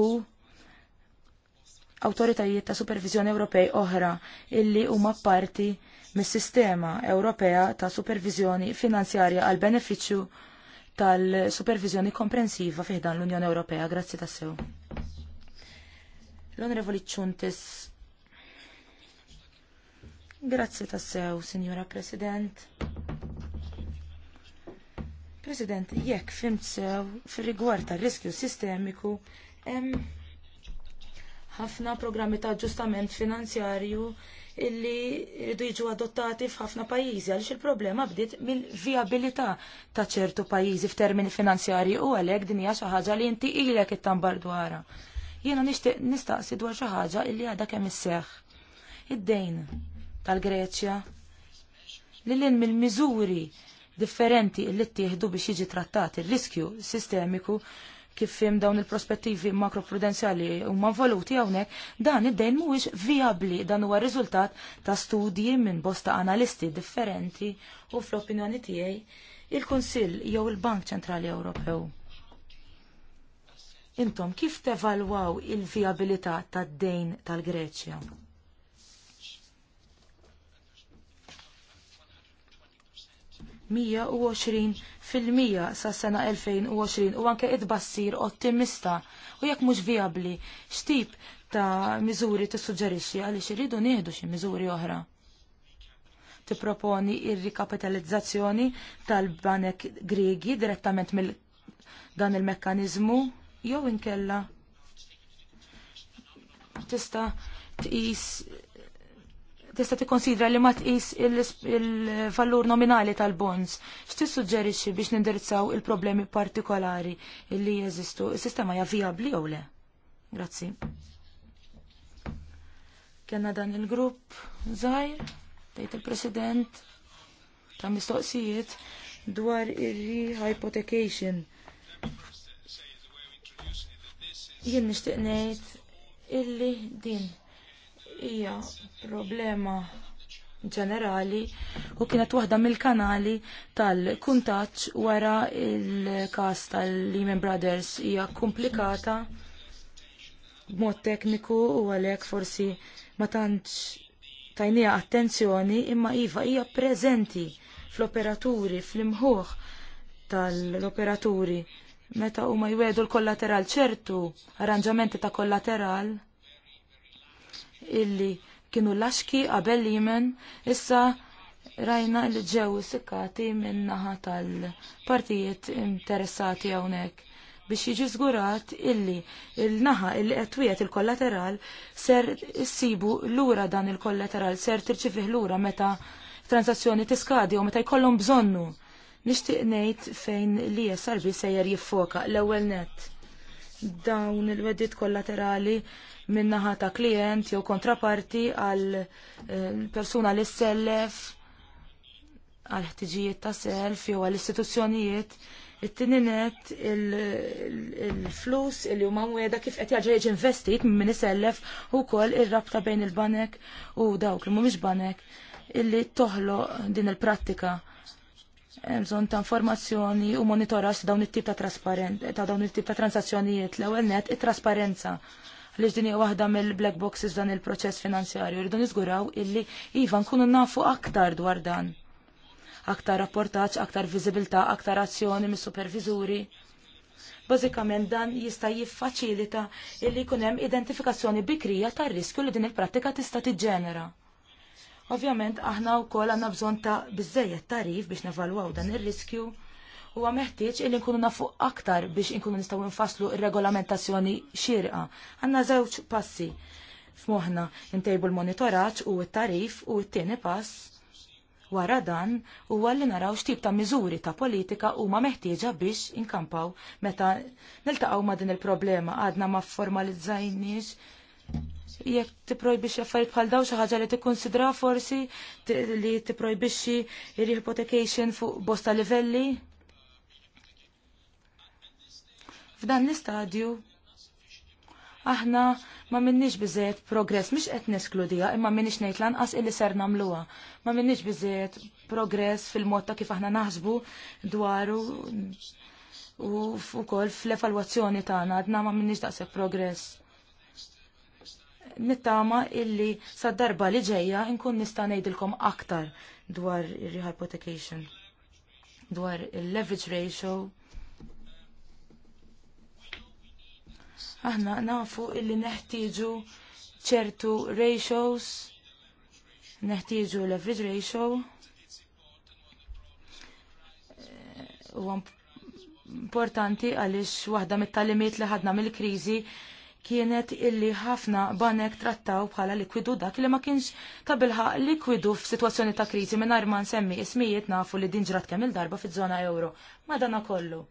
Speaker 2: u awtoritajiet ta' supervizjoni Ewropej oħra illi huma parti mis-sistema Ewropea ta' supervizjoni finanzjarja għal beneficju tal-supervizjoni komprensiva fiħdan l-Unjoni Ewropea. Grazzi ta' sew. L-Onorevoli Ċuntis. Grazzi ta' sew, Signora President. President, jekk fimt sew fil-rigward tal-riskju sistemiku, hemm ħafna programmi ta' ġustament finanzjarju illi rridu jiġu adottati f'ħafna pajjiżi għaliex il-problema bdiet mill-viabilità ta' ċertu pajjiżi f'termini finanzjarji u għalhekk din hija xi ħaġa li inti ilek ittambar dwarha. Jiena nixtieq nistaqsi dwar xi ħaġa illi għadha kemm isseħħ. Id-dejn tal-Greċja li lin mill-miżuri differenti illi ttieħdu biex jiġi trattat ir-riskju sistemiku kif fim dawn il-prospettivi makroprudenzjali huma valuti hawnhekk dan id-dejn mhuwiex viabli dan huwa riżultat ta' studji minn bosta analisti differenti u fl-opinjoni tiegħi il-Kunsill jew il-Bank Ċentrali Ewropew. Intom kif tevalwaw il-viabilità tad-dejn tal-Greċja? 120 fil-mija sa sena 2020 u anke id-bassir ottimista u jekk mhux viabli x'tip ta' miżuri tissuġġerixxi għaliex iridu nieħdu xi miżuri oħra. Tipproponi ir-rikapitalizzazzjoni tal-banek Griegi direttament mill dan il-mekkaniżmu jew inkella tista' tqis tista' tikkonsidra li ma tqis il-fallur nominali tal-bonds. X'tissuġġerixxi biex nindirizzaw il-problemi partikolari li jeżistu? Is-sistema hija vijabbli jew le? Grazzi. Kenna dan il-grupp żgħir tgħid il-President ta' mistoqsijiet dwar ir hypothecation. Jien nixtieq ngħid illi din hija problema ġenerali u kienet waħda mill-kanali tal-kuntaċ wara il-kas tal-Lehman Brothers hija komplikata b'mod tekniku u għalhekk forsi ma tantx tajnija attenzjoni imma iva hija preżenti fl-operaturi fl-imħuħ tal-operaturi meta huma jwedu l-kollateral ċertu arranġamenti ta' kollateral illi kienu laxki qabel jimen issa rajna li ġew sikkati minn naħa tal-partijiet interessati hawnhekk biex jiġi żgurat illi il-naħa illi qed il-kollateral ser issibu lura dan il-kollateral ser tirċifih lura meta transazzjoni tiskadi u meta jkollhom bżonnu. Nixtieq ngħid fejn li Jesarbi sejjer jiffoka l-ewwel net. Dawn il-weddit kollaterali minnaħa ta' klient jew kontraparti għal eh, persuna li sellef għal ħtiġijiet ta' self jew għal istituzzjonijiet it-tininet il-flus il huma mwieda kif qed jiġi investit minn isellef u ukoll ir-rabta bejn il-banek u dawk li mhumiex banek illi toħloq din il-prattika bżon ta' informazzjoni u monitoraġġ dawn it-tip ta' trasparent ta' dawn it-tip ta' transazzjonijiet l-ewwel net it-trasparenza. it trasparenza li ġdini waħda mill-black boxes dan il-proċess finanzjarju. Rridu niżguraw illi iva nkunu nafu aktar dwar dan. Aktar rapportaċ, aktar viżibilità, aktar azzjoni mis superviżuri Bażikament dan jista' jiffaċilita illi jkun hemm identifikazzjoni bikrija tar-riskju li din il-prattika tista' tiġġenera. Ovvjament aħna wkoll għandna bżonn ta' biżejjed tarif biex nevalwaw dan ir-riskju huwa meħtieġ illi nkunu nafu aktar biex nkunu nistgħu nfaslu r-regolamentazzjoni xirqa. Għandna żewġ passi f'moħħna ntejbu l-monitoraġġ u t-tarif u t-tieni pass wara dan huwa li naraw x'tip ta' miżuri ta' politika huma meħtieġa biex inkampaw meta niltaqgħu ma' din il-problema għadna ma formalizzajniex jekk tipprojbixxi affarijiet bħal daw xi ħaġa li konsidra forsi li tipprojbixxi l-hypothecation fuq bosta livelli F'dan l-istadju aħna ma minnix biżiet progress, mhix qed neskludija, imma minnix ngħid lanqas illi ser nagħmluha. Ma minnix biżiet progress fil-mod ta' kif aħna naħsbu dwaru u wkoll fl-evalwazzjoni tagħna għadna ma minnix daqshekk progress. Nittama illi sad darba li ġejja nkun nista' ngħidilkom aktar dwar ir-rehypothecation, dwar il-leverage ratio Aħna nafu illi neħtieġu ċertu ratios, neħtieġu leverage ratio. Eh, U importanti għaliex waħda mit-talimiet li ħadna mill-kriżi kienet illi ħafna banek trattaw bħala likwidu dak li ma kienx tabilħa likwidu likwidu f'sitwazzjoni ta' kriżi mingħajr ma nsemmi ismijiet nafu li din ġrat kemm il-darba fiż-żona euro. dana kollu.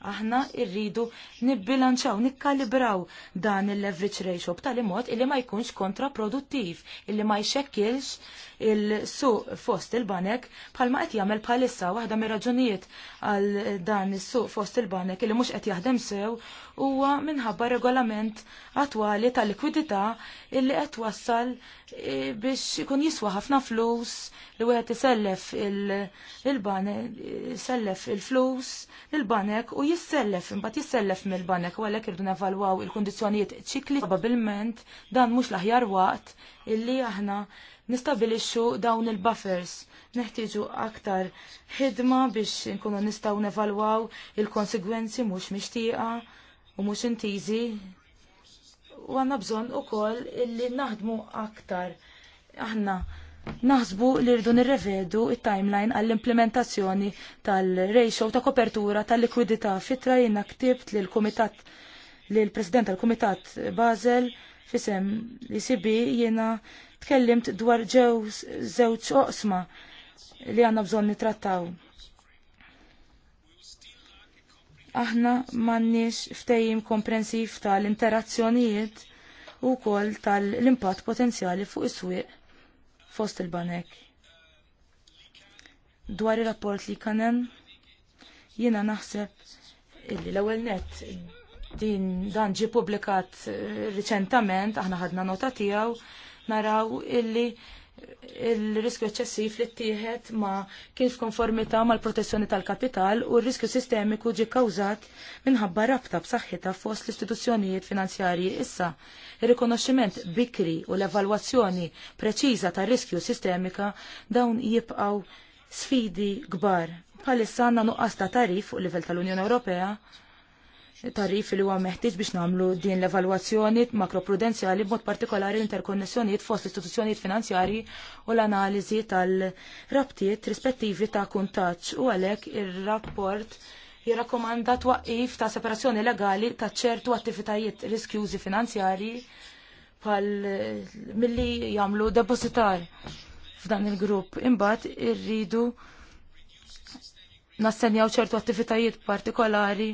Speaker 2: Aħna irridu nibbilanċaw, nikkalibraw dan il-leverage ratio b'tali mod illi ma jkunx kontraproduttiv, illi ma jxekkilx il-suq fost il-banek bħalma qed jagħmel bħalissa waħda mir-raġunijiet għal dan is-suq fost il-banek illi mhux qed jaħdem sew huwa minħabba regolament attwali ta' likwidità illi qed wassal e, biex ikun jiswa ħafna flus li wieħed isellef il-banek, sellef il-flus il-banek u jissellef, imbagħad jissellef mill-banek u għalek irdu nevalwaw il-kundizzjonijiet ċikli probabbilment dan mhux l-aħjar waqt illi aħna nistabilixxu dawn il-buffers. Neħtieġu aktar ħidma biex nkunu nistgħu nevalwaw il-konsegwenzi mhux mixtieqa u mhux intiżi. U bżon bżonn ukoll illi naħdmu aktar aħna naħsbu li rridu nirrevedu it timeline għall-implementazzjoni tal-ratio ta' kopertura tal-likwidità fitra jina ktibt li l-Kumitat li l-President tal-Kumitat Basel fisem li sibi jina tkellimt dwar żewġ oqsma li għanna bżon nitrattaw. Aħna mannix ftejim komprensiv tal-interazzjonijiet u kol tal-impatt potenzjali fuq is-swieq fost il-banek. Dwar il-rapport li kanem, jiena naħseb illi l-ewwel net din dan ġi publikat eh, riċentament, aħna ħadna nota tiegħu, naraw illi il-riskju eċċessiv li ttieħed ma kienx konformità mal-protezzjoni tal-kapital u r-riskju sistemiku ġie kawżat minħabba rabta b'saħħitha fost l-istituzzjonijiet finanzjarji issa Ir-rikonoxximent bikri u l-evalwazzjoni preċiża ta' riskju sistemika dawn jibqgħu sfidi kbar. Bħalissa għandna nuqqas ta' tarif fuq livell tal-Unjoni Ewropea tarif li huwa meħtieġ biex nagħmlu din l-evalwazzjoni makroprudenzjali b'mod partikolari l-interkonnessjonijiet fost istituzzjonijiet finanzjarji u l-analiżi tal-rabtiet rispettivi ta' kuntaġġ u għalhekk ir-rapport jirrakkomanda twaqqif ta' separazzjoni legali ta' ċertu attivitajiet riskjużi finanzjarji pal milli jagħmlu depositar f'dan il-grupp. Imbagħad irridu nassenjaw ċertu attivitajiet partikolari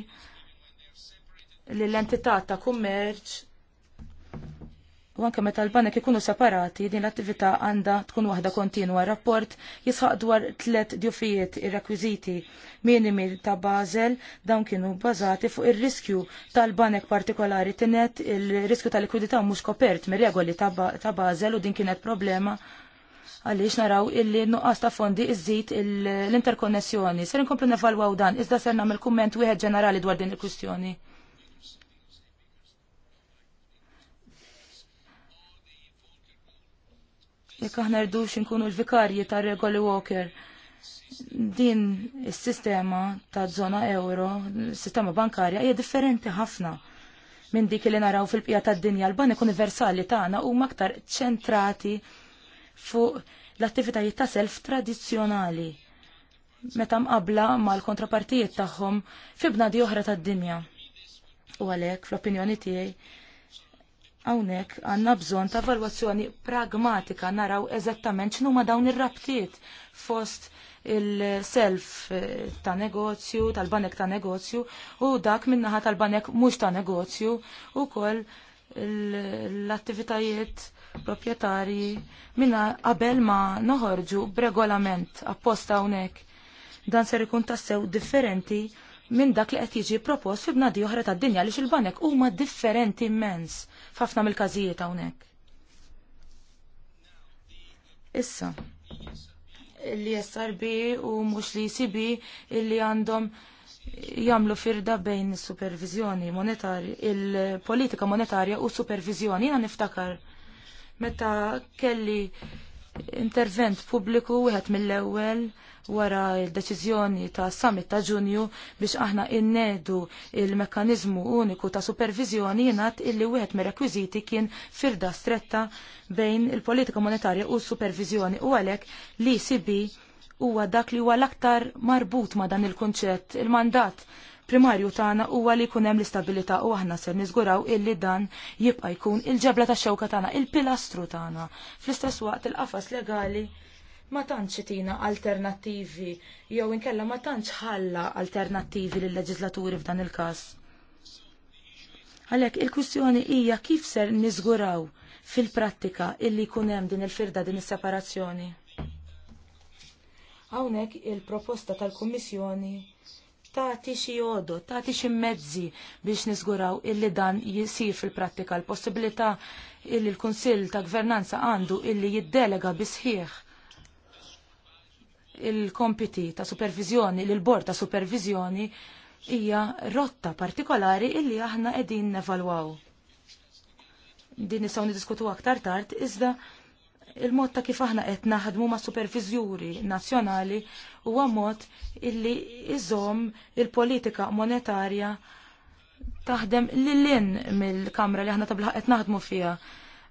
Speaker 2: lill entità ta' kummerċ U anke meta l-banek ikunu separati, din l-attività għandha tkun waħda kontinwa. Rapport jisħaq dwar tlet djufijiet ir-rekwiżiti minimi ta' Basel dawn kienu bbażati fuq ir-riskju tal-banek partikolari tinet il-riskju tal-likwidità mhux kopert mir-regoli ta' Basel u din kienet problema għaliex naraw illi nuqqas ta' fondi iżżid l-interkonnessjoni. Ser inkomplu nevalwaw dan, iżda ser nagħmel kumment wieħed ġenerali dwar din il-kwistjoni. jekk aħna rdux inkunu l-vikarji ta' regoli Walker. Din is-sistema ta' zona euro, sistema bankarja, hija differenti ħafna minn dik li naraw fil-qija tad-dinja. L-banek universali tagħna huma aktar ċentrati fuq l-attivitajiet ta' self tradizzjonali meta mqabla mal-kontrapartijiet tagħhom fi bnadi oħra tad-dinja. U għalhekk, fl-opinjoni tiegħi, Hawnhekk għandna bżonn ta' valwazzjoni pragmatika naraw eżattament ma dawn ir-rabtiet fost il-self eh, ta' negozju, tal-banek ta' negozju, u dak minnaħa tal-banek mux ta' negozju, u koll l-attivitajiet propietari minna qabel ma noħorġu b'regolament apposta hawnhekk. Dan ser ikun tassew differenti minn dak li qed jiġi propost fi bnadi oħra tad-dinja li il-banek huma differenti immens. Fafna mill-każijiet hawnhekk. Issa, li SRB u mhux li ECB illi għandhom jamlu firda bejn supervizjoni monetarja, il-politika monetarja u supervizjoni. Jina niftakar meta kelli intervent pubbliku wieħed mill-ewwel wara il-deċiżjoni ta' summit ta' ġunju biex aħna innedu il-mekanizmu uniku ta' supervizjoni jenat illi wieħed mir-rekwiżiti kien firda stretta bejn il-politika monetarja u supervizjoni u għalhekk li sibi huwa dak li huwa l-aktar marbut ma' dan il-kunċett il-mandat primarju tagħna huwa li jkun hemm l-istabilità u aħna ser niżguraw illi dan jibqa' jkun il-ġebla tax-xewka tagħna, il-pilastru tagħna. Fl-istess waqt il-qafas legali ma tantx itina alternattivi jew inkella ma tantx ħalla alternattivi lill leġislaturi f'dan il-każ. Għalhekk il-kwistjoni hija kif ser niżguraw fil-prattika illi jkun hemm din il-firda din is-separazzjoni. Hawnhekk il-proposta tal-Kummissjoni tagħti xi għodu, tagħti xi mezzi biex niżguraw illi dan jisir fil-prattika l-possibilità illi l-Kunsill ta' Gvernanza għandu illi jiddelega bisħieħ il-kompiti ta' supervizjoni, l-bord ta' supervizjoni hija rotta partikolari illi aħna qegħdin nevalwaw. Din nistgħu niddiskutu aktar tard iżda il-mod ta' kif aħna qed naħdmu ma' supervizjuri nazzjonali huwa mod illi iżomm il-politika monetarja taħdem lil-lin mill-kamra li aħna tablaħ qed naħdmu fiha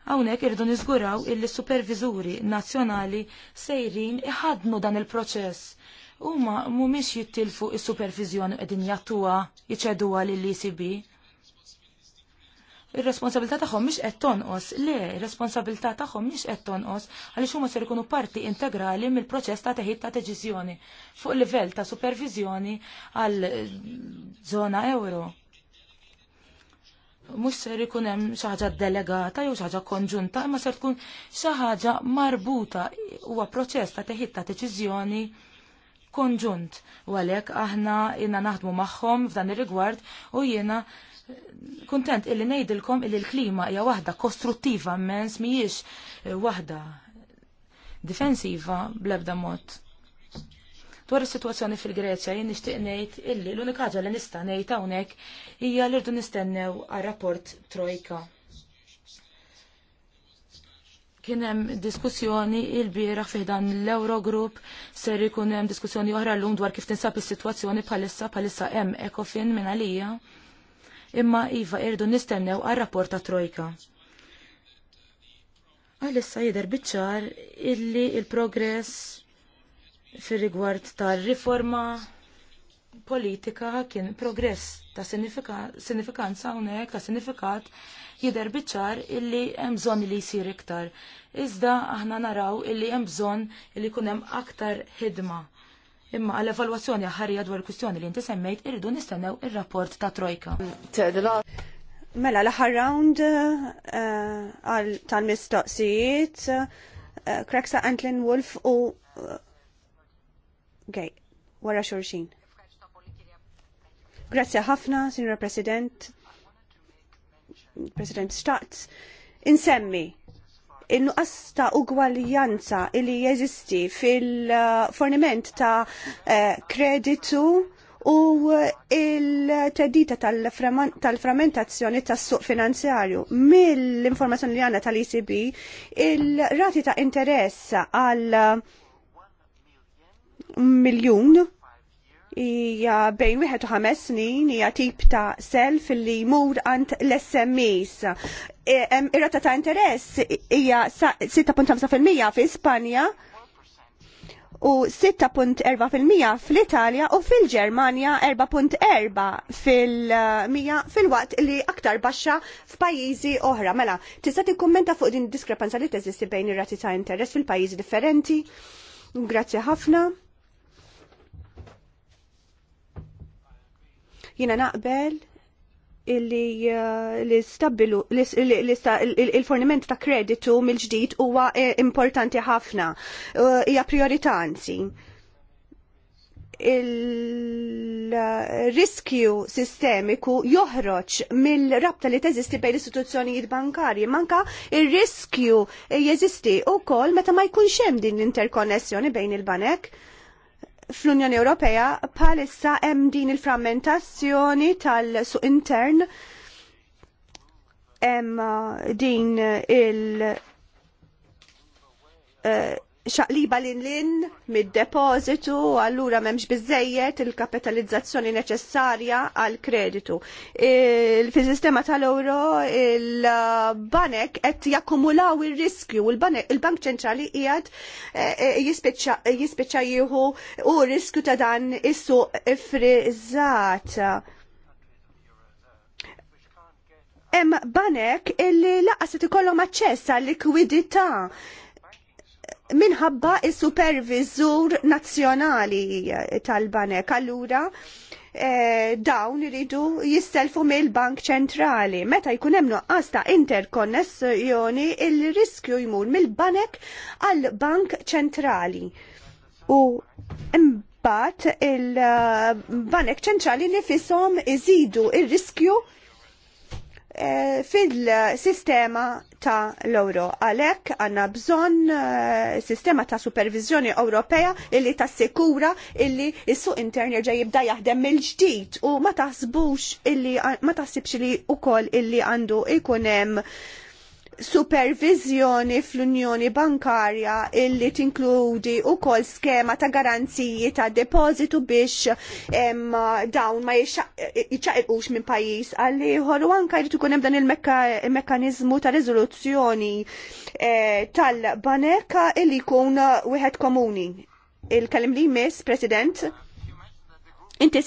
Speaker 2: Hawnhekk irridu niżguraw illi superviżuri nazzjonali sejrin iħadnu dan il-proċess. Huma mhumiex jittilfu is-supervizjoni qegħdin jattuha jiċeduha lill-ECB. Ir-responsabilità tagħhom miex qed tonqos, le, ir-responsabilità tagħhom miex qed tonqos għaliex huma ser ikunu parti integrali mill-proċess ta' teħid ta' deċiżjoni fuq livell ta' supervizjoni għal żona euro mux ser ikun hemm xi ħaġa delegata jew xi ħaġa konġunta, imma ser tkun xi ħaġa marbuta huwa proċess ta' teħid ta' deċiżjoni konġunt. U għalhekk aħna jiena naħdmu magħhom f'dan ir-rigward u jiena kuntent illi ngħidilkom illi l-klima hija waħda kostruttiva m'ens mhijiex waħda difensiva bl-ebda mod. Dwar is-sitwazzjoni fil-Greċja jien nixtieq ngħid illi l-unika ħaġa li nista' ngħid hawnhekk hija li rdu nistennew għar rapport Trojka. Kien hemm diskussjoni l-bieraħ fih dan l-Eurogroup ser ikun hemm diskussjoni oħra llum dwar kif tinsab is-sitwazzjoni bħalissa bħalissa hemm ekofin minn għalija. Imma iva irdu nistennew għar rapport ta' Trojka għalissa jider biċċar illi il-progress fir rigward tar-riforma politika kien progress ta' sinifikanza hawnhekk ta' sinifikat jidher biċ-ċar illi hemm bżonn li jsir iktar. Iżda aħna naraw illi hemm bżonn illi jkun hemm aktar hidma. Imma għall evalwazzjoni ħarija dwar kwistjoni li inti semmejt irridu nistennew ir-rapport ta' Trojka.
Speaker 3: Mela l-aħħar round eh, tal-mistoqsijiet Kreksa eh, Antlin Wolf u eh, gej, wara xorxin. Grazie ħafna, Signora President, President Stats. insemmi in-nuqqas ta' ugwaljanza illi jeżisti fil-forniment ta' eh, kreditu u il-tedita tal-frammentazzjoni tal tas-suq finanzjarju. Mill-informazzjoni li għanna tal-ECB, il-rati ta' interess għal miljun hija bejn wieħed u ħames snin hija tip ta' fil li jmur għand l-SMEs. E, ir-rata ta' interess hija 6.5% fi Spanja u 6.4% fl-Italja u fil-Ġermanja 4.4 fil-mija fil-waqt li aktar baxxa f'pajjiżi oħra. Mela, tista' tikkummenta fuq din id diskrepanza li teżisti bejn ir-rati ta' interess fil-pajjiżi differenti? Grazzi ħafna. Jina naqbel illi uh, l-istabbilu, il-forniment ta' kreditu mill-ġdid huwa eh, importanti ħafna, uh, hija anzi. Il-riskju uh, sistemiku joħroġ mill-rabta li teżisti bejn l-istituzzjonijiet bankarji, manka il-riskju jeżisti u kol meta ma jkunx hemm din l-interkonnessjoni bejn il-banek. il banek fl-Unjoni Ewropea palissa hemm din il-frammentazzjoni tal-suq intern hemm uh, din il- xaqliba l-inlin mid depositu allura memx bizzejiet il-kapitalizzazzjoni neċessarja għal-kreditu. E, fil-sistema tal-euro il-banek qed jakkumulaw il-riskju, il-bank ċentrali qiegħed e, e, jispiċċa jieħu u riskju ta' dan issu ifriżat. Hemm banek illi laqas ikollhom aċċess għal likwidità minħabba il-supervizur nazzjonali tal-banek. Allura, eh, dawn iridu jistelfu mill-Bank Ċentrali. Meta jkun hemm nuqqas ta' interkonnessjoni il-riskju jmur mill-banek għal Bank Ċentrali. U imbagħad il-Banek eh, Ċentrali nifisom iżidu il-riskju il riskju Eh, fil-sistema ta' l-euro. Għalek għanna bżon eh, sistema ta' supervizjoni Ewropea illi ta' sekura illi s-suq Interni ġej jibda jaħdem mill-ġdid u ma taħsbux illi ma taħsibx li u koll illi għandu ikunem supervizjoni fl-Unjoni Bankarja illi tinkludi u kol skema ta' garanziji ta' depozitu biex dawn ma jċaqilqux minn pajis għalli u anka jritu kunem dan il-mekanizmu ta' rezoluzzjoni eh, tal-baneka illi kun wieħed komuni. Il-kalim li mis, President? Inti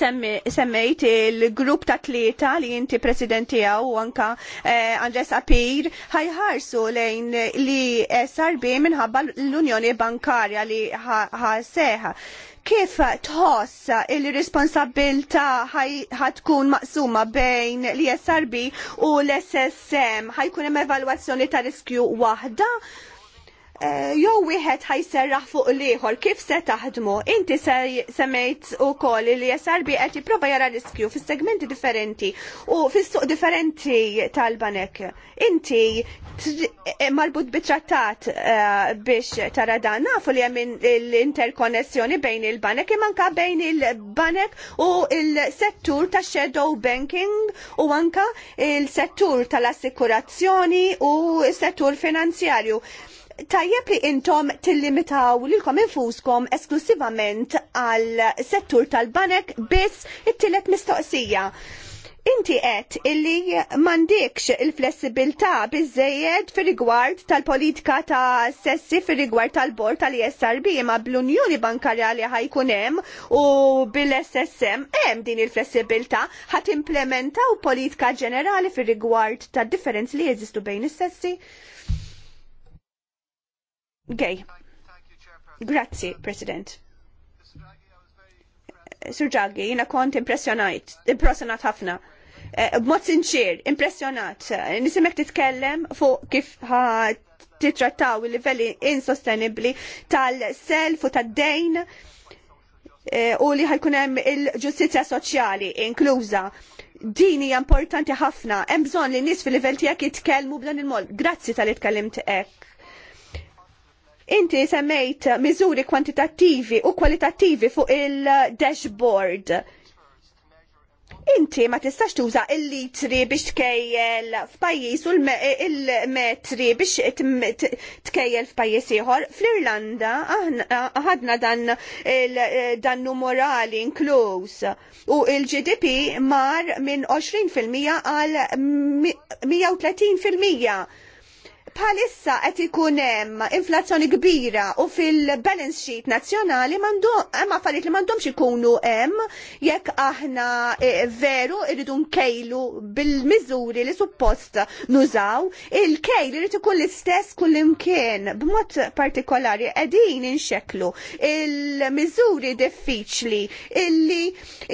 Speaker 3: semmejt il-grupp ta' tlieta li inti presidenti għaw anka eh, Andres Apir ħajħarsu lejn li eh, SRB minħabba l-Unjoni Bankarja li ħaseħa. Kif tħoss il-responsabilta ħatkun maqsuma bejn li SRB u l-SSM ħajkun hemm evalwazzjoni ta' riskju waħda? Eh, jew wieħed ħajserraħ fuq l-ieħor kif se taħdmu. Inti semmejt ukoll li SRB qed jipprova jara riskju fis-segmenti differenti u fis-suq differenti tal-banek. Inti eh, marbut bitrattat trattat eh, biex tara dan nafu li hemm l-interkonnessjoni bejn il-banek imanka bejn il-banek u il-settur tax shadow banking u anka il-settur tal-assikurazzjoni u s-settur finanzjarju tajjeb li intom tillimitaw lilkom infuskom esklusivament għal settur tal-banek biss it tillet mistoqsija. Inti għet illi m'għandekx il-flessibilità bizzejed fir-rigward tal-politika ta' sessi fir-rigward tal-bord tal-ISRB ma bl-Unjoni Bankarja li ħajkunem hemm u bil-SSM hemm din il-flessibilità ħat implementaw politika ġenerali fir-rigward tad differenzi li jeżistu bejn is-sessi gay. Grazzi, President. Sur Jaggi, jina kont impressionajt, impressionat ħafna. Eh, b'mod sinċir, impressionat. Nisimek titkellem fuq kif titrattaw il-livelli insostenibli tal-self u tad-dejn eh, u li ħajkun hemm il-ġustizzja soċjali inkluża. Din hija importanti ħafna, hemm bżonn li nies fil-livell tiegħek jitkellmu b'dan il-mod. Grazzi tal-itkellimt hekk. Inti semmejt miżuri kwantitattivi u kwalitattivi fuq il-dashboard. Inti ma tistax tuża il-litri biex tkejjel f'pajjiż u l-metri biex tkejjel f'pajjiż ieħor. Fl-Irlanda aħadna dan dan numerali inkluż u il-GDP mar minn 20% għal 130%. Palissa qed ikun hemm inflazzjoni kbira u fil-balance sheet nazzjonali hemm affarijiet li m'għandhomx ikunu hemm jekk aħna eh, veru irridu nkejlu bil-miżuri li suppost nużaw. Il-kejl irid ikun l-istess kull imkien b'mod partikolari qegħdin inxeklu il-miżuri diffiċli illi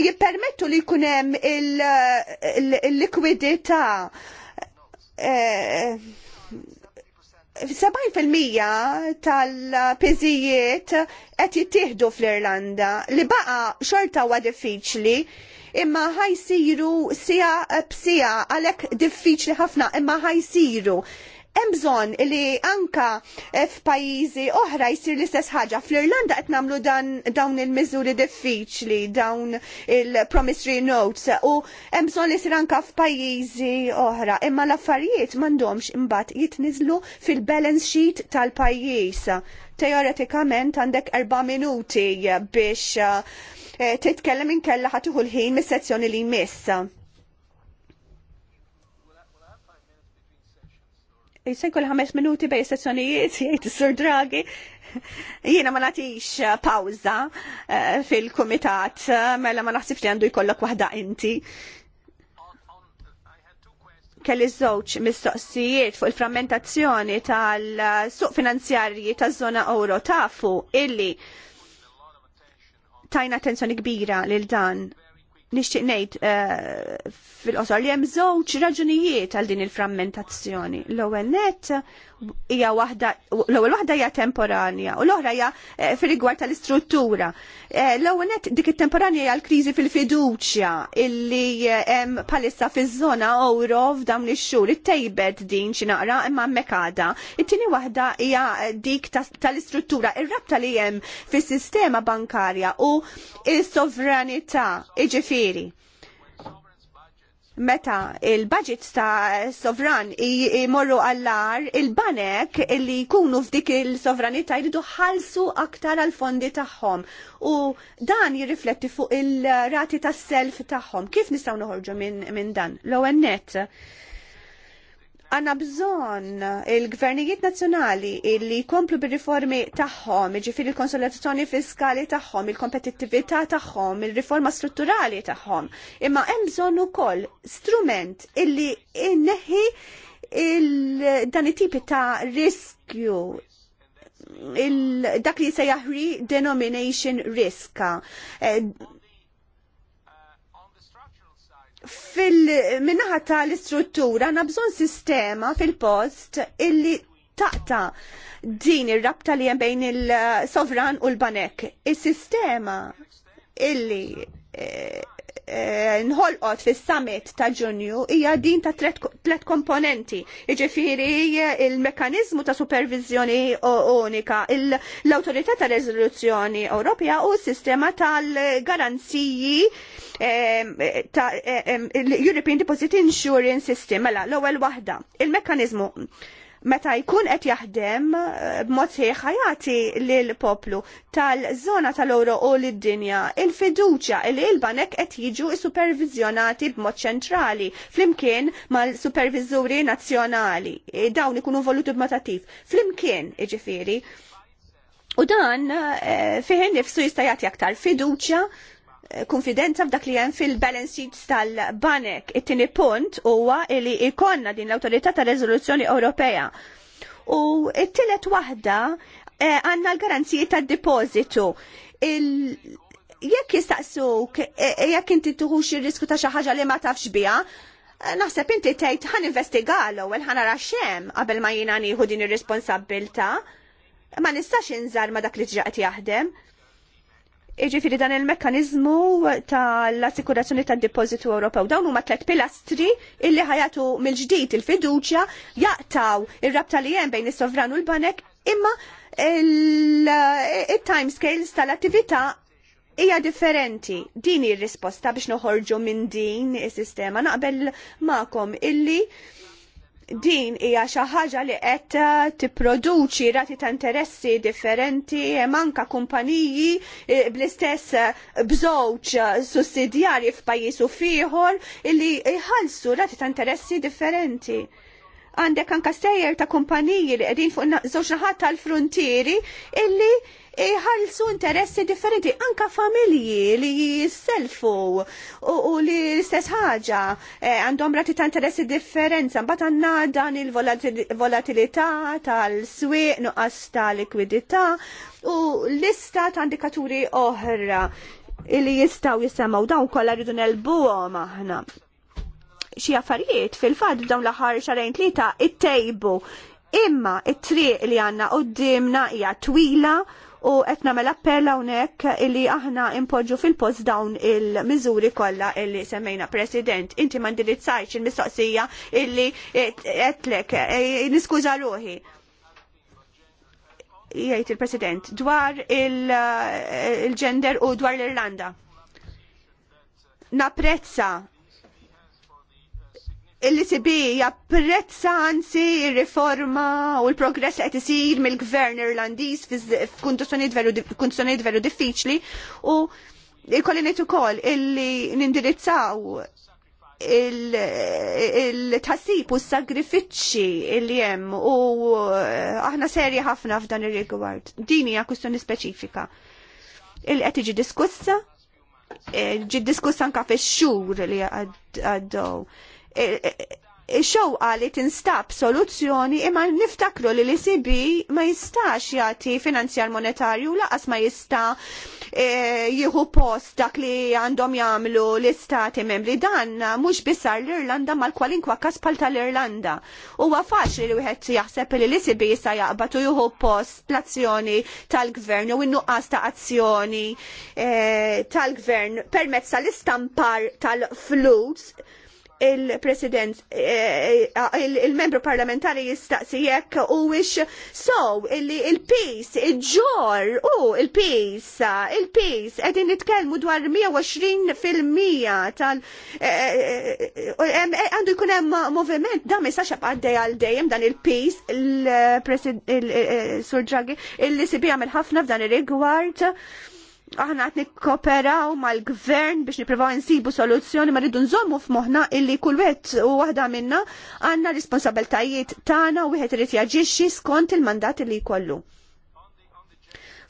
Speaker 3: jippermettu li jkun hemm il-likwidità. Eh, 70% tal-piżijiet qed jittieħdu fl-Irlanda li baqa' xorta huwa diffiċli imma ħajsiru sija b'sija għalhekk diffiċli ħafna imma ħajsiru hemm bżonn li anka eh, f'pajjiżi oħra jsir l-istess ħaġa. Fl-Irlanda qed nagħmlu dawn il-miżuri diffiċli, dawn il-promissory notes u hemm bżonn li jsir anka f'pajjiżi oħra. Imma l-affarijiet m'għandhomx imbagħad jitniżlu fil-balance sheet tal-pajjiż. Teoretikament għandek erba' minuti biex eh, titkellem inkella ħatuħu l-ħin mis-sezzjoni li jmiss se kol ħames minuti bej sessjonijiet jgħid is-Sur Draghi. Jiena ma nagħtix uh, pawza uh, fil-kumitat uh, mela ma naħsibx li għandu jkollok waħda inti. Kelli żewġ mistoqsijiet fuq il-frammentazzjoni tal-suq finanzjarji taż-żona euro tafu illi tajna attenzjoni kbira lil dan nixtieq ngħid eh, fil-qosor li hemm żewġ raġunijiet għal din il-frammentazzjoni. L-ewwel nett hija waħda l-ewwel waħda hija temporanja u l-oħra hija eh, fir-rigward tal-istruttura. Eh, l-ewwel net dik it-temporanja hija l-kriżi fil-fiduċja illi eh, hemm palissa fiż-żona euro f'dawn ix-xhur it-tejbet din xi naqra imma mekada. It-tieni waħda hija dik tal-istruttura, ir-rabta li hemm fis-sistema bankarja u s-sovranità, iġifieri meta il-budget ta' sovran imorru għallar il-banek li jkunu f'dik il-sovranità jridu ħalsu aktar għal-fondi tagħhom. U dan jirrifletti fuq il-rati tas self tagħhom. Kif nistgħu noħorġu minn min dan? L-ewwel għanna bżon il-gvernijiet nazjonali illi komplu bil-riformi taħħom, ġifiri il-konsolidazzjoni fiskali taħħom, il-kompetittività taħħom, il-riforma strutturali taħħom. Imma hemm bżon ukoll strument illi inneħi il dan it-tipi ta' riskju dak li se denomination risk. Eh, fil-minnaħa l istruttura nabżon sistema fil-post illi taqta din ir-rabta li hemm bejn il-sovran u l-banek. Is-sistema illi eh, Eh, nħolqot fis summit ta' ġunju hija din ta' tlet komponenti. Iġifiri il mekanizmu ta' supervizjoni unika, l-Awtorità ta' rezoluzjoni Ewropea u s-sistema tal-garanziji ta' European Deposit Insurance System, mela l-ewwel waħda. il mekanizmu meta jkun qed jaħdem eh, b'mod ħajati lil poplu tal-żona tal-oro u lid-dinja il-fiduċja li il-banek qed jiġu supervizjonati b'mod ċentrali flimkien mal-supervizuri nazzjonali e, dawn ikunu voluti b'mod attiv flimkien iġifieri. U dan eh, fiħin nifsu jista' jagħti aktar fiduċja konfidenza f'dak li hemm fil-balance sheets tal-banek. It-tieni punt huwa li ikonna din l-Awtorità ta' Reżoluzzjoni Ewropea. U it-tielet waħda eh, għandna l-garanziji tad-depożitu. Jekk jistaqsuk, eh, jekk inti tuħux ir-risku ta' xi ħaġa li ma tafx biha, eh, naħseb inti tgħid ħan investigalu u ħanara xemm qabel ma jiena nieħu din ir-responsabbilta. Ma nistax inżar ma dak li ġaqet jaħdem. Iġifiri dan il-mekkanizmu tal-assikurazzjoni tad-depozitu Ewropew dawn huma tliet pilastri illi ħajatu mill-ġdid il-fiduċja jaqtaw ir-rabta li hemm bejn is-sovran u l-banek imma il-time scales tal-attività hija differenti. Din ir-risposta biex noħorġu minn din is-sistema naqbel ma'kom illi din hija xi ħaġa li qed eh, tipproduċi rati ta' interessi differenti hemm eh, anke kumpaniji eh, bl-istess bżowġ sussidjarji f'pajjiż u fieħor illi jħallsu rati ta' interessi differenti. Għandek anka sejjer ta' kumpaniji li qegħdin fuq żewġ naħat tal-frontieri illi iħalsu interessi differenti, anka familji li jisselfu u li l-istess ħaġa eh, għandhom rati ta' interessi differenza, mbagħad għanna dan il-volatilità tal-swieq, nuqqas ta' likwidità u lista ta' indikaturi oħra li jistaw jisemaw dawn kollha rridu nelbuhom aħna xi affarijiet fil-fatt dawn l-aħħar xarajn tlieta it-tejbu imma it-triq li għanna qoddimna hija twila u qed nagħmel appella hawnhekk illi aħna impoġġu fil-post dawn il-miżuri kollha illi semmejna President. Inti ma il-mistoqsija illi qedlek eh, niskuża ruħi Jajt il-President dwar il-ġender eh, u dwar l-Irlanda. Naprezza il-ECB japprezza anzi riforma u l-progress qed isir mill-Gvern Irlandiż f'kundizzjonijiet veru diffiċli u jkolli ngħid ukoll illi nindirizzaw il-tassib u s-sagrifiċċi li jem u aħna serji ħafna f'dan ir-rigward. Din hija kwistjoni speċifika. Il-qed iġi diskussa, e, ġi diskussa anka fix-xhur li għaddew xewqa li tinstab soluzzjoni imma niftakru li l-ECB ma jistax jagħti finanzjar monetarju laqas ma jista e, jieħu post dak li għandhom jagħmlu l-istati membri dan mhux bisar l-Irlanda mal kwalinkwa kas pal tal-Irlanda. Huwa faċli li wieħed jaħseb li l-ECB jista' jaqbad u jieħu post l-azzjoni tal-gvern u innu nuqqas ta' azzjoni e, tal-gvern permezz tal-istampar tal-flus il-president, eh, eh, il-membru parlamentari jistaqsi jekk u wix so, il-peace, il-ġor, u il-peace, il-peace, edin nitkelmu dwar 120% tal- eh, għandu jkun hemm moviment, da ma jistax għaddej għal dejjem dan il-peace, il-president, il-surġagi, il-li sibi għamil ħafna f'dan ir-rigward aħna qed nikkoperaw mal-gvern biex nippruvaw nsibu soluzzjoni ma rridu nżommu f'moħħna illi kull wieħed u waħda minna għandna responsabiltajiet tagħna u wieħed irid jaġixxi skont il-mandat li jkollu.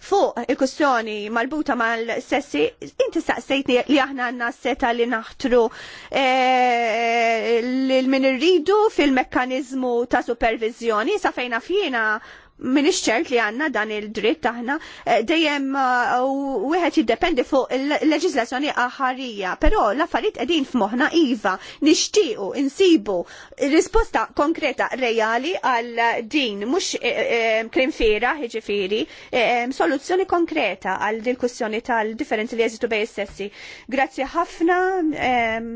Speaker 3: Fuq il-kussjoni marbuta mal-sessi, inti staqsejtni li aħna għanna seta li naħtru e, l-min irridu fil-mekkanizmu ta' supervizjoni, sa' fejna fjina minix ċert li għanna dan il-dritt aħna eh, dejjem eh, u wieħed jiddependi fuq il-leġislazzjoni aħarija, però l-affarijiet qegħdin f'moħħna iva nixtiequ insibu risposta konkreta reali għal din mhux eh, krimfira ħiġifieri soluzzjoni konkreta għal dil kussjoni tal-differenzi li jeżitu bej sessi. Grazzi ħafna. Ehm,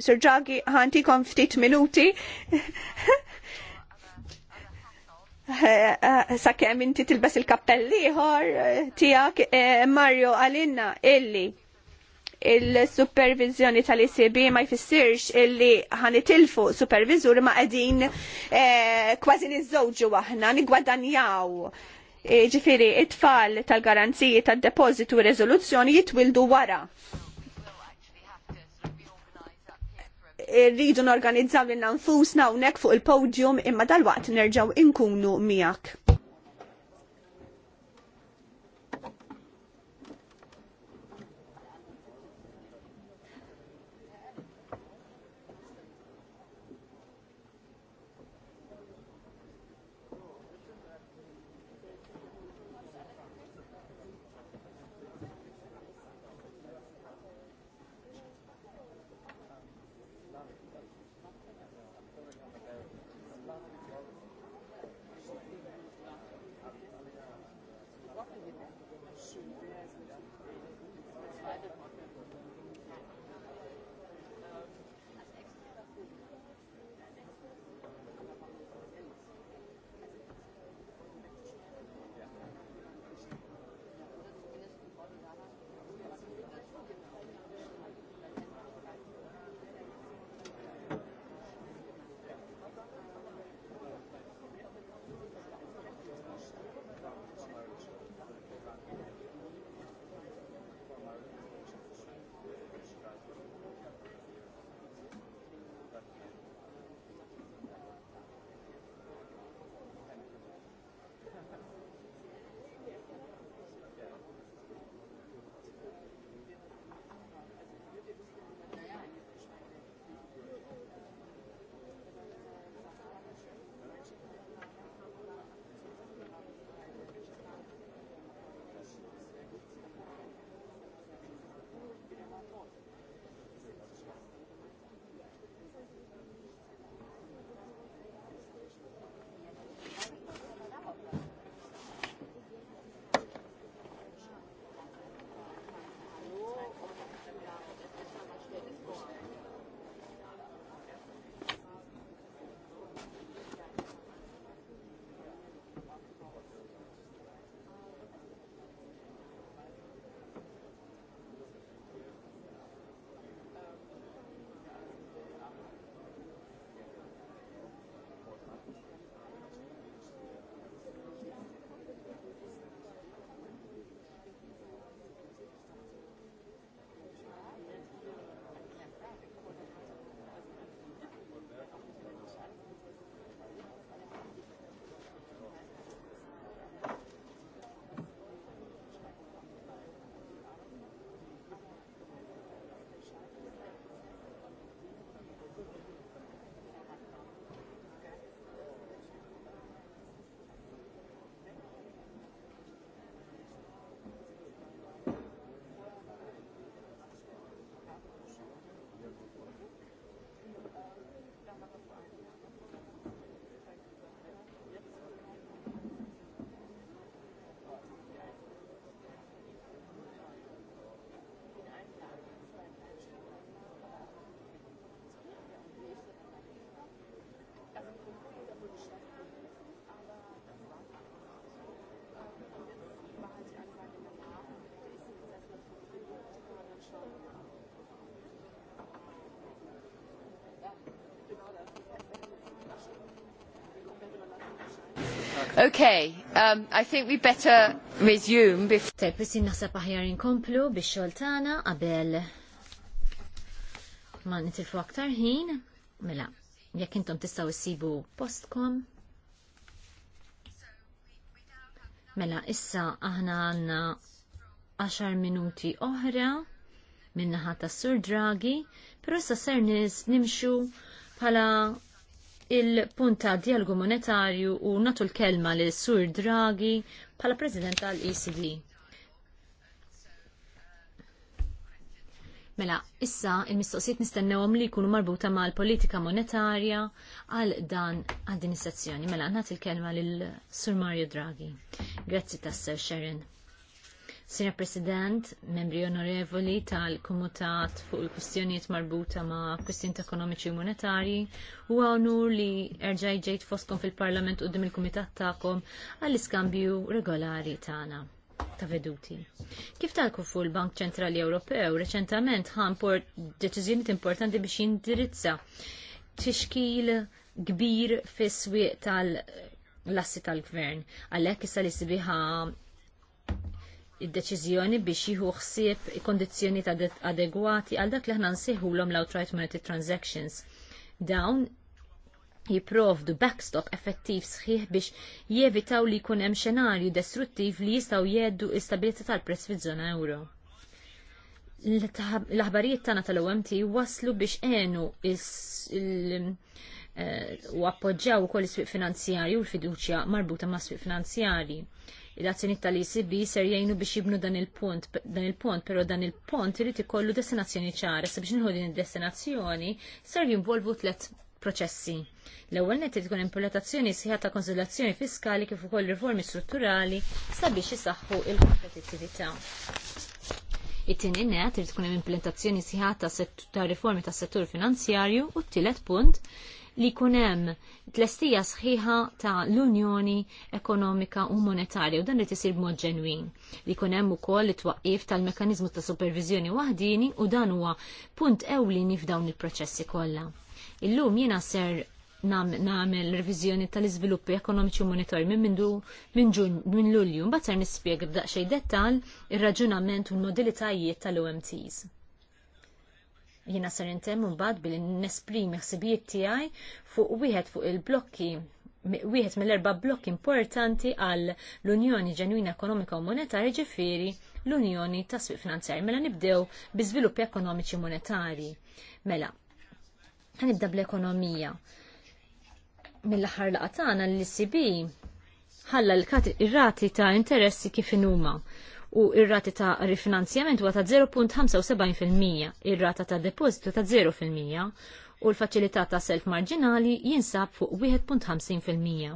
Speaker 3: Sir Ġagi, ħantikom ftit minuti. sakemm inti tilbes il-kappelliħor eh, tiegħek eh, Mario għalinna illi il-supervizjoni tal icb ma jfissirx illi ħanitilfu supervizur ma qegħdin eh, kważi niżżewġu aħna nigwadanjaw. ġifiri it-tfal tal-garanziji tad-depożitu u riżoluzzjoni jitwildu wara rridu norganizzaw lil nfusna hawnhekk fuq il-podium imma dalwaqt nerġgħu inkunu miegħek.
Speaker 1: Okay, um, I think we better resume before... Tep, bisin naħseb aħjar inkomplu biex xoltana qabel ma nitilfu aktar ħin. Mela, jekk intom tistaw issibu postkom. Mela, issa aħna għanna 10 minuti oħra minnaħat ta' Sur Draghi, pero issa ser nimxu bħala il-punta dialogu monetarju u natu l-kelma li Sur Draghi pala President tal-ECB. Mela, issa il-mistoqsijiet nistennewhom li jkunu marbuta mal-politika monetarja għal dan għad Mela, nagħti l-kelma lil Sur Mario Draghi. Grazzi tassew, Sharon. Sina President, membri onorevoli tal-Komitat fuq il-kwistjonijiet marbuta ma' kwistjonijiet ekonomiċi u monetarji, huwa għonur li erġaj ġejt foskom fil-Parlament u dim il-Komitat ta'kom għall-iskambju regolari tagħna ta' veduti. Kif talku fuq il-Bank Ċentrali Ewropew reċentament ħan deċiżjonijiet importanti biex jindirizza tixkil kbir fis-swieq tal- lassi tal-gvern. Għalhekk issa li sibiħa id-deċiżjoni biex jieħu ħsieb kondizzjoni adegwati għal dak li aħna nsejħulhom l-outright monetary transactions. Dawn jipprovdu backstop effettiv sħiħ biex jevitaw li jkun hemm xenarju destruttiv li jistgħu jeddu l-istabilità tal-prezz fiż-żona euro. L-aħbarijiet tagħna tal-OMT waslu biex għenu eh, u appoġġjaw ukoll is-swieq finanzjarji u l-fiduċja marbuta mas-swieq finanzjarji il azzjoni tal-ECB ser jgħinu biex jibnu dan il-punt, dan il pero dan il pont irid ikollu destinazzjoni ċara, sabiex biex din id-destinazzjoni ser jinvolvu tlet proċessi. L-ewwel nett tkun implementazzjoni sħiħa ta' konsultazzjoni fiskali kif ukoll riformi strutturali sabiex isaħħu il-kompetittività. It-tieni net irid tkun hemm implementazzjoni sħiħa ta' riformi tas settur finanzjarju u t-tielet punt li kunem tlestija sħiħa ta' l-Unjoni Ekonomika u Monetarja u dan li tisir b'mod ġenwin. Li kunem ukoll it-twaqqif tal-mekanizmu ta' supervizjoni waħdini u dan huwa punt ewlieni f'dawn il-proċessi kollha. Illum jiena ser namel revizjoni tal-izviluppi ekonomiċi u monitori minn mindu minn ġun minn lulju, mbagħad ser nispjega b'daqsxejn dettal ir-raġunament u l-modilitajiet tal-OMTs. Jiena ser intemm imbagħad billi nesprimi ħsibijiet tiegħi fuq wieħed fuq il-blokki wieħed mill-erba' blokki importanti għal l-Unjoni Ġenwina Ekonomika u Monetarja ġifieri l-Unjoni ta' Sfiq Finanzjarji. Mela nibdew bi żviluppi ekonomiċi monetari. Mela, ħanibda bl-ekonomija. Mill-aħħar laqgħa tagħna l-ECB ħalla l-rati ta' interessi kif inhuma u ir-rati ta' rifinanzjament huwa ta' 0.75%, ir-rata ta' depożitu ta' 0% u l-faċilità ta' self marġinali jinsab fuq 1.50%.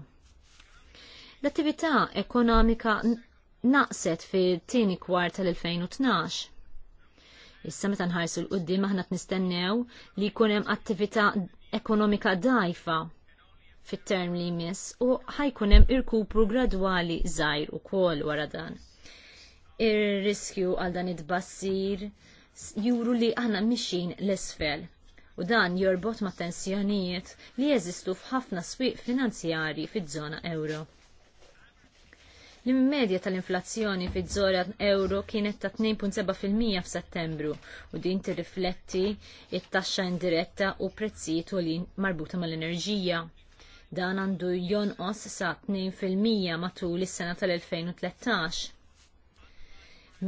Speaker 1: L-attività ekonomika naqset fit tieni kwart tal-2012. Issa meta nħarsu l qudiem aħna nistennew li jkun hemm attività ekonomika dajfa fit-term li jmiss u ħajkun hemm irkupru gradwali żgħir ukoll wara dan ir-riskju għal dan id-bassir juru li aħna mixin l-isfel. U dan jorbot ma' tensjonijiet li jeżistu f'ħafna swieq finanzjarji fiż-żona euro. L-immedja tal-inflazzjoni fiż-żona euro kienet ta' 2.7% f'Settembru u din tirrifletti it-taxxa indiretta u prezzijiet u marbuta mal-enerġija dan għandu jonqos sa 2% matul is-sena tal-2013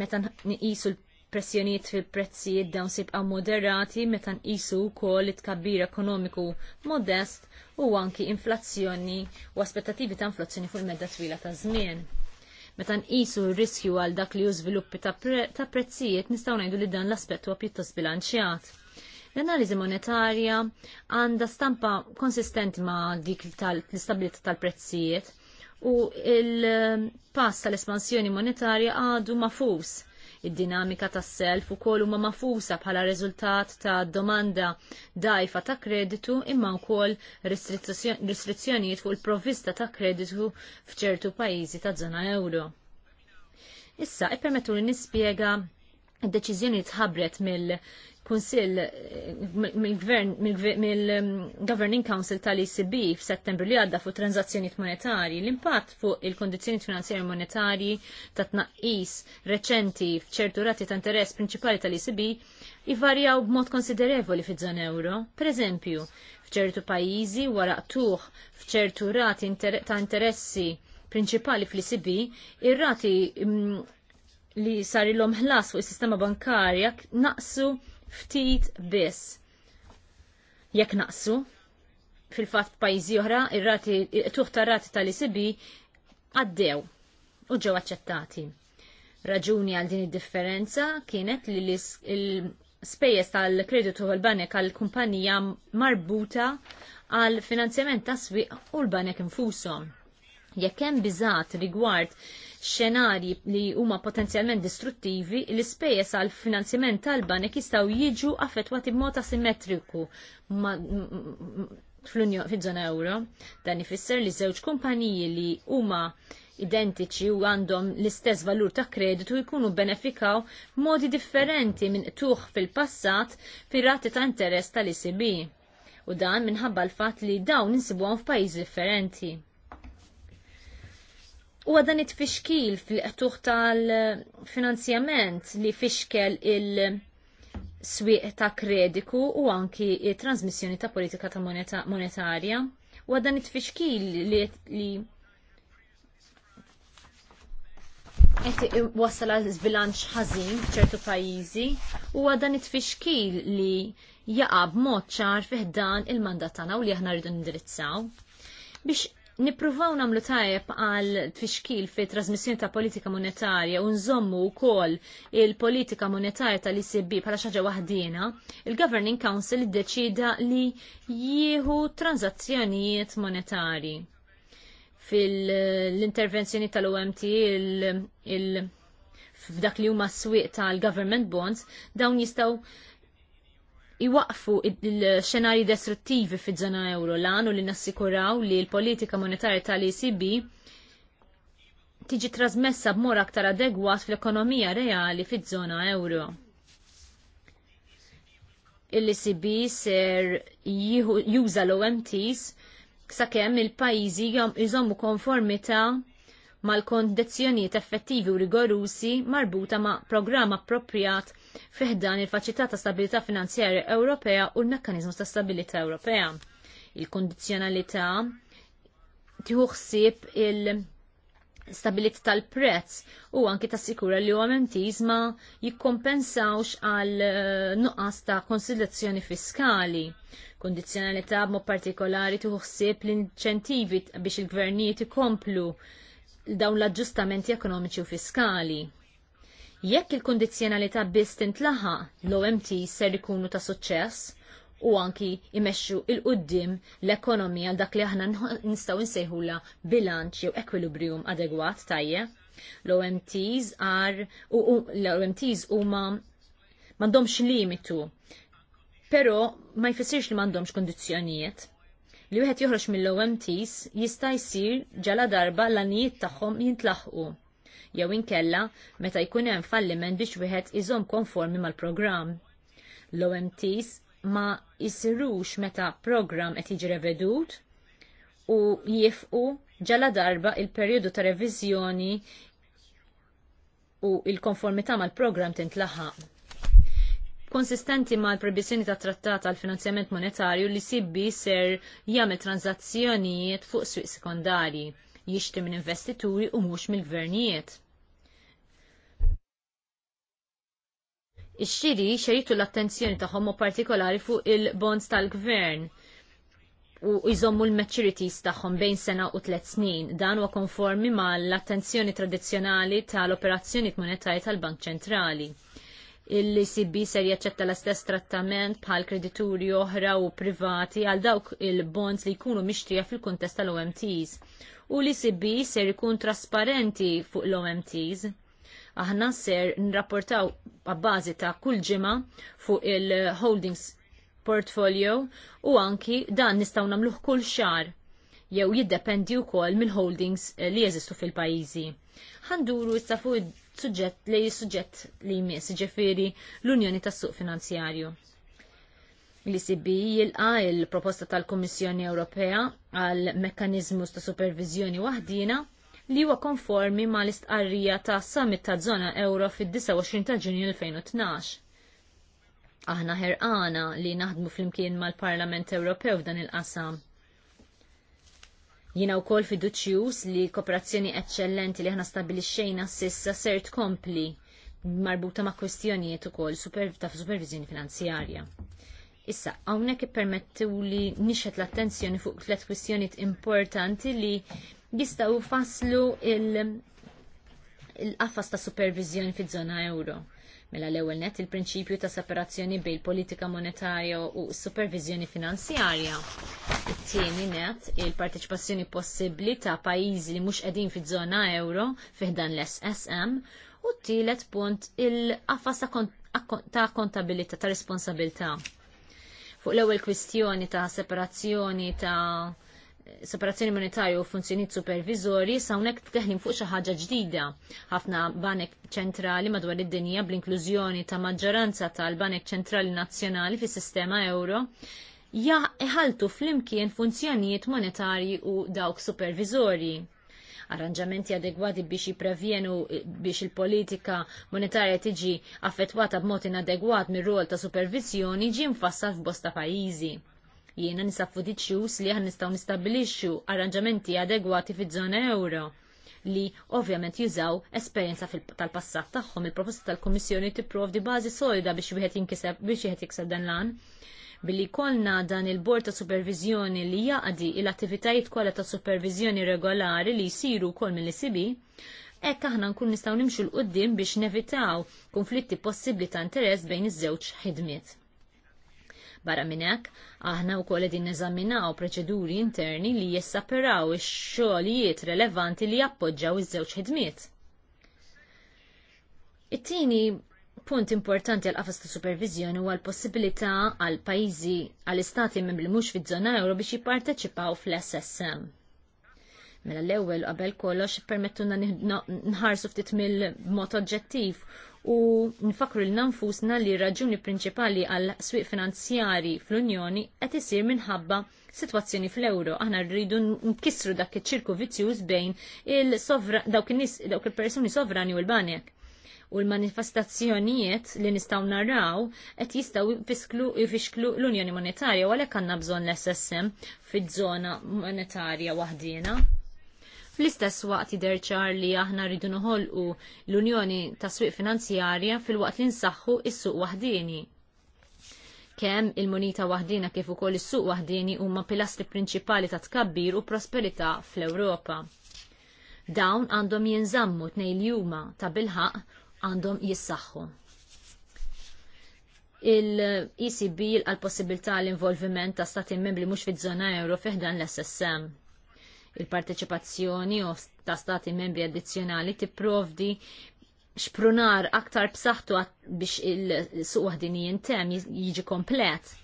Speaker 1: meta nqisu l-pressjonijiet fil-prezzijiet dawn sibqa' moderati meta nqisu wkoll it-tkabbir ekonomiku modest u anki inflazzjoni u aspettattivi ta' inflazzjoni fuq il-medda twila ta' żmien. Meta nqisu r-riskju għal dak li hu żviluppi ta', pre ta prezzijiet nistgħu ngħidu li dan l-aspett huwa pjuttost bilanċjat. L-analiżi monetarja għandha stampa konsistenti ma' dik tal-istabilità tal-prezzijiet u il-pass tal-espansjoni monetarja għadu mafus. Id-dinamika tas self u kollu ma mafusa bħala riżultat ta' domanda dajfa ta' kreditu imma wkoll restrizzjonijiet fuq il-provvista ta' kreditu f'ċertu pajjiżi ta' żona euro. Issa, ippermettu li nispjega id-deċiżjoni tħabret mill kunsill mill-Governing Council tal-ECB f'Settembru li għadda fuq tranzazzjonijiet monetarji, l-impatt fuq il kondizjoni finanzjarji monetarji ta' tnaqqis reċenti f'ċertu rati ta' interess prinċipali tal-ECB jivarjaw b'mod konsiderevoli fiż-żon euro. Per eżempju, f'ċertu pajjiżi wara qtuħ f'ċertu rati ta' interessi prinċipali fl-ECB, ir-rati mm, li sar ilhom ħlas fuq is-sistema bankarja naqsu ftit biss. Jekk naqsu, fil-fatt pajjiżi oħra, ir-rati tuħ tar-rati tal-ICB għaddew u ġew aċċettati. Raġuni għal din id-differenza kienet li l-spejjeż tal-kreditu għal-banek għal-kumpanija marbuta għal finanzjament ta' swieq u l-banek infushom. Jekk hemm biżgħat rigward xenarji li huma potenzjalment distruttivi, l-ispejjeż għal finanzjament tal-banek jistgħu jiġu affettwati b'mod asimmetriku fil-żona euro. Dan ifisser li żewġ kumpaniji li huma identiċi u għandhom l-istess valur ta' kreditu jkunu benefikaw modi differenti minn tuħ fil-passat fir-rati ta' interess tal-ECB. U dan minħabba l-fatt li dawn insibuhom f'pajjiż differenti. U għadan it fiskil fil-qtuħ tal-finanzjament li fiskel il- swieq ta' krediku u anki transmissjoni ta' politika ta' monetarja. U għadan it fiskil li, li qed wassal bilanċ ħażin f'ċertu pajjiżi huwa dan it fiskil li jaqab mod ċar fih dan il-mandat tagħna u li aħna rridu nindirizzaw. Biex Nipruvaw namlu tajjeb għal tfixkil fi trasmissjoni ta' politika monetarja u nżommu wkoll il-politika monetarja tal-ICB bħala xaġa wahdina, il-Governing Council iddeċida li jieħu tranzazzjonijiet monetari. fil-intervenzjoni tal-OMT il- f'dak li huma s-swieq tal-government bonds dawn jistgħu iwaqfu il-xenari destruttivi fi żona euro l-għan u li nassikuraw li l-politika monetarja tal-ECB tiġi trasmessa b'mor aktar adegwat fl-ekonomija reali fiż-żona euro. Il-ECB ser juża l-OMTs sakemm il-pajjiżi jżommu konformità mal-kondizzjonijiet effettivi u rigorusi marbuta ma' programm appropriat fiħdan il faċità ta' Stabilità Finanzjarja Ewropea u l-Mekkaniżmu ta' Stabilità Ewropea. il kondizjonalità tieħu ħsieb il-stabilità tal-prezz u anki ta' sikura li huwa ma jikkompensawx għal eh, nuqqas ta' konsidrazzjoni fiskali kondizjonalità b'mod partikolari tieħu ħsieb l-inċentivi biex il-gvernijiet ikomplu dawn l-aġġustamenti ekonomiċi u fiskali. Jekk il-kondizjonalità biss tintlaħa, l-OMT ser ikunu ta' suċċess u anki imexxu il-qoddim l-ekonomija dak li aħna nistgħu nsejħula bilanċ jew ekwilibrium adegwat tajje. L-OMTs għar u, u l-OMTs huma m'għandhomx limitu, però ma jfissirx li m'għandhomx kondizzjonijiet li wieħed joħroġ mill-OMTs jista' jsir ġala darba l-anijiet tagħhom jintlaħqu jew inkella meta jkun hemm falliment biex wieħed iżomm konformi mal-programm. L-OMTs ma jsirux meta programm qed jiġi revedut u jifqu ġala darba il-perjodu ta' reviżjoni u il-konformità mal-programm tintlaħaq konsistenti ma' l-prebizjoni ta' trattat għal finanzjament monetarju li sibbi ser jagħmel tranzazzjonijiet fuq swieq sekondarji jixtri minn investituri u mhux mill-gvernijiet. Ix-xiri xejtu l-attenzjoni tagħhom partikolari fuq il-bonds tal-gvern u jżommu l-maturities tagħhom bejn sena u tliet snin. Dan huwa konformi mal attenzjoni tradizzjonali tal-operazzjoni monetarji tal-Bank Ċentrali il-CB ser jaċċetta l-istess trattament bħal kredituri oħra u privati għal dawk il-bonds li jkunu mixtrija fil-kuntest tal-OMTs. U l-ICB ser ikun trasparenti fuq l-OMTs. Aħna ser nrapportaw għabbażi ta' kull ġima fuq il-holdings portfolio u anki dan nistaw namluħ kull xar jew jiddependi wkoll mill-holdings li jeżistu fil-pajjiżi. Ħanduru issa fuq suġġett li suġġett li jmiss ġifiri l-Unjoni tas-Suq Finanzjarju. L-ICB jilqa il-proposta tal-Kommissjoni Ewropea għal mekkanizmu ta' supervizjoni waħdina li huwa konformi ma' l-istqarrija ta' summit ta' zona euro fid-29 ta' ġunju 2012. Aħna ħerqana li naħdmu fl-imkien mal-Parlament Ewropew f'dan il-qasam Jina u kol fiduċjus li kooperazzjoni eccellenti li ħna stabilixxejna sissa ser tkompli marbuta ma' kwestjonijiet ukoll ta' supervizjoni finanzjarja. Issa, hawnhekk permettu li nixet l-attenzjoni fuq tliet kwistjonijiet importanti li jistgħu faslu il-qafas ta' supervizjoni fiż żona euro Mela l-ewwel nett il-prinċipju ta' separazzjoni bejn politika monetarja u supervizjoni finanzjarja. It-tieni net il-parteċipazzjoni possibbli ta' pajjiżi li mhux qegħdin fiż-żona euro fiħdan l-SSM u t-tielet punt il-qafas ta' kontabilità ta' responsabilità. Fuq l-ewwel kwistjoni ta' separazzjoni ta' separazzjoni monetarju u funzjonijiet supervizori hawnhekk teħlim fuq xi ħaġa ġdida. Ħafna banek ċentrali madwar id-dinja bl-inklużjoni ta' maġġoranza tal-Banek Ċentrali Nazzjonali fis-sistema euro jaħaltu iħaltu flimkien funzjonijiet monetarji u dawk supervizori arranġamenti adegwati biex jipprevjenu biex il-politika monetarja tiġi affettwata b'mod inadegwat mir-rol ta' supervizjoni ġie mfassal f'bosta pajjiżi jiena nisab fiduċjus li aħna nistgħu nistabilixxu arranġamenti adegwati fiż-żona euro li ovvjament jużaw esperjenza tal-passat tagħhom. Il-proposta tal-Kummissjoni tipprovdi bażi solida biex wieħed jinkiseb biex wieħed jikseb dan lan billi kollna dan il-bord ta' supervizjoni li jaqdi l-attivitajiet kollha ta' supervizjoni regolari li jsiru wkoll mill-ICB, hekk aħna nkun nistgħu nimxu l-qudiem biex nevitaw konflitti possibbli ta' interess bejn iż-żewġ ħidmiet. Barra minnek, aħna u koll din neżaminaw proċeduri interni li jessaperaw ix-xogħlijiet relevanti li jappoġġaw iż-żewġ ħidmiet. It-tieni punt importanti għal qafas ta' supervizjoni huwa l-possibilità għal pajjiżi għal istati membri mhux fiż-żona euro biex jipparteċipaw fl-SSM. Mela l-ewwel qabel kollox permettuna nħarsu ftit mill-mod oġġettiv u nfakru l nanfusna li raġuni prinċipali għal swieq finanzjari fl-Unjoni qed isir minħabba sitwazzjoni fl-euro. Aħna rridu nkissru dak iċ-ċirku vizzjuż bejn dawk il-persuni sovrani u l-banek u l-manifestazzjonijiet li nistaw naraw qed jistgħu jfixklu l-Unjoni Monetarja u għalhekk għandna bżonn l-SSM fiż-żona monetarja waħdina. Fl-istess waqt jidher li aħna rridu noħolqu l-Unjoni ta' Swieq Finanzjarja fil-waqt li nsaħħu is-suq waħdini. Kemm il-munita waħdina kif ukoll is-suq waħdini huma pilastri prinċipali ta' tkabbir u prosperità fl-Ewropa. Dawn għandhom jinżammu tnejn juma ta' bilħaq għandhom jissaħħu. Il-ECB għal possibilità l-involviment ta' stati membri mhux fiż-żona euro fiħdan l-SSM il-parteċipazzjoni u ta' stati membri addizzjonali tipprovdi xprunar aktar b'saħħtu biex il-suq waħdini jintem jiġi komplet.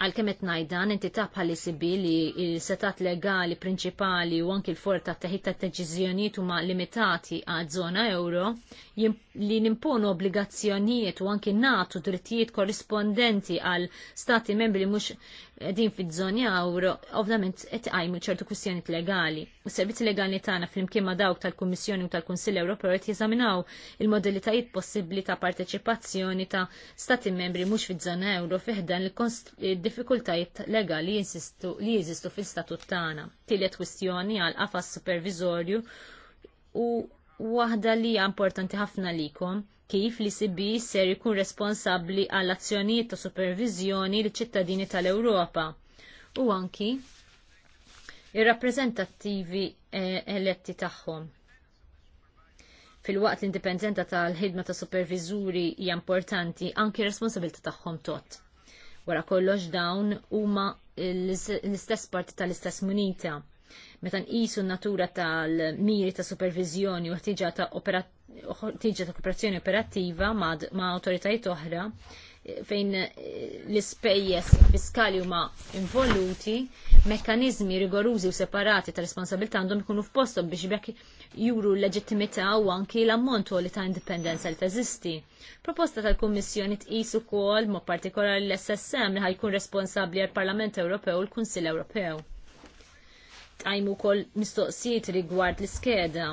Speaker 1: Għalkemm qed ngħidan inti tabħal sibi li l-setat legali prinċipali u anki l forta ta' teħid ta' deċiżjonijiet huma limitati għad żona euro li nimponu obbligazzjonijiet u anki nagħtu drittijiet korrispondenti għal stati membri mhux din fit żoni awro, ovvjament qed għajmu ċertu kwistjonijiet legali. U servizzi legali tagħna flimkien ma' dawk tal-Kummissjoni u tal-Kunsill Ewropew qed jeżaminaw il-modalitajiet possibbli ta' parteċipazzjoni ta' stati membri mhux fiż żoni euro fiħdan il-diffikultajiet legali li jeżistu fil-statut tagħna. Tielet kwistjoni għal qafas supervizorju u waħda li hija importanti ħafna likom kif li sibi ser ikun responsabbli għall azzjonijiet ta' supervizjoni li ċittadini tal-Ewropa u anki r rappreżentattivi eh, eletti tagħhom fil-waqt l-indipendenza tal-ħidma ta' superviżuri hija importanti anki responsabilità tagħhom tot. Wara kollox dawn huma l-istess parti tal-istess munita meta nqisu natura tal-miri ta' supervizjoni u ħtiġa ta' ħtiġa ta' kooperazzjoni operattiva ma' autoritajiet oħra fejn eh, l-ispejjeż fiskali huma involuti, mekkaniżmi rigorużi u separati ta' responsabilità għandhom ikunu f'postom biex bekk juru l-leġittimità u anki l-ammont li ta' indipendenza li teżisti. Proposta tal-Kummissjoni tqis ukoll mod partikolari l-SSM li ħajkun responsabbli għall-Parlament Ewropew u l-Kunsill Ewropew tqajmu kol mistoqsijiet rigward l-iskeda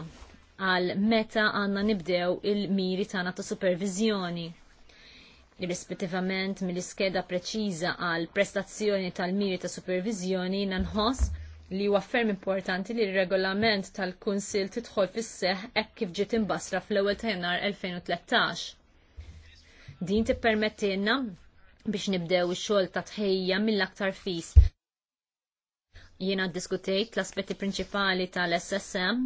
Speaker 1: għal meta għanna nibdew il-miri tagħna ta' supervizjoni rispettivament mill-iskeda preċiża għal prestazzjoni tal-miri ta' supervizjoni nħoss li huwa ferm importanti li r-regolament tal-Kunsil tidħol fis-seħ hekk kif ġiet imbasra fl-ewwel ta' jannar 2013. Din tippermettilna biex nibdew ix-xogħol ta' tħejja mill-aktar fis jiena ddiskutejt l-aspetti prinċipali tal-SSM.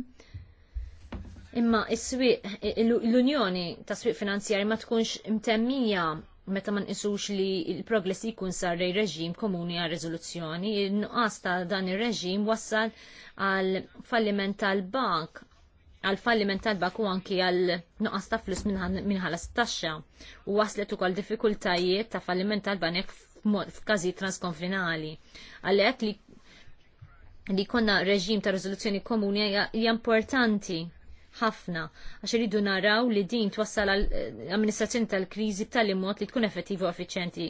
Speaker 1: Imma l-Unjoni ta' swieq finanzjari ma tkunx imtemmija meta ma isux li l-progress jkun sar rej reġim komuni għal riżoluzzjoni, il-nuqqas ta' dan ir-reġim wassal għal falliment tal-bank għal falliment tal-bank u anki għal nuqqas ta' flus minħala staxxa u waslet ukoll diffikultajiet ta' falliment tal-bank f'każi transkonfinali. Għalhekk li li konna reġim ta' rezoluzzjoni komuni hija importanti ħafna għax iridu naraw li din twassal l-amministrazzjoni eh, tal-kriżi tal mod li tkun effettivi u effiċjenti.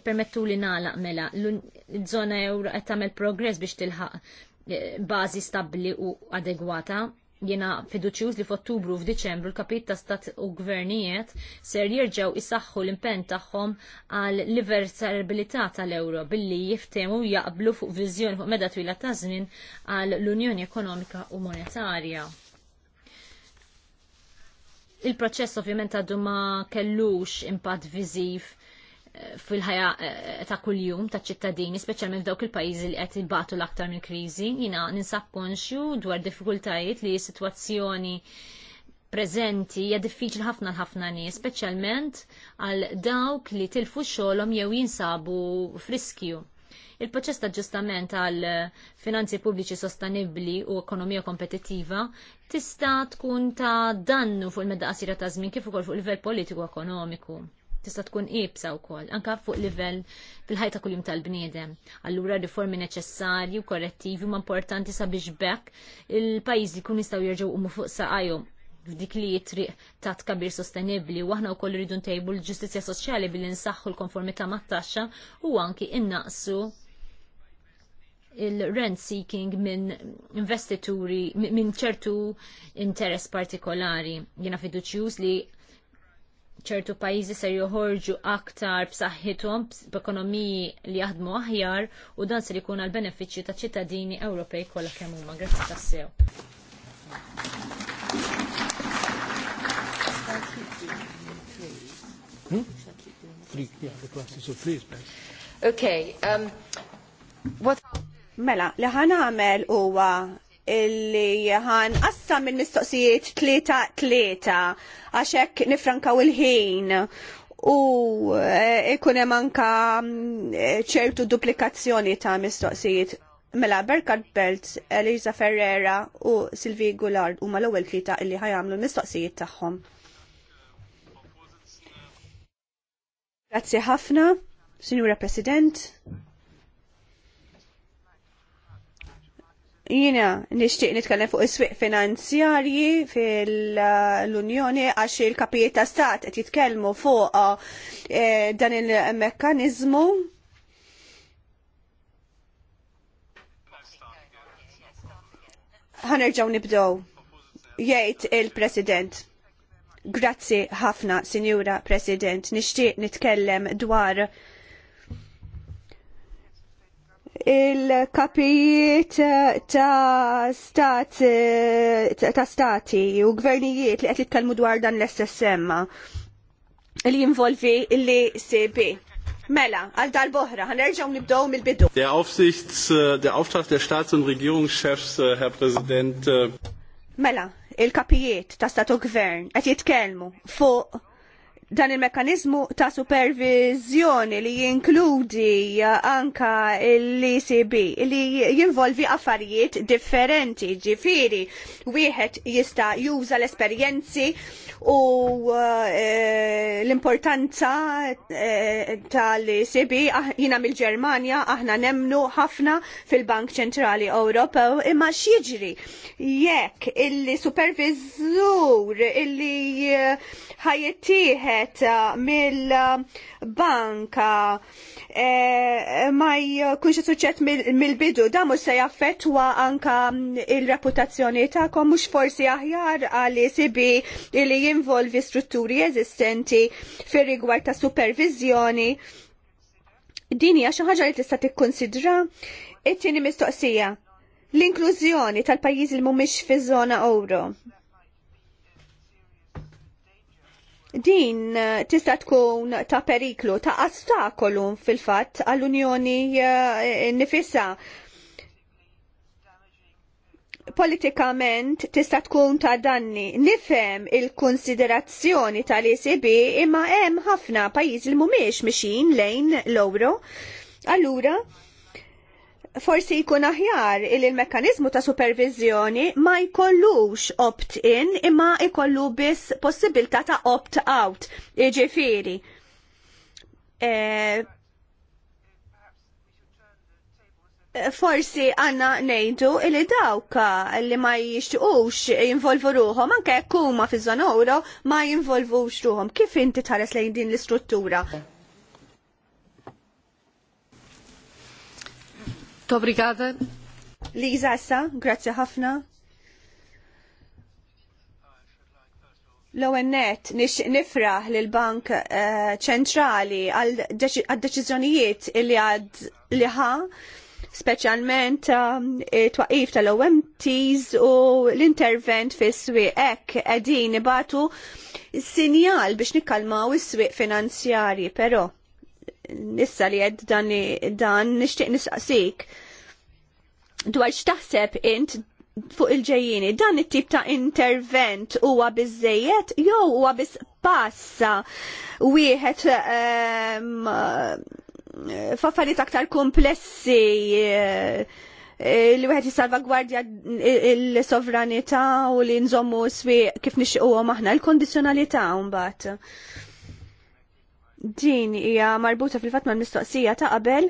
Speaker 1: Ippermettu li nagħlaq mela, l-żona euro qed tagħmel progress biex tilħaq eh, bażi stabbli u adegwata Jiena fiduċjuż li f'Ottubru f'Diċembru l-kapit ta' stat u gvernijiet ser jirġaw isaxħu l-impenn tagħhom għal l tal-euro billi jiftemu jaqblu fuq viżjoni fuq meda twila ta' żmien għal l-Unjoni Ekonomika u Monetarja. Il-proċess ovvjament għadu ma kellux impatt viżiv fil-ħajja eh, ta' kuljum ta' ċittadini, speċjalment dawk il-pajjiżi li qed ibatu l-aktar minn kriżi, jiena ninsab konxju dwar diffikultajiet li situazzjoni preżenti hija diffiċli ħafna ħafna nies, speċjalment għal dawk li tilfu xogħolhom jew jinsabu friskju. Il-proċess ta' ġustament għal finanzi pubbliċi sostenibbli u ekonomija kompetittiva tista' tkun ta' dannu fuq il-medda qasira ta' żmien kif ukoll fuq il livell politiku ekonomiku tista' tkun qiebsa wkoll anke fuq livell fil-ħajta kuljum tal-bniedem. Allura riformi neċessarji u korrettivi ma importanti sabiex bekk il-pajjiż jkun jistgħu jerġgħu huma fuq saqajhom f'dik li jitriq ta' tkabir sostenibbli, u aħna wkoll rridu ntejbu l-ġustizzja soċjali billi nsaħħu l-konformità mat-taxxa u anki innaqsu il-rent seeking minn investituri minn ċertu interess partikolari. jiena fiduċjuż li ċertu pajjiżi ser joħorġu aktar b'saħħithom b'ekonomiji li jaħdmu aħjar u dan ser jkun għal benefiċċju ta' ċittadini Ewropej kollha kemm huma. Grazzi tassew. Hmm?
Speaker 3: Um, mela, li huwa illi ħan qassam il-mistoqsijiet tlieta tlieta għaxek nifrankaw il-ħin u eh, ikun hemm anka mm, eh, ċertu duplikazzjoni ta' mistoqsijiet mela Berkard Belt, Eliza Ferrera u Silvi Goulard huma l-ewwel tlieta illi ħajamlu l-mistoqsijiet tagħhom. Grazzi ħafna, Signora President. Jina nishtiq nitkellem fuq is-swieq finanzjarji fil-Unjoni għax il-kapijiet ta' stat qed jitkellmu fuq eh, dan il-mekkaniżmu. Ħanerġgħu nibdew jgħid il-President. Grazzi ħafna, Sinjura President, nixtieq nitkellem dwar il-kapijiet eh, ta' stati u gvernijiet li qed jitkellmu dwar dan l-SSM li jinvolvi li CB. Mela, għal dal-boħra, ħanerġaw nibdow mil bidu
Speaker 1: Der Aufsichts, äh, der Auftrag der Staats- und Regierungschefs, äh, Herr Präsident. Äh,
Speaker 3: mela, il-kapijiet ta' statu gvern għet jitkelmu fuq dan il-mekanizmu ta' supervizjoni li jinkludi eh, anka l-ECB li jinvolvi affarijiet differenti ġifiri wieħed jista' juża l-esperjenzi u eh, eh, l-importanza ta' tal-ECB ah, jina mill-Ġermanja aħna nemnu ħafna fil-Bank Ċentrali Ewropew imma x'jiġri jekk il-supervizur illi ħajettieħed kienet eh, mill-banka eh, ma jkunx suċċett mill-bidu da mhux se jaffettwa anka il-reputazzjoni tagħkom mhux forsi aħjar għal sibi e li jinvolvi strutturi eżistenti fir-rigward ta' supervizjoni. Dini għaxa ħaġa li tista' tikkonsidra it-tieni mistoqsija l-inklużjoni tal-pajjiżi li mhumiex fiż-żona euro. din eh, tista' tkun ta' periklu, ta' ostakolu fil-fatt għall-Unjoni eh, nifisa. Politikament tista' tkun ta' danni. Nifhem il-konsiderazzjoni tal-ECB imma hemm ħafna pajjiżi li mhumiex mixin lejn l ewro Allura, forsi jkun aħjar il il mekanizmu ta' supervizjoni ma jkollux opt-in imma jkollu biss possibilità ta' opt-out. iġifiri. E, forsi għanna nejdu li dawk li ma jixtuqux jinvolvu ruħom, anke kuma fi zona ma jinvolvux ruħom. Kif inti tħares lejn din l-istruttura? Tobrigada. Liza issa, grazzi ħafna. L-ewwel net nifraħ lil bank eh, ċentrali għal deċiżjonijiet li għad li ħa speċjalment eh, twaqif tal-OMTs u l-intervent fis swieq hekk qegħdin ibatu sinjal biex nikkalmaw is-swieq finanzjarji, però Nissa li għed dan, dan nishtiq nisqasik dwar x'taħseb int fuq il-ġejjini, dan it-tip ta' intervent huwa biżejjed jew huwa biss passa wieħed um, f'affarijiet aktar komplessi eh, eh, li wieħed jissalvagwardja il-sovranità u li nżommu swieq kif nixquhom aħna l-kondizzjonalità mbagħad. Din hija marbuta fil-fatt mal-mistoqsija ta' qabel.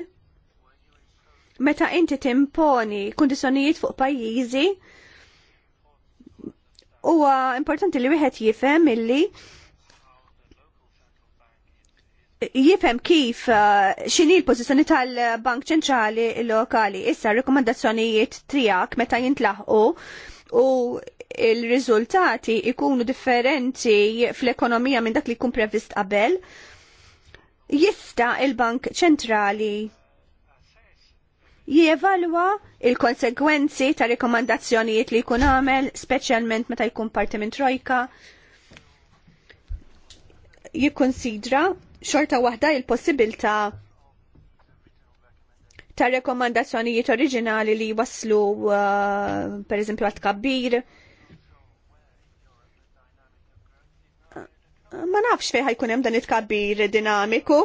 Speaker 3: Meta inti timponi kundizzjonijiet fuq pajjiżi, huwa importanti li wieħed jifhem illi jifhem kif uh, x'inhi l-pożizzjoni tal-Bank Ċentrali Lokali. Issa r-rikomandazzjonijiet triak meta jintlaħqu u il-riżultati ikunu differenti fl-ekonomija minn dak li jkun previst qabel jista il-Bank ċentrali jievalwa il-konsegwenzi ta' rekomandazzjonijiet li jkun għamel, speċjalment meta jkun parti minn trojka, jikkonsidra xorta waħda il-possibilta ta' rekomandazzjonijiet oriġinali li waslu uh, per eżempju għal tkabbir, ma nafx fej ħajkun hemm dan it-kabbir dinamiku.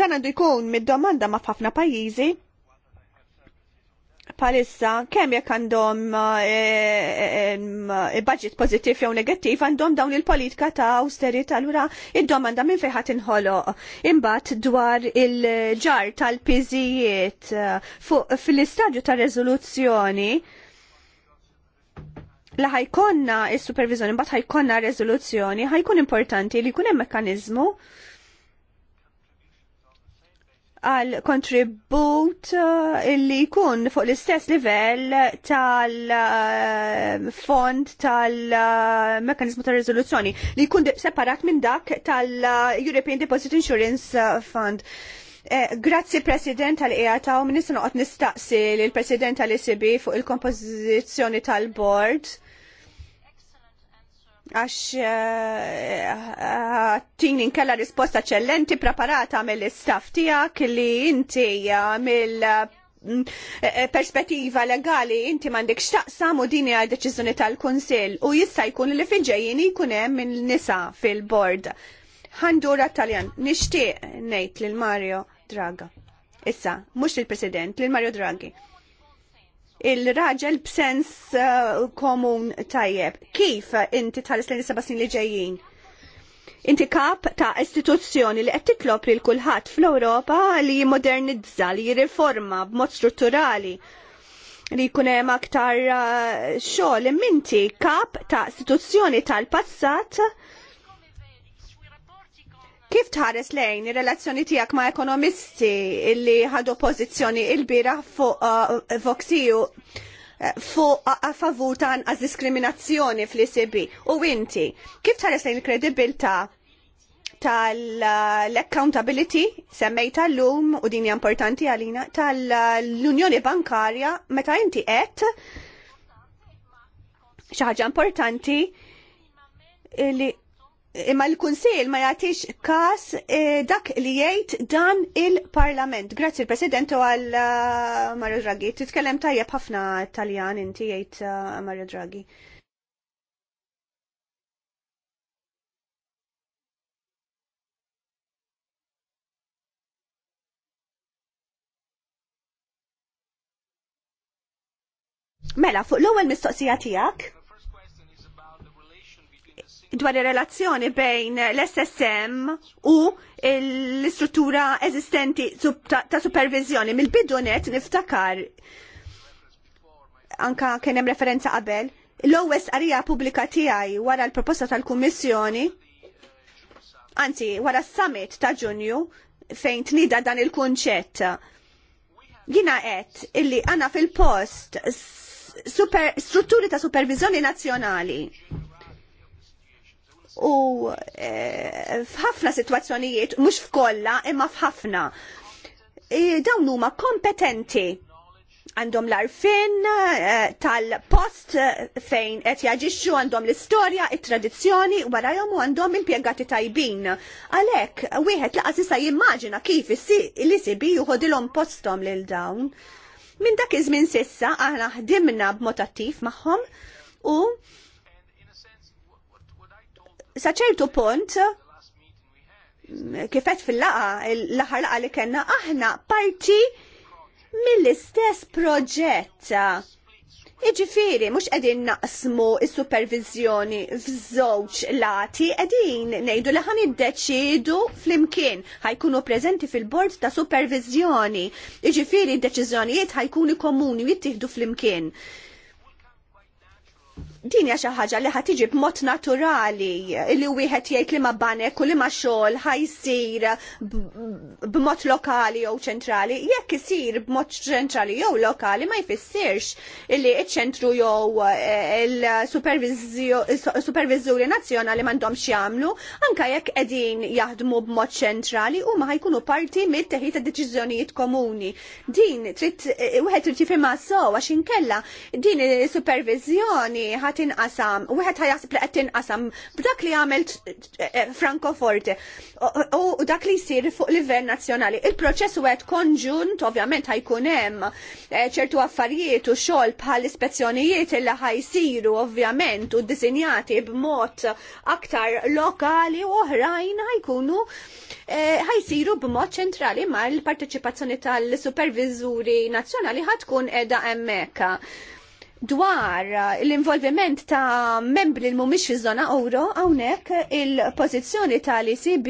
Speaker 3: Dan għandu jkun mid-domanda ma' f'ħafna pajjiżi. Palissa, kemm jekk għandhom eh, eh, eh, budget pożittiv jew negattiv għandhom dawn il-politika ta' austerita, allura id-domanda minn fejn ħadd inħoloq. Imbagħad dwar il-ġar tal-piżijiet fuq fil-istadju ta' reżoluzzjoni la ħajkonna il-supervizjoni, bat ħajkonna rezoluzzjoni, ħajkun importanti li kunem mekkanizmu għal kontribut uh, li jkun fuq l-istess livell tal-fond uh, tal-mekanizmu uh, ta' rezoluzzjoni li jkun separat minn dak tal-European Deposit Insurance Fund. Eh, Grazzi President tal-EATA u minnisna qot nistaqsi l-President tal-ECB fuq il-kompożizzjoni tal-Board għax eh, eh, tin inkella risposta ċellenti preparata mill-istaff tijak li inti eh, mill perspettiva legali inti mandek xtaqsam u dini għal deċiżjoni tal-Kunsill u jista' jkun li fil-ġejjin jkun hemm nisa fil-bord. Ħandura Taljan, nixtieq ngħid lil Mario Draga. Issa, mhux lill president lil Mario Draghi il-raġel b'sens uh, komun tajjeb. Kif inti tħares l seba' snin li ġejjin? Inti kap ta' istituzzjoni li qed titlob lil kulħadd fl-Ewropa li jimmodernizza, li jirriforma b'mod strutturali li jkun hemm aktar uh, xogħol imminti kap ta' istituzzjoni tal-passat Kif tħares lejn ir-relazzjoni tiegħek ma' ekonomisti illi ħadu pozizjoni il-bira fuq uh, Voxiju e eh, fuq a favur ta' diskriminazzjoni fl-ICB u inti kif tħares lejn il-kredibilta tal-accountability semmejta l-lum u din importanti għalina tal-Unjoni Bankarja meta inti qed xi ħaġa importanti illi imma l-Kunsil ma jagħtix każ eh, dak li jgħid dan il-Parlament. Grazzi l-President u għal eh, Mario Draghi. Titkellem tajjeb ħafna Taljan inti jgħid uh, Mario Draghi. Mela, fuq l-ewwel mistoqsija tiegħek dwar ir-relazzjoni bejn l-SSM u l-istruttura eżistenti ta' supervizjoni. Mill-bidu net niftakar anka kien hemm referenza qabel, l-OS qarija pubblika tiegħi wara l-proposta tal-Kummissjoni anzi wara s-summit ta' Ġunju fejn tnida dan il-kunċett. Jina għet illi għana fil-post strutturi ta' supervizjoni nazzjonali u eh, f'ħafna situazzjonijiet, mhux f'kolla, imma f'ħafna. Dawn huma kompetenti għandhom l-arfin eh, tal-post eh, fejn qed jaġixxu għandhom l-istorja, it-tradizzjoni u warajhom u għandhom impjegati tajbin. Għalhekk wieħed laqas jista' jimmaġina kif li sibi juħodilhom posthom lil dawn. Minn dak iż-żmien sissa aħna ħdimna b'mod attiv magħhom u saċertu punt kifet fil-laqa, l-aħħar laqa li kena aħna parti mill-istess proġett. Iġifiri, mux edin naqsmu il-supervizjoni f'żewġ lati, edin nejdu li ħan id-deċidu fl-imkien, ħajkunu prezenti fil-bord ta' supervizjoni. Iġifiri, id-deċizjonijiet ħajkuni komuni jittihdu fl-imkien. fl imkien din hija xi ħaġa li ħad tiġi b'mod naturali li wieħed jgħid li ma banek u li ma xogħol ħajsir
Speaker 1: b'mod
Speaker 3: lokali jew ċentrali. Jekk isir b'mod ċentrali jew lokali ma jfissirx li ċ-ċentru jew e, il-supervizuri nazzjonali m'għandhomx jagħmlu, anke jekk qegħdin jaħdmu b'mod ċentrali huma ħajkunu parti mit-teħid ta' deċiżjonijiet komuni. Din trid e, wieħed trid jifhimha sew għax inkella din is-supervizjoni ħadd tinqasam, wieħed ħajasib li qed tinqasam b'dak li għamel eh, Francoforte u dak li jsir fuq livell nazzjonali. Il-proċess u qed konġunt ovvjament ħajkun hemm eh, ċertu affarijiet u xogħol bħal ispezzjonijiet illi ħajsiru ovvjament u ddisinjati b'mod aktar lokali u oħrajn ħajkunu eh, ħajsiru b'mod ċentrali ma l-parteċipazzjoni tal-supervizuri nazzjonali ħatkun edha hemmhekk dwar l-involviment ta' membri l mumiex fi zona euro, għawnek il-pozizjoni tal-ECB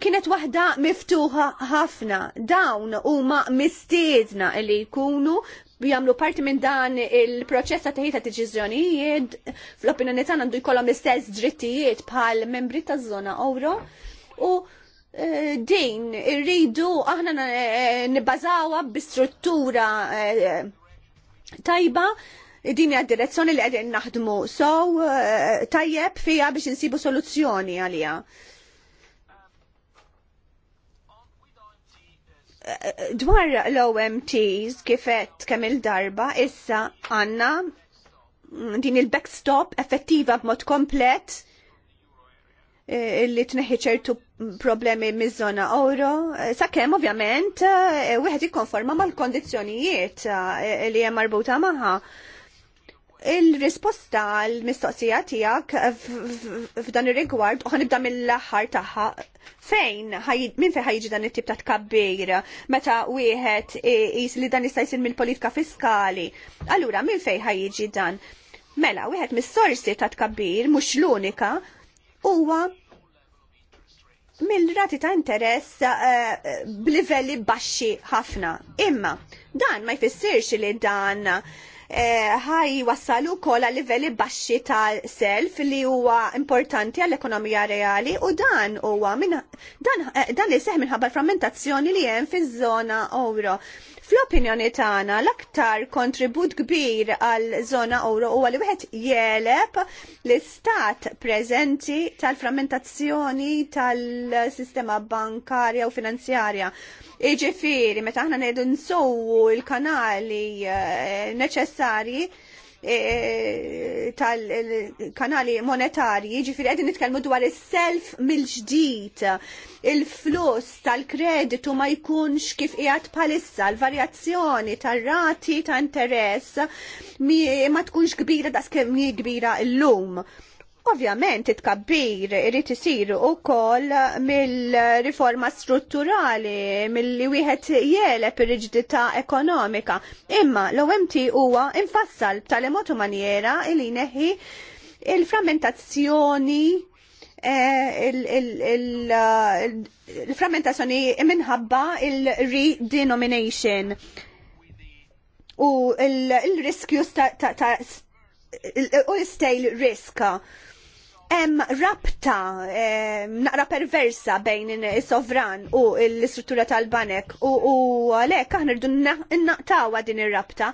Speaker 3: kienet waħda miftuħa ħafna. Dawn huma mistiedna li jkunu jagħmlu parti minn dan il-proċess ta' teħita deċiżjonijiet fl-opinjoni tagħna għandu jkollhom istess drittijiet bħal membri taż-żona euro u din irridu aħna eh, nibbażawha bi-struttura eh, tajba din hija direzzjoni li qegħdin naħdmu so eh, tajjeb fiha biex insibu soluzzjoni għaliha. Dwar l-OMTs kifet kemm il-darba issa għandna din il-backstop effettiva b'mod komplet Eh, li tneħi ċertu problemi miż-żona Oro, eh, sakemm ovvjament eh, wieħed jikkonforma mal-kondizzjonijiet li hemm marbuta magħha. Il-risposta l-mistoqsija tiegħek f'dan ir-rigward u ħanibda mill-aħħar tagħha fejn minn fejn ħajġi dan it-tip ta' tkabbir meta wieħed qis li dan jista' jsir mill-politika fiskali. Allura minn fejn ħajġi dan? Mela, wieħed mis-sorsi ta' tkabbir mhux l-unika huwa mill-rati ta' interess eh, b'livelli baxxi ħafna. Imma dan ma jfissirx li dan eh, ħaj wassalu kol livelli baxxi ta' self li huwa importanti għall-ekonomija reali u dan huwa dan, eh, dan li seħ minħabba frammentazzjoni li hemm fiż-żona euro. Fl-opinjoni tagħna l-aktar kontribut kbir għal żona euro huwa li wieħed jeleb l-istat preżenti tal-frammentazzjoni tal-sistema bankarja u finanzjarja. Iġifieri meta aħna ngħidu nsowu l-kanali eh, neċessarji E, tal-kanali monetarji, ġifiri għedin nitkelmu dwar il-self mill-ġdid, il-flus tal-kreditu ma jkunx kif qiegħed palissa, l-varjazzjoni tar-rati ta' interess ma tkunx kbira da' kbira l-lum. Ovvjament, it-kabbir irrit isir u koll mill-riforma strutturali, mill-li wieħed jeleb ir-riġdità ekonomika. Imma l-OMT huwa infassal b'tal-emotu manjera li neħi il-frammentazzjoni eh, eh, il-frammentazzjoni minħabba il-redenomination u il-riskju ta' u l-stale risk hemm rabta eh, naqra perversa bejn is-sovran u l-istruttura tal-banek u għalhekk aħna rridu naqtawa din ir-rabta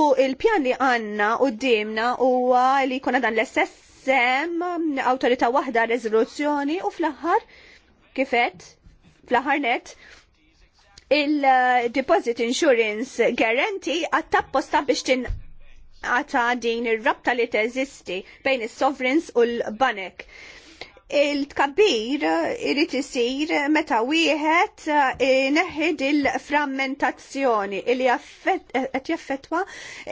Speaker 3: u l-pjan li għandna qudiemna huwa li jkun dan l-essess awtorità waħda, wahda rezoluzzjoni u fl-aħħar kifet fl-aħħar net il-Deposit Insurance Guarantee għattapposta biex tin għata din ir-rabta li teżisti bejn is-sovereigns u l-banek. Il-tkabbir irrit isir meta wieħed eh, neħed il-frammentazzjoni li eh, jaffettwa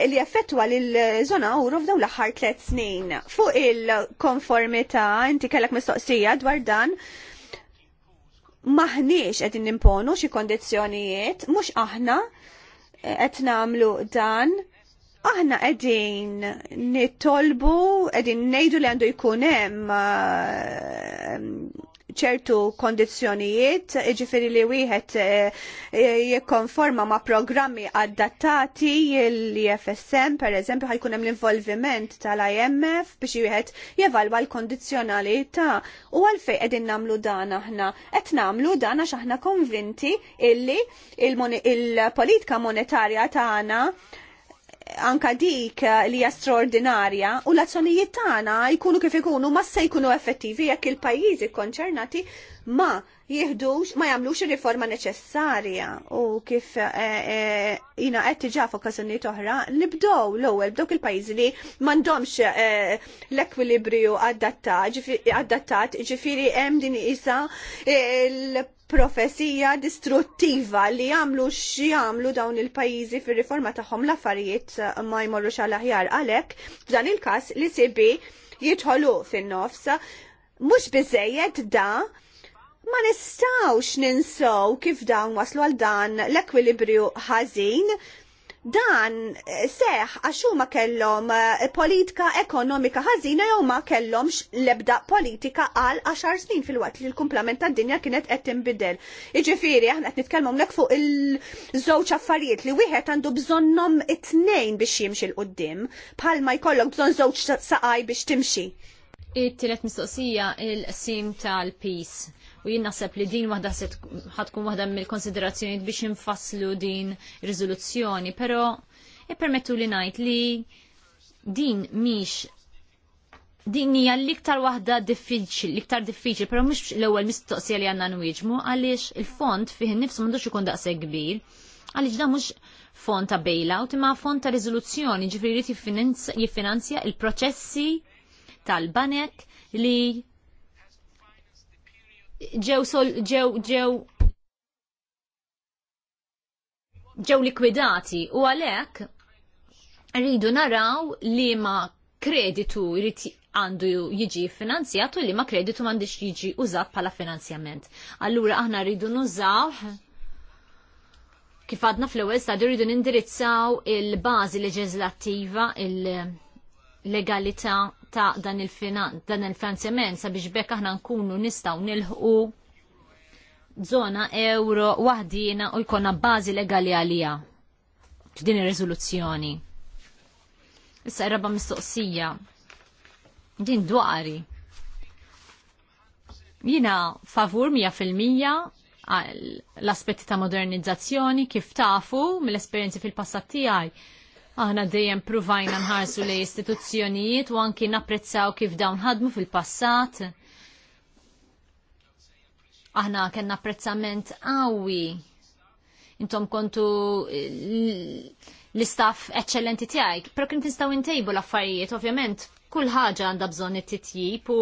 Speaker 3: li jaffettwa lil żona uru f'dawn l-aħħar tliet snin. Fuq il-konformità inti kellek mistoqsija dwar dan maħniex qed nimponu xi kondizzjonijiet, mhux aħna eh, qed nagħmlu dan Aħna qegħdin nittolbu qegħdin ngħidu li għandu jkun hemm eh, ċertu kondizzjonijiet, ġifiri li wieħed eh, jikkonforma ma' programmi adattati l-IFSM, per eżempju, ħajkun hemm l-involviment tal-IMF biex wieħed jevalwa l-kondizzjonalità. U għalfej qegħdin nagħmlu dan aħna? Qed nagħmlu dan għax aħna konvinti illi il-politika monetarja tagħna anka dik eh, li hija straordinarja u l-azzjonijiet tagħna jkunu kif ikunu ma se jkunu effettivi jekk il-pajjiżi konċernati ma jieħdux, ma jagħmlux ir-riforma neċessarja u kif eh, eh, jina qed diġà f'okkażjonijiet oħra nibdew l-ewwel b'dawk il-pajjiżi li m'għandhomx l-ekwilibrju adattat ġifieri hemm din isa l Profesija distruttiva li jagħmlu għamlu dawn il-pajjiżi fir-riforma tagħhom l-affarijiet eh, ma jmorrux xal aħjar għalhekk f'dan il-każ li sibi jidħolu fin-nofs mhux biżejjed da ma nistawx ninsow kif dawn waslu għal dan l-ekwilibrju ħażin Dan eh, seħ għax huma kellhom eh, politika ekonomika ħażina jew ma kellhomx l-ebda politika għal 10 snin fil wat li l-kumplament tad-dinja kienet qed tinbidel. Jiġifieri aħna qed nitkellmu hekk fuq il-żewġ affarijiet li wieħed għandu bżonnhom it-tnejn biex jimxi l qudiem bħalma jkollok bżonn żewġ saqaj biex timxi.
Speaker 1: It-tielet mistoqsija il sim tal-peace u jien naħseb li din waħda se tkun waħda mill-konsiderazzjonijiet biex infasslu din riżoluzzjoni, però ippermettu li ngħid li din mhix din hija l-iktar waħda diffiċli, l-iktar diffiċli, però mhux l-ewwel mistoqsija li għandna nwieġmu għaliex il-font fih innifsu m'għandux ikun daqshekk kbir. Għaliex dan mhux font ta' bailout imma font ta' riżoluzzjoni, ġifri jrid jiffinanzja il-proċessi tal-banek li ġew sol ġew ġew ġew likwidati u għalhekk rridu naraw li ma kreditu jrid għandu jiġi finanzjat u li ma kreditu m'għandix jiġi użat bħala finanzjament. Allura aħna rridu nużaw kif għadna fl-ewwel stadju rridu nindirizzaw il-bażi leġislattiva il-legalità ta' dan il-finanzjament sabiex bekk aħna nkunu nistaw nilħu zona euro wahdina u jkonna bazi legali għalija f'din ir-riżoluzzjoni. Issa raba mistoqsija. Din dwari. Jina favur 100% l-aspetti ta' modernizzazzjoni kif tafu mill-esperienzi fil-passat tiegħi Aħna dejjem pruvajna nħarsu li istituzzjonijiet u anki napprezzaw kif dawn ħadmu fil-passat. Aħna kellna apprezzament qawwi. Intom kontu l-istaff eccellenti tiegħek, però kien tistgħu intejbu l-affarijiet, ovvjament kull ħaġa għandha bżonn it-titjib u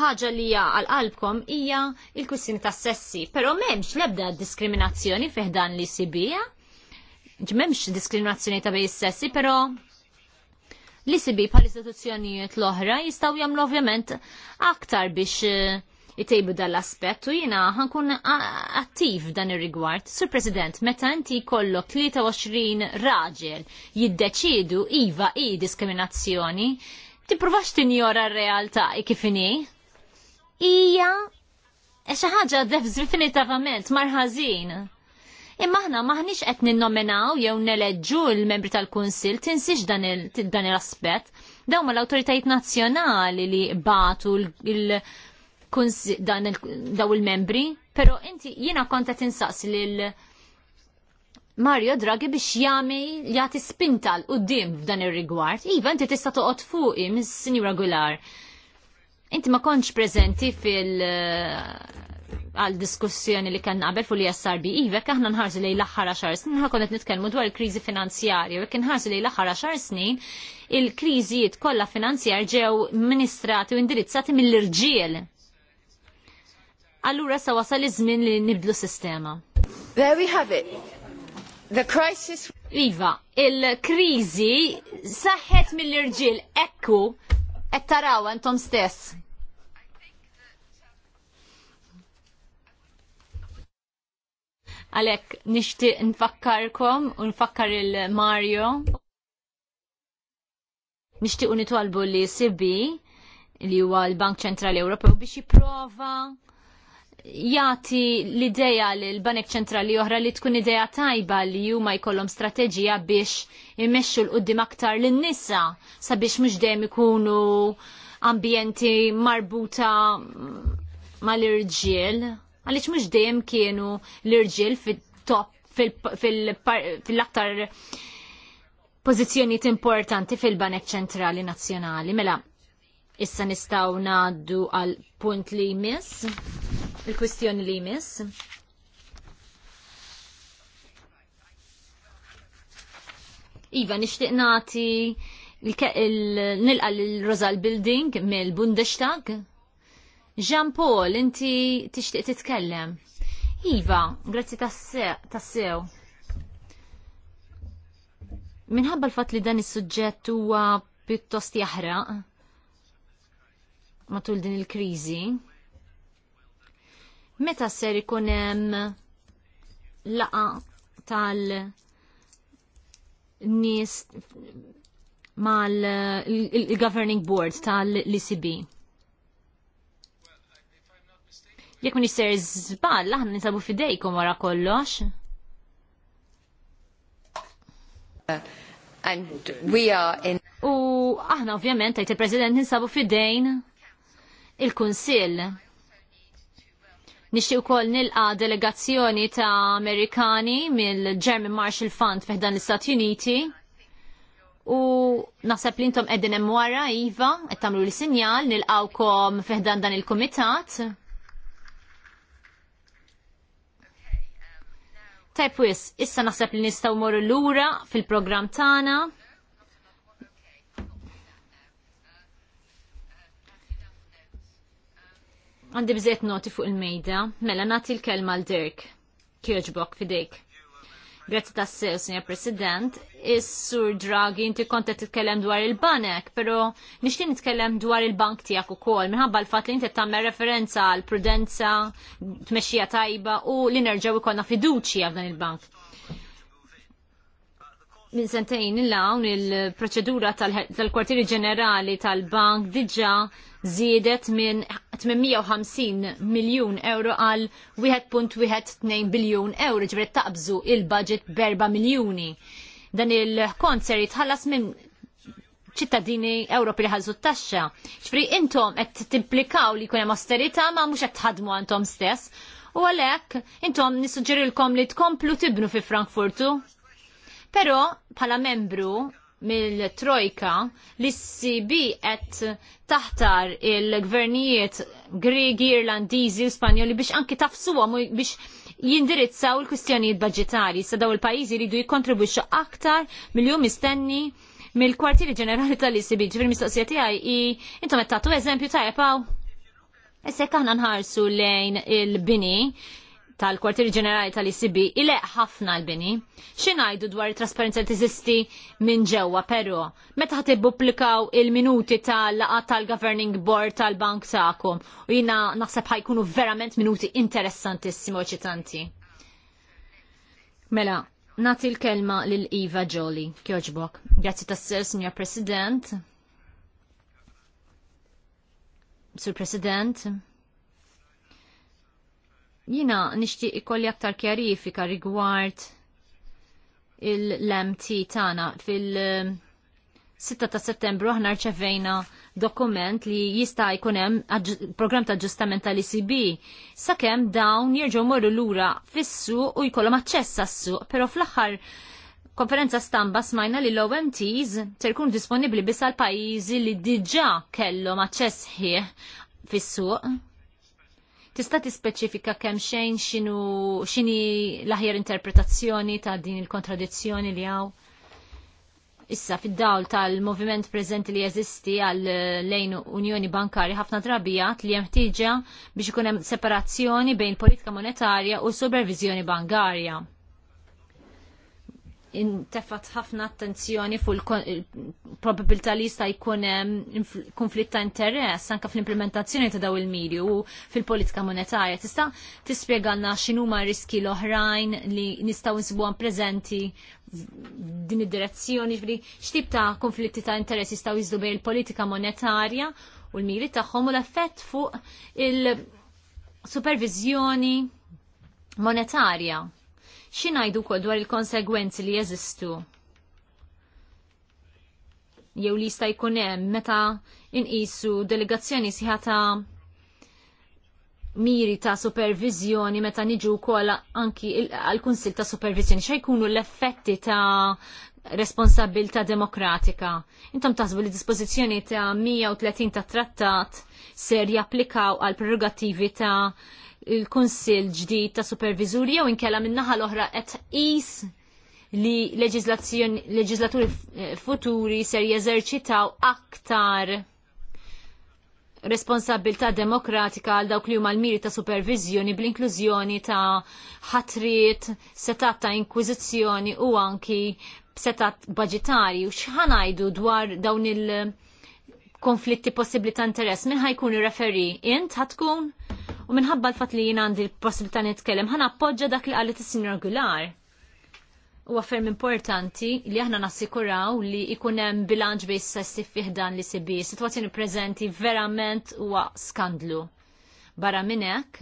Speaker 1: ħaġa li hija għal-qalbkom hija il-kwissjoni tas-sessi, però m'hemmx l-ebda diskriminazzjoni fih dan li sibija ġmemx diskriminazzjoni ta' bej sessi, pero li sibi pal istituzzjonijiet l-oħra jistaw jamlu ovvjament aktar biex jtejbu eh, dal-aspett u jina ħankun attiv dan ir-rigward. Sur President, meta inti kollok 23 raġel jiddeċidu iva i diskriminazzjoni, tipprovax tinjora r-realtà kif kifini? Ija e xi ħaġa definitavament marħazin. Imma aħna maħniex qed ninnominaw jew neleġġu l-membri tal-Kunsill tinsix dan il-aspett. Dawn ma l-awtoritajiet nazzjonali li batu l dan daw il-membri, però inti jiena konta tinsaqs lil Mario Draghi biex jagħmel jagħti spinta l qudiem f'dan ir-rigward. Iva, inti tista' toqgħod fuqi mis-Sinjura Gular. Inti ma kontx prezenti fil- għal diskussjoni li kanna għabel fuq li SRB ivek aħna nħarsu li l-aħħar 10 snin ħa konet dwar il krizi finanzjarja u jekk inħarsu l-aħħar 10 snin il-kriżijiet kollha finanzjar ġew ministrati u indirizzati mill-irġiel. Allura sa wasal iż-żmien li nibdlu sistema. There we have it. The crisis Iva, il-kriżi saħħet mill-irġiel, ekku, qed taraw intom stess. għalek nishtiq nfakkarkom u nfakkar il-Mario. Nishtiq nitolbu li Sibi li huwa l-Bank Ċentrali Ewropew biex jipprova jati l-ideja li l-Banek Ċentrali oħra li tkun ideja tajba li huma jkollhom strateġija biex immexxu l-qudiem aktar lin-nisa sabiex mhux dejjem ikunu ambjenti marbuta mal-irġiel Għaliex mhux dejjem kienu l-irġiel fit-top fil-aktar pożizzjonijiet importanti fil-Banek Ċentrali Nazzjonali. Mela, issa nistaw naddu għal punt li jmiss, il-kwistjoni li jmiss. Iva, nishtiq nati nilqa l-Rosal Building mill-Bundestag Jean Paul, inti tixtieq titkellem. Iva, grazzi tassew. Minħabba l-fat li dan is-suġġett huwa pjuttost jaħraq matul din il-kriżi, meta ser ikun hemm laqa tal nies mal il-governing board tal icb Jekk minister żball, aħna nisabu fidejkom wara kollox. And we are in U aħna ovvjament għajt il-President ninsabu fidejn il-Kunsill. Nixtieq ukoll nilqa delegazzjoni ta' Amerikani mill-German Marshall Fund fiħdan l-Istati Uniti u naħseb li intom qegħdin hemm wara iva qed tagħmlu l sinjal nilqawkom fiħdan dan il-kumitat Tajb wis, issa naħseb li nistgħu morru lura fil-programm tagħna. Għandi bżiet noti fuq il-mejda, mela nagħti l-kelma l-Dirk. Kieġbok fidejk. Grazzi tassew, Signor President. Is-Sur Draghi, inti konta titkellem dwar il-banek, pero nixti nitkellem dwar il-bank tijak u kol, minħabba l-fat li inti tamme referenza għal prudenza, tmexxija tajba u li nerġaw ikonna fiduċi f'dan il-bank. Min sentejn il-lawn il-proċedura tal-kwartieri ġenerali tal-bank diġa żiedet minn 850 miljun euro għal 1.12 biljun euro, ġveri taqbżu il-budget berba miljuni. Dan il-kont ser jitħallas minn ċittadini Ewropi li ħazzu t-taxxa. Ġifri intom qed timplikaw li jkun hemm austerità ma mhux qed tħadmu għandhom stess. U għalhekk intom nissuġġerilkom li tkomplu tibnu fi Frankfurtu. Però bħala membru mill-trojka li s-CB qed taħtar il-gvernijiet Gregi, Irlandiżi Spanjoli biex anki tafsuhom biex jindirizzaw il kustjonijiet budgetari sa daw il pajizi jridu jikkontribwixxu aktar miljum mistenni mill-kwartieri ġenerali tal-ICB. ġifir mistoqsija tiegħi i intom tagħtu eżempju tajjeb hawn. Issa jekk aħna nħarsu lejn il-bini, tal kwartier Ġenerali tal-ICB ileq ħafna l-bini. Xinajdu dwar trasparenza tiżisti minn ġewwa però meta ħad publikaw il-minuti tal-laqat tal-Governing Board tal-Bank tagħkom u jiena naħseb ħajkunu verament minuti interessantissimi u ċitanti. Mela, nagħti l-kelma l Iva Jolly, kjoġbok. Grazzi tas-sir, Signor President. Sur President, Jina nixtieq ikolli aktar kjarifika rigward il-LMT tana fil-6 ta' settembru aħna rċevejna dokument li jista' jkun hemm programm ta' ġustament tal-ICB sakemm dawn jerġgħu morru lura fis u jkollhom aċċess għas-suq, però fl-aħħar konferenza stampa smajna li l-OMTs ser disponibli disponibbli biss għal pajjiżi li diġà kellhom aċċess ħieħ fis-suq. Tista' tispeċifika kemm xejn xinu xini l-aħjar interpretazzjoni ta' din il-kontradizzjoni li hawn? Issa fid-dawl tal-moviment preżenti li jeżisti għal eh, lejn Unjoni Bankari ħafna drabijat li hemm biex ikun hemm separazzjoni bejn politika monetarja u supervizjoni bankarja intefat ħafna attenzjoni fuq il-probabilità li jista' jkun ehm, konflitt ta' interess anke fl-implementazzjoni ta' daw il-miri u fil-politika monetarja. Tista' tispjegalna x'inhuma riski l-oħrajn li nistgħu nsibuhom preżenti din id-direzzjoni, ġifieri x'tip ta' konflitti ta' interess jistgħu jiżdu bejn il-politika monetarja u l-miri tagħhom u l-effett fuq il-supervizjoni monetarja xinajdu kol dwar il-konsegwenzi li jeżistu? Jew li jista' jkun hemm meta inqisu delegazzjoni siħata miri ta' supervizjoni meta niġu wkoll anki għall-Kunsill ta' Supervizjoni xejkunu l-effetti ta' responsabilta demokratika. Intom taħsbu li dispożizzjoni ta' 130 ta' trattat ser japplikaw għal prerogativi ta' il-Kunsill ġdid ta' Supervizuri jew inkella min-naħa l-oħra qed qis li leġislaturi eh, futuri ser jeżerċitaw aktar responsabilità demokratika għal dawk li huma l-miri ta' supervizjoni bl-inklużjoni ta' ħatriet, setat ta' inkwiżizzjoni u anki setat budgetari u xħanajdu dwar dawn il- konflitti possibli ta' interess, minn ħajkun referi? Int ħatkun? u minħabba l-fat li jien għandi l-possibilità nitkellem ħana appoġġa dak li qalet is-Sinjor Gular. Huwa ferm importanti li aħna nassikuraw li ikunem hemm bilanċ s sessi fih dan li sibi. Sitwazzjoni preżenti verament huwa skandlu. Barra minn hekk,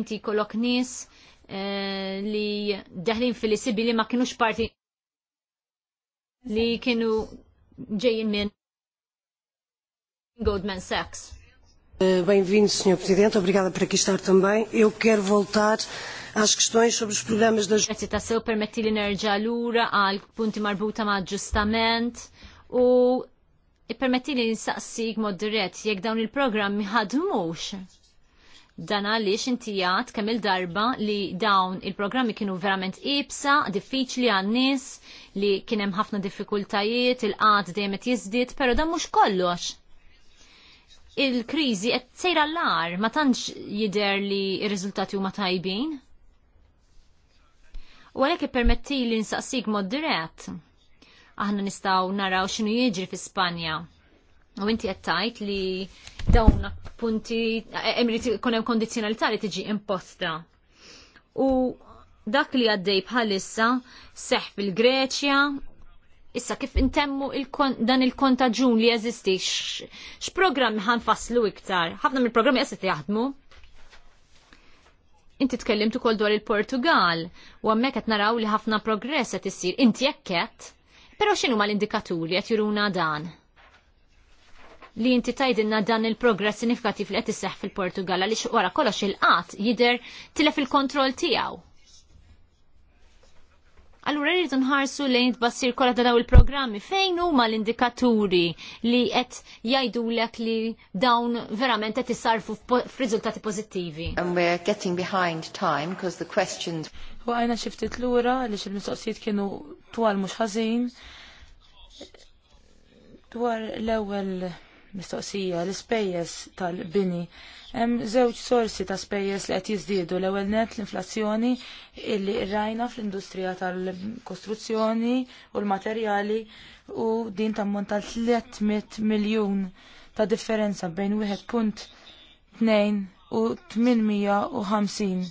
Speaker 1: inti jkollok nies eh, li deħlin fil-sibi li ma kienux parti li kienu ġejjin minn Goldman Sachs.
Speaker 3: Eh, bem-vindo, Sr. Presidente. Obrigada por aqui estar
Speaker 1: também. Eu quero voltar għax kxtojn xo biex programmi ġdaġ. Grazzi ta' sew permetti li nerġa lura ura għal punti marbuta ma' ġustament u permetti li nsaqsik mod dirett jekk dawn il-programmi ħadmux. Dan għaliex inti intijat kemm il-darba li dawn il-programmi kienu verament ibsa, diffiċli għan-nies li kien hemm ħafna diffikultajiet, il-qad dejjem jiżdied, però dan mhux kollox il-kriżi qed sejra l-ar ma tantx jidher li r-riżultati huma tajbin. U għalhekk ippermetti li nsaqsik mod dirett. Aħna nistgħu naraw x'inhu jiġri fi Spanja. U inti qed tgħid li dawn punti emri eh, kun hemm kondizzjonalità li tiġi imposta. U dak li għaddej bħalissa seħ fil-Greċja Issa kif intemmu il dan il-kontaġun li jeżisti, ħan faslu iktar? Ħafna mill-programmi qed jahdmu? Inti tkellimt ukoll dwar il-Portugal u hemmhekk qed naraw li ħafna progress qed issir. Inti jekk qed, però x'inhu l-indikaturi qed juruna dan? li inti tajdinna dan il-progress sinifikattiv li qed isseħħ fil-Portugal għaliex wara kollox il-qatt jidher tilef il-kontroll tiegħu Allura rridu nħarsu lejn tbassir kollha ta' daw il-programmi fejn huma l-indikaturi li qed jgħidulek li dawn verament qed isarfu f'riżultati pożittivi. And
Speaker 2: we're getting behind time because the questions U għajna xiftit lura li xil-mistoqsijiet kienu twal mhux ħażin dwar l-ewwel mistoqsija l-ispejjeż tal-bini. Hemm żewġ sorsi ta' spejjeż li qed jiżdiedu l-ewwel net l-inflazzjoni illi rajna fl-industrija tal-kostruzzjoni u l-materjali u din ta' tal 300 miljun ta' differenza bejn wieħed punt tnejn u 850.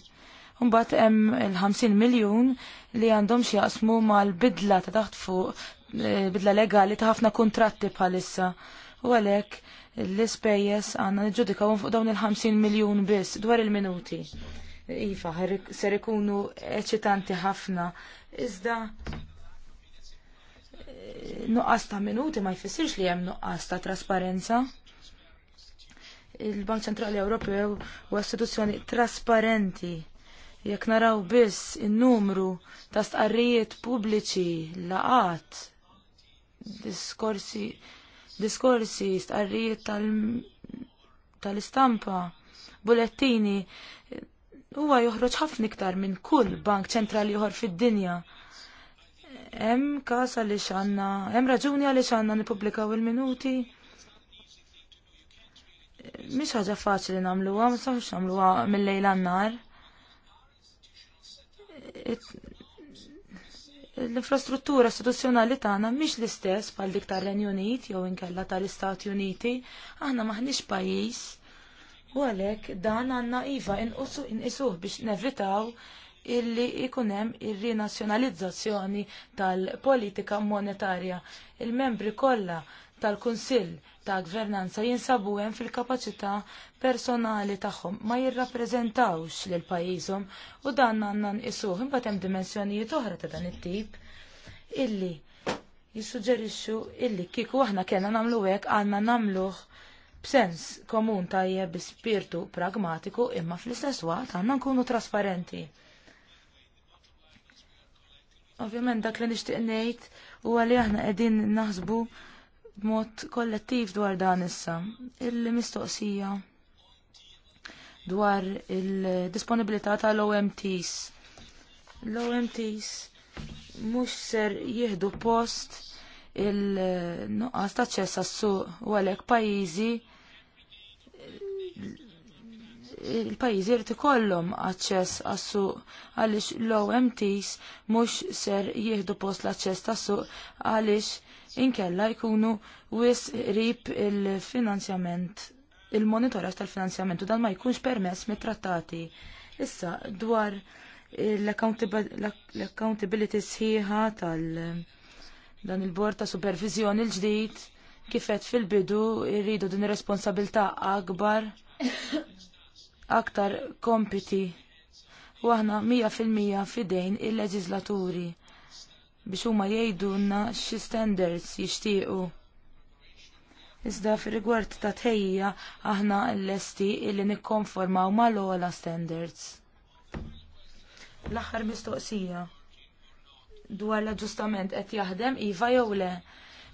Speaker 2: Mbagħad hemm il-50 miljun li għandhom x'jaqsmu mal-bidla ta' taħt fuq eh, bidla legali ta' ħafna kuntratti bħalissa u għalhekk l-ispejjeż għandna niġġudikawhom fuq dawn il-50 miljun biss dwar il-minuti. Iva, ser ikunu eċitanti ħafna. Iżda eh, nuqqas ta' minuti ma jfissirx li hemm nuqqas ta' trasparenza il-Bank Ċentrali Ewropew u istituzzjoni trasparenti. Jekk naraw biss in-numru ta' stqarrijiet pubbliċi laqat diskorsi diskorsi, stqarrijiet tal-istampa, tal bulettini, huwa joħroġ ħafna iktar minn kull bank ċentrali ieħor fid-dinja. Hemm każ għaliex għandna, hemm raġuni għaliex għandna nippubblikaw il-minuti mish ħaġa faċli namluwa, ma sawx namluwa mill-lejl għan-nar l-infrastruttura istituzzjonali tagħna mhix l-istess bħal dik tal-Renju Unit jew inkella tal-Istati Uniti, aħna maħniex pajjiż u għalhekk dan għandna iva inqisuh biex nevitaw illi ikun hemm ir-rinazzjonalizzazzjoni tal-politika monetarja. Il-membri kollha tal-Kunsill ta' gvernanza jinsabu hemm fil-kapaċità personali tagħhom ma jirrappreżentawx lil pajjiżhom u dan għandna nqisuh imbagħad hemm dimensjonijiet oħra ta' dan it-tip illi jissuġġerixxu illi kieku aħna kellna nagħmlu hekk għandna nagħmluh b'sens komun tajjeb bi spirtu pragmatiku imma fl-istess waqt għandna nkunu trasparenti. Ovvjament dak li nixtieq ngħid huwa li aħna qegħdin naħsbu b'mod kollettiv dwar dan issa. Il-mistoqsija dwar il-disponibilità tal-OMTs. L-OMTs mhux ser jieħdu post il-nuqqas ta' ċess għas-suq u għalhekk pajjiżi il-pajjiżi jrid ikollhom aċċess għas-suq għaliex l-OMTs mhux ser jieħdu post l-aċċess tas-suq għaliex inkella jkunu wis rib il-finanzjament, il-monitoraġġ tal-finanzjament u dan ma jkunx permess mit-trattati. Issa dwar l-accountability sħiħa tal- dan il-bord ta' supervizjoni l-ġdid kifet fil-bidu irridu din ir-responsabilità akbar aktar kompiti u aħna 100% fidejn il-leġislaturi biex huma jgħidulna xi standards jixtiequ. Iżda fir-rigward ta' tħejja aħna l-lesti illi nikkonformaw mal-ogħla standards. L-aħħar mistoqsija dwar l-aġġustament qed jaħdem iva jew le.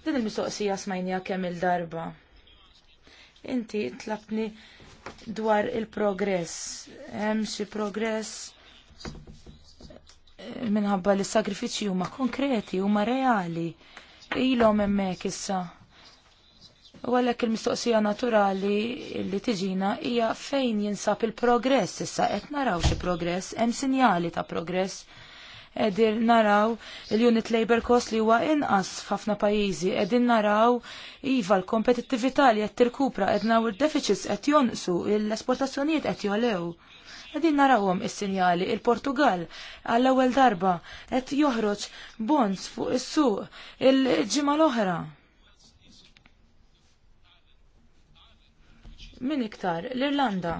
Speaker 2: Din il-mistoqsija smajnija kemm il-darba. Inti tlabni dwar il-progress. Hemm xi progress minħabba li s-sagrifiċi huma konkreti, huma reali, ilhom hemmhekk issa. U għalhekk il-mistoqsija naturali li tiġina hija fejn jinsab il-progress issa qed naraw xi progress, hemm sinjali ta' progress. Edir naraw il-unit labor cost li huwa inqas f'ħafna pajjiżi, qegħdin naraw iva l-kompetittività li qed tirkupra, qed naraw id-deficits qed jonqsu, l-esportazzjonijiet qed jolew. Għadin narawhom is-sinjali il-Portugal għall-ewwel darba qed joħroġ bonds fuq is-suq il-ġimgħa l-oħra. Min iktar l-Irlanda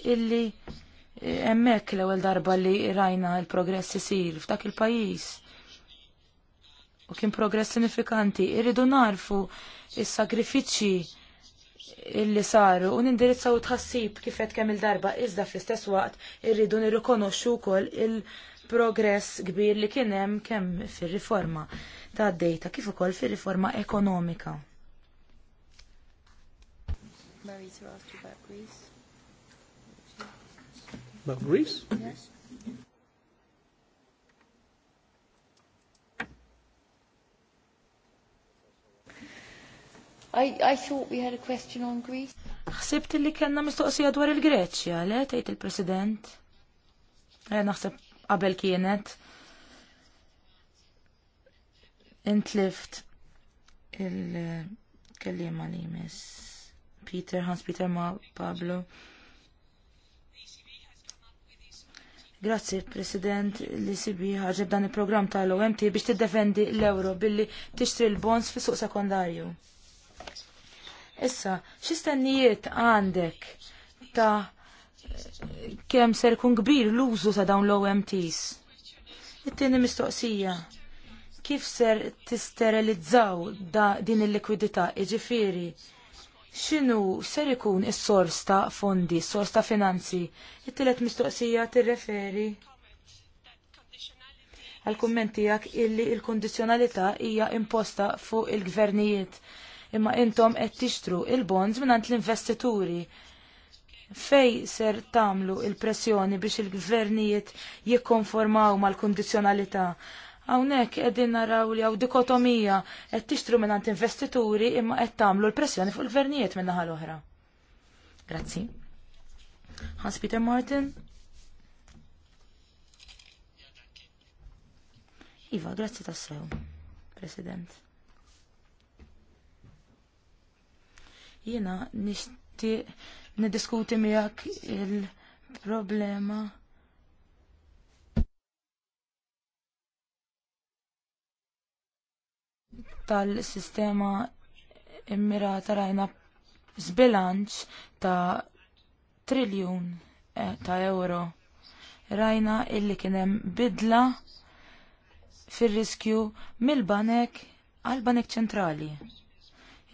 Speaker 2: illi eh, emmek l-ewwel darba li rajna l-progress isir f'dak il-pajjiż u kien progress sinifikanti, irridu narfu il sagrifiċċji illi saru u nindirizzaw tħassib kif qed kemm il-darba iżda fl-istess waqt irridu nirrikonoxxu wkoll il-progress kbir li kien hemm kemm fir-riforma tad-dejta kif ukoll fir-riforma ekonomika.
Speaker 3: Marita asked about Greece. About Greece? Yes.
Speaker 2: I, I thought we had a question on Greece. Ħsibt li kellna mistoqsija dwar il-Greċja, le tgħid il-President. Naħseb qabel kienet. Intlift il-kelliem li miss Peter, Hans Peter ma Pablo. Grazzi, President, li sibi ħarġeb dan il-program tal-OMT biex tiddefendi l-euro billi tixtri l-bonds fi suq sekondarju. Issa, xistennijiet għandek ta' kem ser kun kbir l-użu ta' dawn l-OMTs? It-tieni mistoqsija. Kif ser tisterilizzaw da din il-likwidità iġifiri? Xinu ser ikun is-sors ta' fondi, sors ta' finanzi? It-tielet mistoqsija tirreferi għal kummentijak illi il kondizjonalita hija imposta fuq il-gvernijiet imma intom qed tixtru il-bonds mingħand l-investituri. Fej ser tamlu il-pressjoni biex il-gvernijiet jikkonformaw mal-kondizjonalità. Hawnhekk qegħdin naraw li hawn dikotomija qed tixtru mingħand investituri imma qed tagħmlu l-pressjoni fuq il-gvernijiet minn naħa l-oħra. Grazzi. Hans Peter Martin. Iva, grazzi tassew, President. Jiena nixtieq nidiskuti miegħek il-problema. tal-sistema immirata rajna zbilanċ ta' triljun eh, ta' euro. Rajna illi kienem bidla fir-riskju mill-banek għal-banek ċentrali.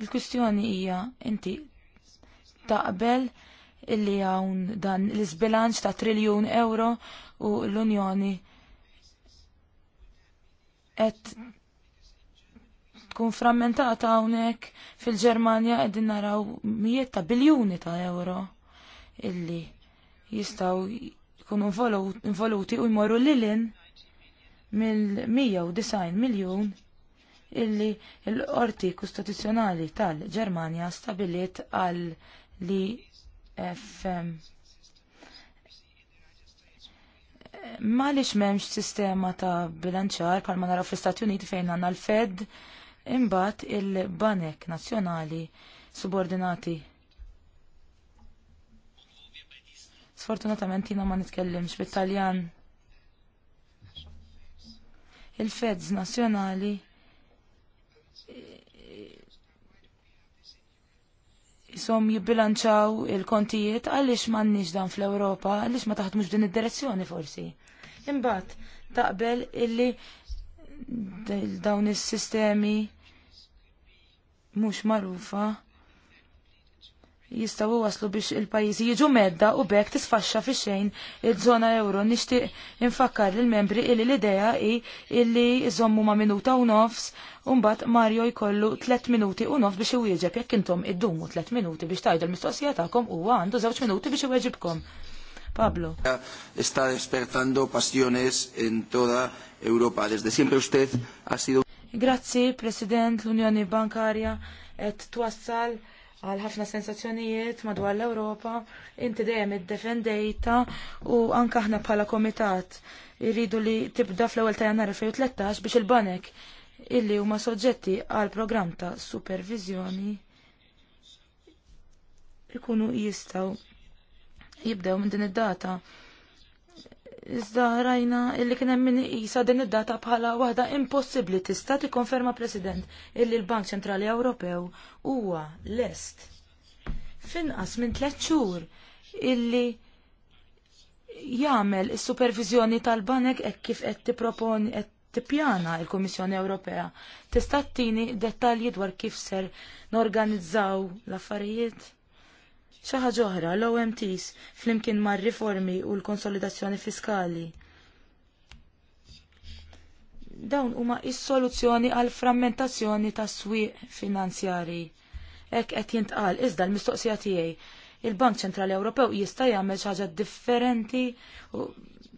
Speaker 2: Il-kwistjoni hija inti taqbel illi hawn dan l-isbilanċ ta' triljun euro u l-Unjoni qed tkun frammentata hawnhekk fil-Ġermanja qegħdin naraw mijiet ta' biljuni ta' euro illi jistgħu jkunu involuti u jmorru lilin mill-190 miljun illi l-qorti kostituzzjonali tal-Ġermanja stabiliet għal li FM Malix memx sistema ta' bilanċar pal ma naraw fl-Istati Uniti fejn għanna l-Fed imbat il-Banek Nazzjonali subordinati. Sfortunatament jina ma nitkellimx bit-Taljan. Il-Feds Nazzjonali jisom jibbilanċaw il-kontijiet għaliex m'għandniex dan fl-Ewropa, għaliex ma taħdmux din id-direzzjoni forsi. Imbagħad taqbel illi dawn is-sistemi mhux magħrufa jistaw waslu biex il-pajjiżi jiġu medda u bekk tisfaxxa fi xejn il-żona euro nixtieq infakkar lill membri illi l-idea hi illi żommu ma' minuta u nofs u mbagħad Mario jkollu 3 minuti u nofs biex iwieġeb jekk intom iddumu 3 minuti biex tajdu l-mistoqsija tagħkom huwa għandu żewġ minuti biex iweġibkom. Pablo. Está despertando pasiones en toda Europa. Desde siempre usted ha sido. Grazie, President, l-Unjoni Bankarja et twassal għal ħafna sensazzjonijiet madwar l-Ewropa, inti dejjem iddefendejta u anke aħna bħala komitat irridu li tibda fl-ewwel ta' jannar 2013 biex il-banek illi huma soġġetti għal programm ta' supervizjoni ikunu jistgħu jibdew minn din id-data. Iżda rajna illi kien hemm min qisha din id-data bħala waħda impossibbli tista' tikkonferma President illi l-Bank Ċentrali Ewropew huwa lest. Finqas minn tliet xhur illi jagħmel is-supervizjoni tal-banek hekk kif qed tipproponi qed tippjana l-Kummissjoni Ewropea. Tista' tini dettalji dwar kif ser norganizzaw l-affarijiet? Xi ħaġa oħra l-OMTs flimkien mar-riformi u l-konsolidazzjoni fiskali. Dawn huma is-soluzzjoni għal frammentazzjoni tas-swieq finanzjarji. Hekk qed jintqal iżda l-mistoqsija tiegħi il-Bank Ċentrali Ewropew jista' jagħmel xi ħaġa differenti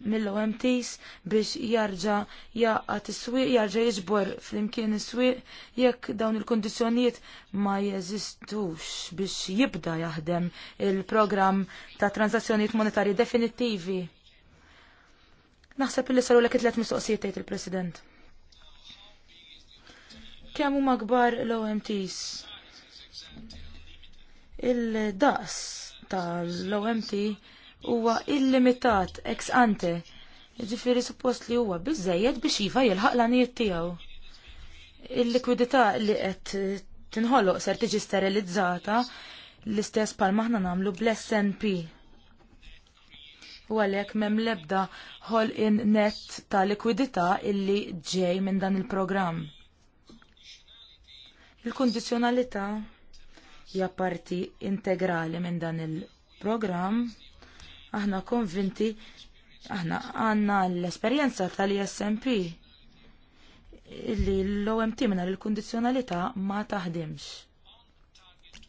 Speaker 2: mill-OMTs biex jarġa jaqqat is-swieq, jarġa jiġbor flimkien is-swieq jekk dawn il kundizzjonijiet ma jeżistux biex jibda jaħdem il-programm ta' transazzjonijiet monetarji definittivi. Naħseb li saru l tliet mistoqsijiet tgħid il-President. Kemm huma kbar l-OMTs? Il-daqs tal-OMT huwa illimitat ex ante. Ġifiri suppost li huwa biżejjed biex jiva jilħaq l-għanijiet tiegħu. Il-likwidità li qed tinħoloq ser tiġi sterilizzata l-istess pal maħna namlu bl-SNP. U għalek mem lebda ħol in net ta' likwidità illi ġej minn dan il-programm. Il-kondizjonalità hija parti integrali minn dan il-programm Aħna konvinti, aħna għanna l-esperienza tal-ISMP illi l-OMT minna l-kondizjonalità ma taħdimx.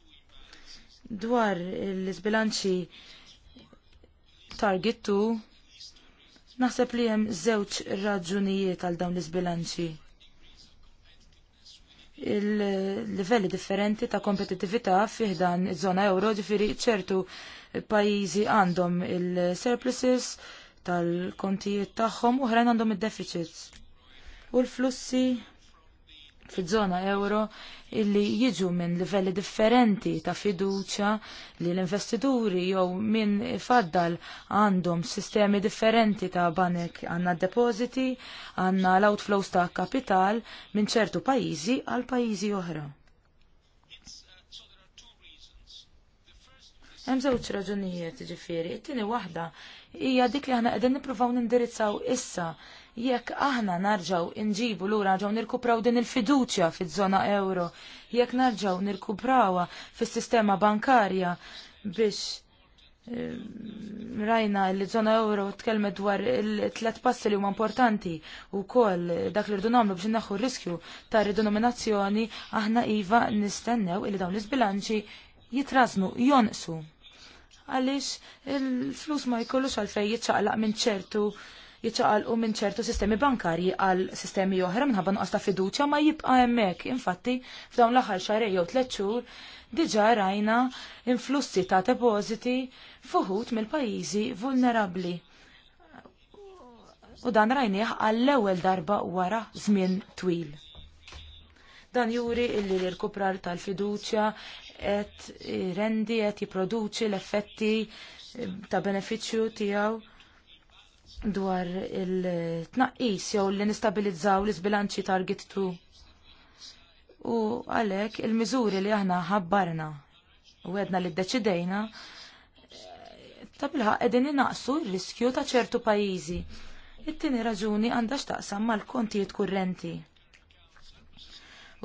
Speaker 2: Dwar l izbilanċi target 2 naħseb li hemm żewġ raġunijiet għal dawn l izbilanċi il-livelli differenti ta' kompetitività fiħdan iż-żona euro ġifiri ċertu pajjiżi għandhom il-surpluses tal-kontijiet tagħhom u ħrajn għandhom id-deficits. U l-flussi fiż-żona euro illi jiġu minn livelli differenti ta' fiduċja li l-investituri jew minn faddal għandhom sistemi differenti ta' banek għandna depositi, għandna l-outflows ta' kapital minn ċertu pajjiżi għal pajjiżi oħra. Hemm żewġ raġunijiet ġifieri. It-tieni waħda hija dik li aħna qegħdin nippruvaw nindirizzaw issa jekk aħna narġaw inġibu lura narġaw nirkupraw din il-fiduċja fiż-żona euro, jekk narġaw nirkuprawa fis-sistema bankarja biex eh, rajna li żona euro tkellmet dwar il-tlet passi li huma importanti u kol dak li rridu nagħmlu biex naħu riskju ta' ridonominazzjoni aħna iva nistennew li dawn l-isbilanċi jitrasnu, jonqsu għaliex il-flus ma jkollux għalfej jiċċaqlaq minn ċertu jiċċaqalqu minn ċertu sistemi bankarji għal sistemi oħra minħabba nuqqas ta' fiduċja ma jibqa' hemmhekk. Infatti, f'dawn l-aħħar xahar jew tliet xhur diġà rajna influssi ta' depositi fuħut mill-pajjiżi vulnerabbli. U dan rajnieh għall-ewwel darba wara żmien twil. Dan juri illi l-irkuprar tal-fiduċja qed rendi qed jipproduċi l-effetti eh, ta' benefiċċju tiegħu dwar il-tnaqqis jew li nistabilizzaw l-isbilanċi target 2. U għalhekk il-miżuri li aħna ħabbarna u għedna li d-deċidejna eh, ta' bilħa edin naqsu r-riskju ta' ċertu pajizi. It-tini raġuni għandax taqsam mal-kontijiet kurrenti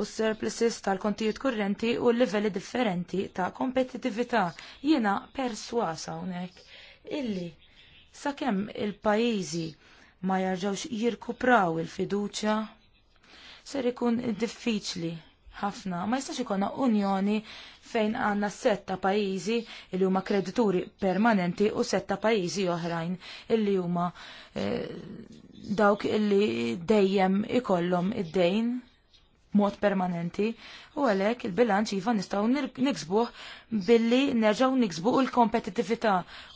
Speaker 2: u s-surpluses tal-kontijiet kurrenti u l-livelli differenti ta' kompetitività. Jiena perswasa hawnhekk illi sakemm il-pajjiżi ma jarġawx jirkupraw il-fiduċja ser ikun diffiċli ħafna. Ma jistax ikonna unjoni fejn għanna setta pajizi illi huma kredituri permanenti u setta pajizi oħrajn illi huma eh, dawk illi dejjem ikollhom id-dejn mod permanenti u għalhekk il-bilanċ iva nistgħu niksbuh billi nerġgħu niksbuq il kompetitivita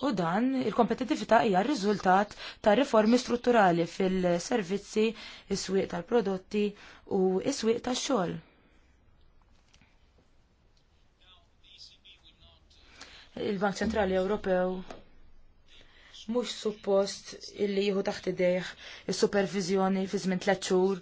Speaker 2: u dan il kompetitivita hija r-riżultat ta' riformi strutturali fil-servizzi, is-swieq tal-prodotti u is-swieq tax-xogħol. il-Bank Ċentrali Ewropew mhux suppost illi jieħu taħt idejh is-supervizjoni fi żmien tliet xhur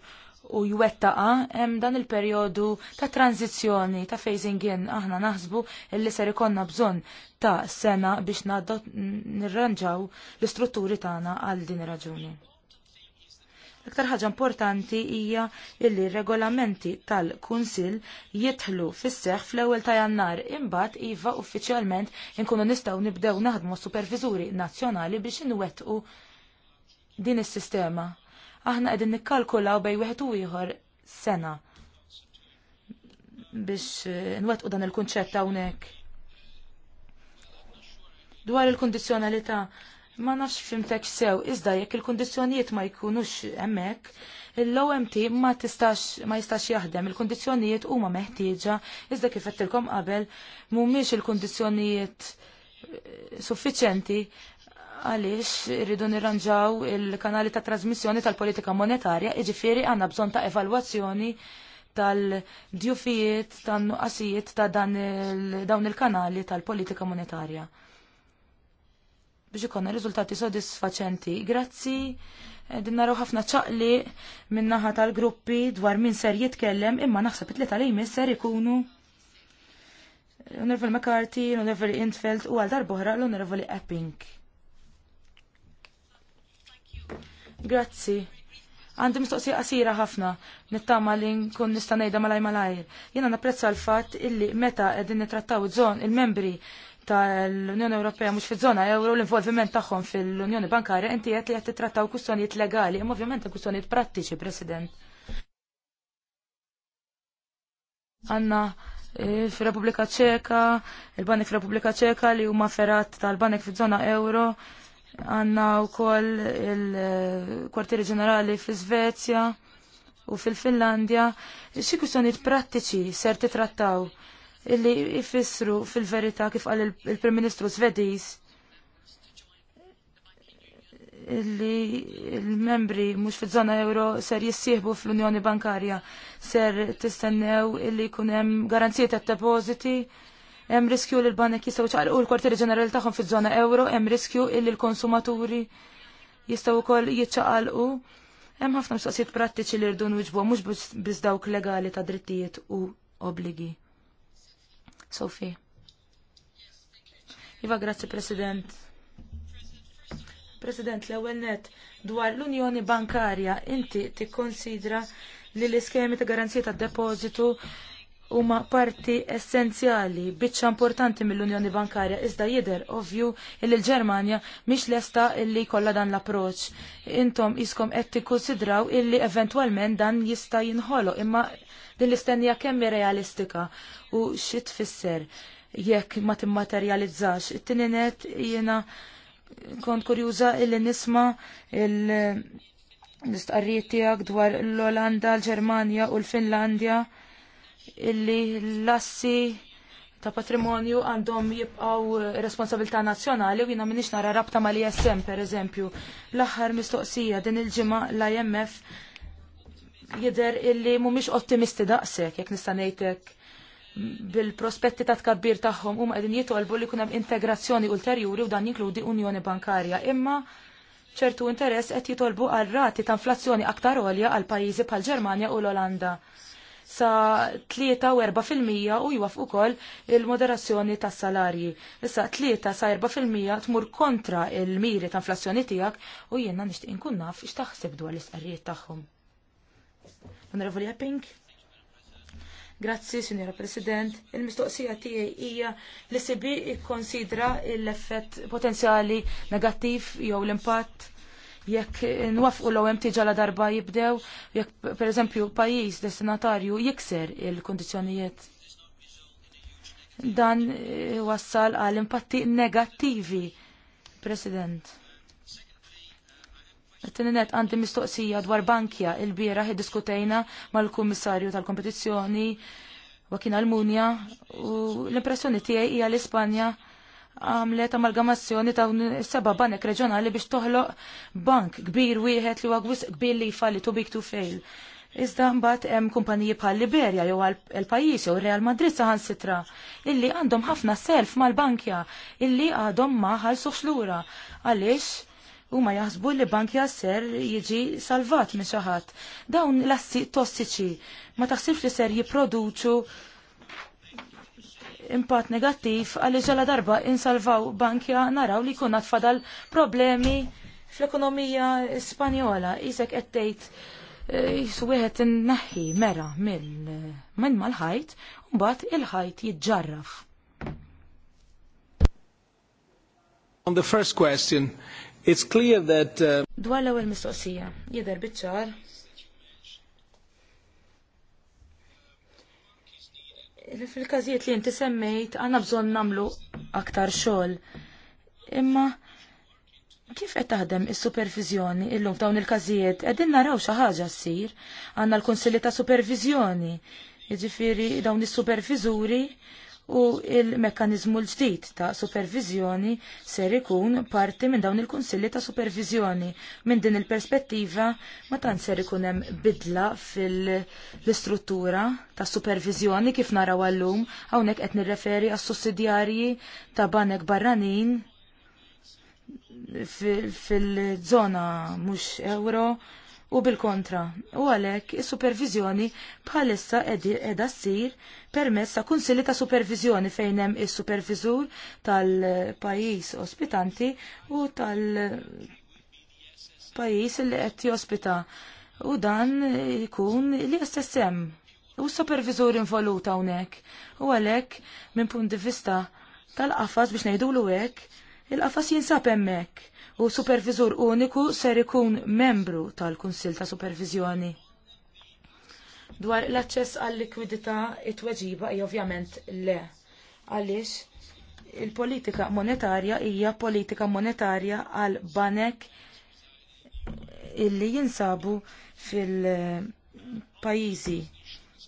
Speaker 2: u jwettaqa hemm dan il-perjodu ta' tranzizzjoni ta' phasing in aħna naħsbu illi ser ikonna bżonn ta' sena biex nirranġaw l-istrutturi tagħna għal din ir-raġuni. L-iktar ħaġa importanti hija illi regolamenti tal-Kunsill jidħlu fis-seħħ fl-ewwel ta' Jannar imbagħad iva uffiċjalment inkunu nistgħu nibdew naħdmu s superviżuri nazzjonali biex inwettqu din is-sistema aħna qegħdin nikkalkulaw bej wieħed u ieħor sena biex eh, nwettqu dan il-kunċett hawnhekk. Dwar il-kondizzjonalità ma nafx fimtek sew iżda jekk il-kondizzjonijiet ma jkunux hemmhekk, l-OMT ma tistax ma jistax jaħdem il-kondizzjonijiet huma meħtieġa iżda kif qabel mhumiex il-kondizzjonijiet eh, suffiċenti għaliex irridu nirranġaw il-kanali ta' trasmissjoni tal-politika monetarja, iġifiri għandna bżonn ta' evalwazzjoni tal-djufijiet, tan-nuqqasijiet ta' dawn il-kanali tal-politika monetarja. Biex ikonna riżultati sodisfaċenti. Grazzi, din naraw ħafna ċaqli minnaħa tal-gruppi dwar min ser jitkellem, imma naħseb li tal għalej ser ikunu. l McCarthy, l Intfeld u għal darbohra l-Onorevoli Epping. Grazzi. Għandi mistoqsija qasira ħafna, nittama li nkun nista' ngħidha malaj malajr. Jiena napprezza l-fatt illi meta qegħdin nitrattaw żon il-membri tal-Unjoni Ewropea mhux fiż-żona euro l-involviment tagħhom fil-Unjoni Bankarja inti qed li qed titrattaw kustjonijiet legali, imma ovvjament kustjonijiet prattiċi, President. Għanna eh, fir-Repubblika Ċeka, il-Banek fir-Repubblika Ċeka li huma ferat tal-Banek fiż-żona euro Għanna u koll il-kwartieri ġenerali fl-Svezja u fil-Finlandja. Xi kwistjonijiet prattiċi ser titrattaw illi jfissru fil-verità kif qal il-Prim Ministru Svediż li l-membri mux fil zona euro ser jissieħbu fl-Unjoni Bankarja ser tistennew illi kunem garanzijiet ta' depositi hemm riskju li l-banek jistgħu ċaqlqu l-kwartieri ġenerali tagħhom fiż-żona euro, hemm riskju li l-konsumaturi jistgħu wkoll jiċċaqalqu. Hemm ħafna mistoqsijiet prattiċi li rdu nwiġbu mhux biss dawk legali ta' drittijiet u obligi. Sofi. Iva, grazzi President. President, l-ewwel net dwar l-Unjoni Bankarja inti tikkonsidra li l-iskemi ta' garanzija ta' depożitu huma parti essenzjali, biċċa importanti mill-Unjoni Bankarja, iżda jidher ovvju li l-Ġermanja mhix lesta illi jkollha dan l-approċċ. Intom iskom qed tikkunsidraw illi eventwalment dan jista' jinħolo, imma din l-istennija kemm realistika u xi tfisser jekk ma timmaterjalizzax. It-tieni jiena kont kurjuża illi nisma' l-istqarrijiet tiegħek dwar l-Olanda, l-Ġermanja u l-Finlandja. l olanda l ġermanja u l finlandja illi l-assi ta' patrimonju għandhom jibqaw responsabilità nazzjonali u jina minix nara rabta ma' l-ISM per eżempju. L-aħħar mistoqsija din il-ġimgħa l-IMF jider illi mumiex ottimisti daqsek, jek nista' bil-prospetti ta' tkabbir tagħhom huma qegħdin jitolbu li jkun hemm integrazzjoni ulterjuri u dan jinkludi Unjoni Bankarja. Imma ċertu interess qed jitolbu għal rati ta' inflazzjoni aktar għolja għal pajjiżi bħal Ġermanja u l-Olanda sa 3 4% u jwaf ukoll il-moderazzjoni tas salarji. Issa 3 sa 4% tmur kontra il-miri ta' inflazzjoni tiegħek u jiena nixtieq inkun naf x'taħseb dwar l-istqarrijiet tagħhom. Honorable Epping? Grazzi, Signora President. Il-mistoqsija tiegħi hija li sibi ikkonsidra l-effett potenzjali negattiv jew l-impatt jekk nwafqu l-OMT ġala darba jibdew, jekk per eżempju pajis destinatarju jikser il-kondizjonijiet. Dan eh, wassal għal impatti negattivi, President. Tinnet għandi mistoqsija dwar bankja il-bira diskutejna mal-Kummissarju tal-Kompetizzjoni Wakin Almunja u l-impressjoni tiegħi hija l-Ispanja għamlet amalgamazzjoni ta' seba' banek reġjonali biex toħloq bank kbir wieħed li huwa kbir li jfalli to big to fail. Iżda mbagħad hemm kumpaniji bħal Liberja jew għal pajjiż jew Real Madrid saħan sitra illi għandhom ħafna self mal-bankja illi għadhom ma ħalsux lura. Għaliex huma jaħsbu li bankja ser jiġi salvat minn xi ħadd. Dawn l-assi tossiċi ma taħsibx li ser jipproduċu impatt negattiv għal ġala darba insalvaw bankja naraw li kunna tfadal problemi fl-ekonomija spanjola. Isek ettejt eh, jisu wieħed innaħħi mera minn mal-ħajt, mbagħad il-ħajt jiġġarraf. On the first question, it's clear that uh... Dwar l-ewwel mistoqsija, jidher biċ-ċar Fil-każijiet li inti semmejt, għandna bżonn nagħmlu aktar xogħol. Imma kif qed taħdem is-supervizjoni illum f'dawn il-każijiet qegħdin naraw xi ħaġa ssir, għandna l-kunsilli ta' supervizjoni. Jiġifieri dawn is-superviżuri u il mekanizmu l-ġdid ta' supervizjoni ser ikun parti minn dawn il-kunsilli ta' supervizjoni. Minn din il-perspettiva ma tant ser ikun hemm bidla fil-istruttura ta' supervizjoni kif naraw għallum hawnhekk qed nirreferi għas sussidjarji ta' banek barranin fil-żona mhux euro u bil-kontra. U għalek, il-supervizjoni bħalissa edha s-sir permess ta' kunsili ta' supervizjoni fejnem il-supervizur tal-pajis ospitanti u tal-pajis li qed jospita. U dan jkun li SSM u supervizur involuta unek. U għalek, minn punt di vista tal-qafas biex nejdu l-għek, il-qafas jinsab emmek u supervizur uniku ser ikun membru tal-Kunsil ta' Supervizjoni. Dwar l-aċċess għall likwidità it-tweġiba hija ovvjament le. Għaliex il-politika monetarja hija politika monetarja għal banek illi jinsabu fil-pajizi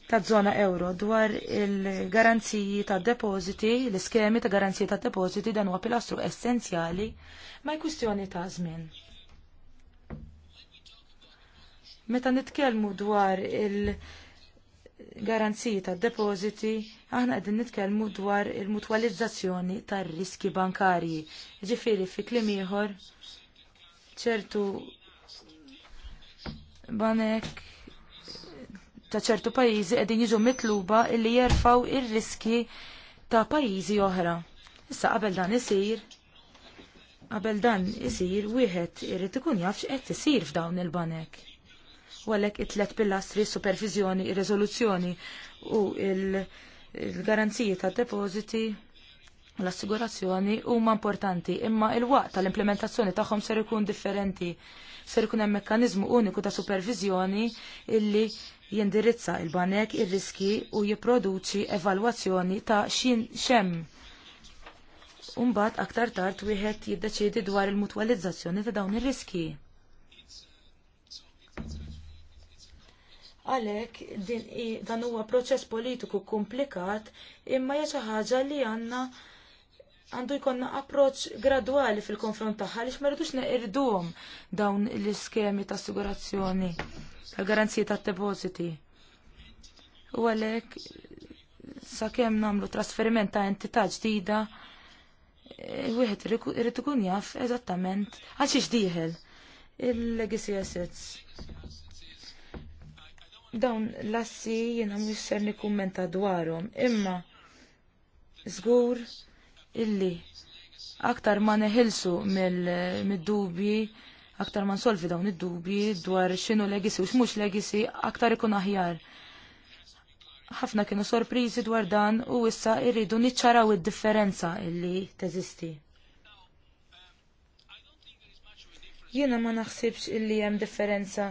Speaker 2: ta' zona euro dwar il-garanziji ta' depositi, l-iskemi ta' garanziji ta' depositi dan huwa pilastru essenzjali ma' kwistjoni ta' żmien. Meta nitkellmu dwar il-garanziji ta' depositi, aħna qegħdin nitkellmu dwar il-mutwalizzazzjoni tar-riski bankarji. Ġifieri fi kliem ieħor ċertu banek ta' ċertu pajjiżi qegħdin jiġu mitluba illi jerfaw ir-riski ta' pajjiżi oħra. Issa qabel dan isir, qabel dan isir wieħed irid ikun jaf x'qed isir f'dawn il-banek. U għalhekk it-tlet pilastri supervizjoni, ir-riżoluzzjoni u il-garanziji ta' depożiti l-assigurazzjoni huma importanti, imma il-waqt tal-implementazzjoni tagħhom ser ikun differenti. Ser ikun hemm mekkaniżmu uniku ta' supervizjoni illi jindirizza il-banek ir-riski u jipproduċi evalwazzjoni ta' xin xemm. Umbat aktar tard wieħed jiddeċiedi dwar il-mutwalizzazzjoni ta' dawn ir-riski. Għalek, dan huwa proċess politiku komplikat imma hija xi ħaġa li għandna għandu jkonna approċ gradwali fil-konfront tagħha għaliex ma rridux neqirduhom dawn l-iskemi ta' assigurazzjoni ta' garanzija ta' depositi. U għalhekk sakemm nagħmlu trasferiment ta' entità ġdida, eh, wieħed irid ikun jaf eżattament għal xiex dieħel il-legacy assets. Dawn l-assi jiena mhux ser dwarhom, imma żgur illi aktar ma neħilsu mill-dubji, aktar ma nsolvi dawn id-dubji dwar xinu legisi u xmux legisi, aktar ikun aħjar. Ħafna kienu sorpriżi dwar dan u issa irridu niċċaraw id-differenza illi teżisti. Jiena ma naħsibx illi hemm differenza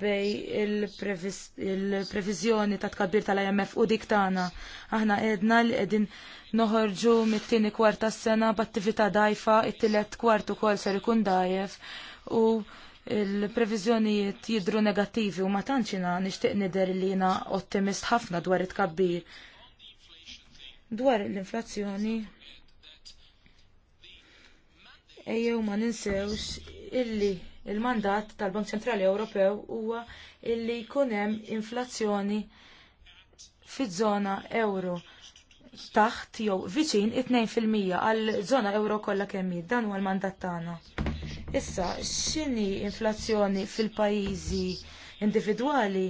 Speaker 2: bej il-previżjoni ta' tkabbir tal-IMF u dik tagħna. Aħna għedna li qegħdin noħorġu mit-tieni kwarta sena b'attività dajfa, it-tielet kwart ukoll ser ikun dajef u il-previżjonijiet jidru negattivi u ma tantxina nixtieq nidher li jiena ottimist ħafna dwar it tkabbir Dwar l-inflazzjoni ejjew ma ninsewx illi il-mandat tal-Bank Ċentrali Ewropew huwa illi jkun hemm inflazzjoni fiż-żona euro taħt jew viċin 2% għall żona euro kollha kemm dan huwa l-mandat tagħna. Issa, x'inhi inflazzjoni fil-pajjiżi individwali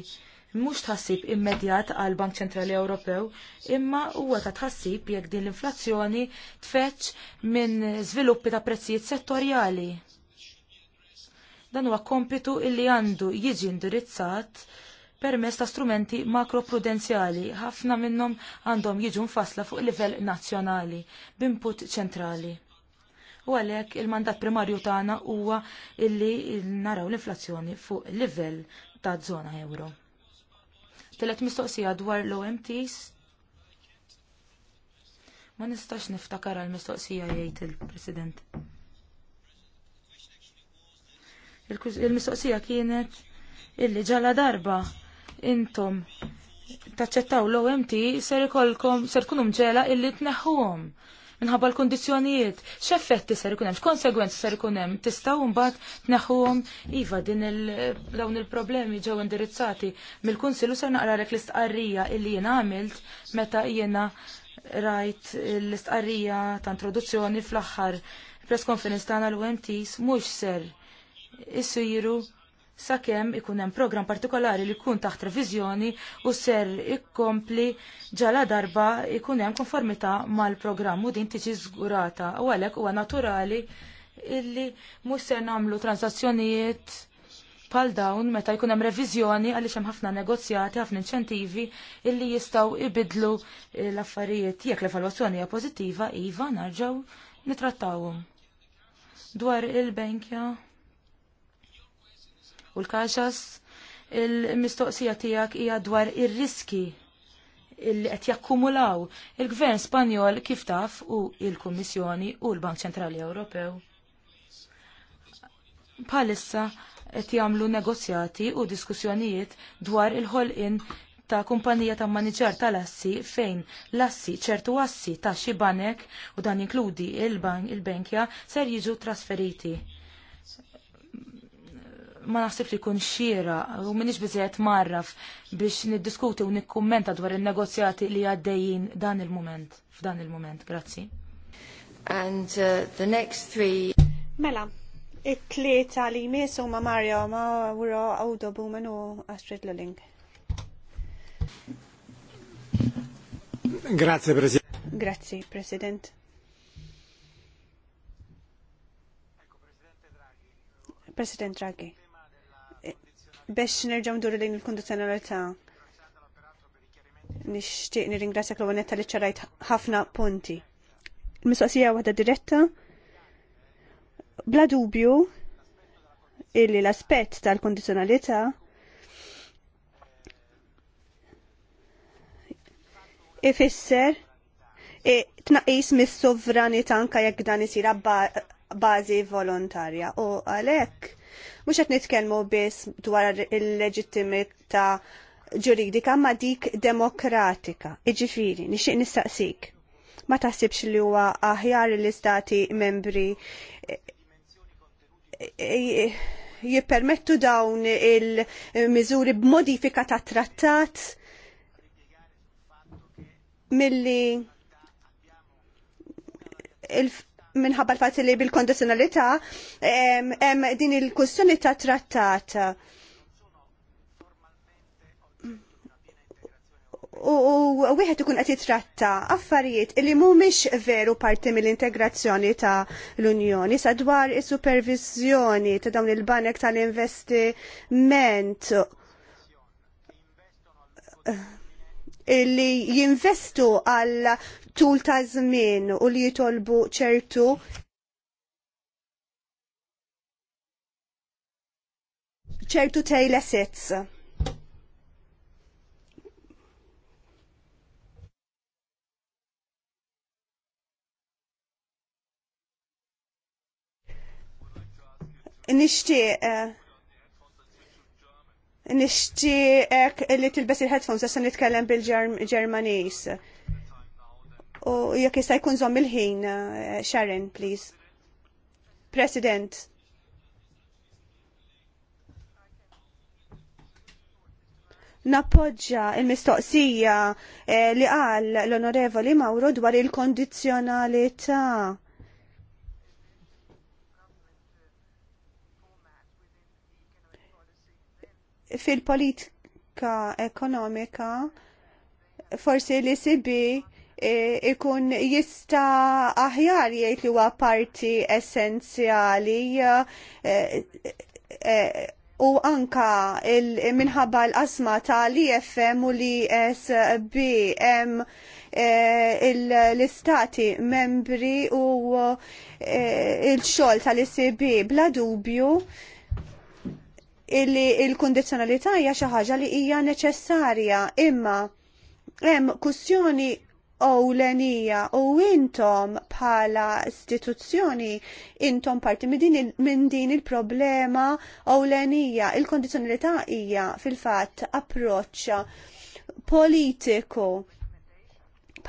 Speaker 2: mhux tħassib immedjat għal Bank Ċentrali Ewropew, imma huwa ta' tħassib jekk din l-inflazzjoni tfetx minn żviluppi ta' prezzijiet settorjali Dan huwa kompitu illi għandu jiġi indirizzat permess ta' strumenti makroprudenzjali, ħafna minnhom għandhom jiġu mfassla fuq livell nazzjonali, b'input ċentrali. U għalhekk il-mandat primarju tagħna huwa illi naraw l-inflazzjoni fuq livell ta' żona euro. Telet mistoqsija dwar l-OMTs Ma nistax niftakar għal mistoqsija jgħid il-President. Il-mistoqsija kienet illi ġalla darba intom taċċettaw l-OMT ser ikolkom ser tkunu ġela illi tneħħuhom minħabba l-kondizjonijiet, x'effetti ser ikun hemm, x'konsegwenzi ser ikun hemm, tistgħu mbagħad tneħħuhom iva din dawn il-problemi ġew indirizzati mill-Kunsill u ser naqralek l-istqarrija illi jien għamilt meta jiena rajt l-istqarrija ta' introduzzjoni fl-aħħar press conference tagħna l omts mhux ser isiru sakemm ikun hemm program partikolari li jkun taħt reviżjoni u ser ikkompli ġala darba ikun hemm konformità mal-programm u din tiġi żgurata u għalhekk huwa naturali illi mhux ser nagħmlu transazzjonijiet pal dawn meta jkun hemm reviżjoni għaliex hemm ħafna negozjati, ħafna inċentivi illi jistgħu ibidlu l-affarijiet jekk l-evalwazzjoni hija pożittiva iva narġgħu nitrattawhom. Dwar il-benkja u l-kaxas il-mistoqsija tijak hija dwar ir-riski il qed jakkumulaw il-Gvern Spanjol kif taf u il-Kummissjoni u l-Bank Ċentrali Ewropew. Palissa qed jagħmlu negozjati u diskussjonijiet dwar il-ħolqin ta' kumpanija ta' maniġar tal-assi fejn l-assi ċertu assi ta' xi banek u dan inkludi il-bankja ser jiġu trasferiti ma naħsib li kun xira u minix bizziet marraf biex niddiskuti u nikkummenta dwar il-negozjati li għaddejjin dan il-moment, f'dan il-moment, grazzi. And uh, the next three... Mela,
Speaker 3: it-tlieta li jmesu ma Mario ma wuro Awdo Buman u Astrid Lulling.
Speaker 1: Grazie, President.
Speaker 3: Grazie, President. President Draghi biex nerġaw nduru lejn il-kondizjonalità. Nixtieq nirringrazzjak l għanetta li ċarajt ħafna punti. Mistoqsija waħda diretta. Bla dubju illi l-aspett tal-kondizjonalità ifisser e tnaqis mis-sovranità anke jekk dan isir bażi volontarja u għalhekk mhux qed nitkellmu biss dwar il-leġittimità ġuridika ma dik demokratika. Iġifiri, nixtieq nistaqsik. Ma taħsibx li huwa aħjar l-istati membri eh, eh, jippermettu dawn il-miżuri b'modifika ta' trattat mill-li minħabba l fat li bil-kondizjonalità hemm din il-kwistjoni ta' trattat. u wieħed ikun qed jitratta affarijiet li mhumiex veru parti mill-integrazzjoni ta' l-Unjoni sa dwar is-supervizjoni ta' dawn il-banek tal-investiment eh, li jinvestu għal tul ta' żmien u li jitolbu ċertu ċertu tail assets. nishti eh, nishtiqek eh, li tilbes il-headphones għasan nitkellem bil-Ġermanis u jekk jista' jkun żomm il-ħin, eh, Sharon, please. President. Nappoġġa il-mistoqsija eh, li qal l-Onorevoli Mauro dwar il-kondizzjonalità. fil-politika ekonomika forsi li sibi Eh, ikun jista aħjar jgħid li huwa parti essenzjali eh, eh, u anka minħabba l-qasma tal-IFM u l-ISBM l-istati membri u il-xol tal-ICB bla dubju illi il-kondizjonalità hija xi ħaġa li hija neċessarja imma hemm kustjoni ewlenija u intom bħala istituzzjoni intom parti minn din il-problema ewlenija. Il-kondizzjonalità hija fil-fatt approċċ politiku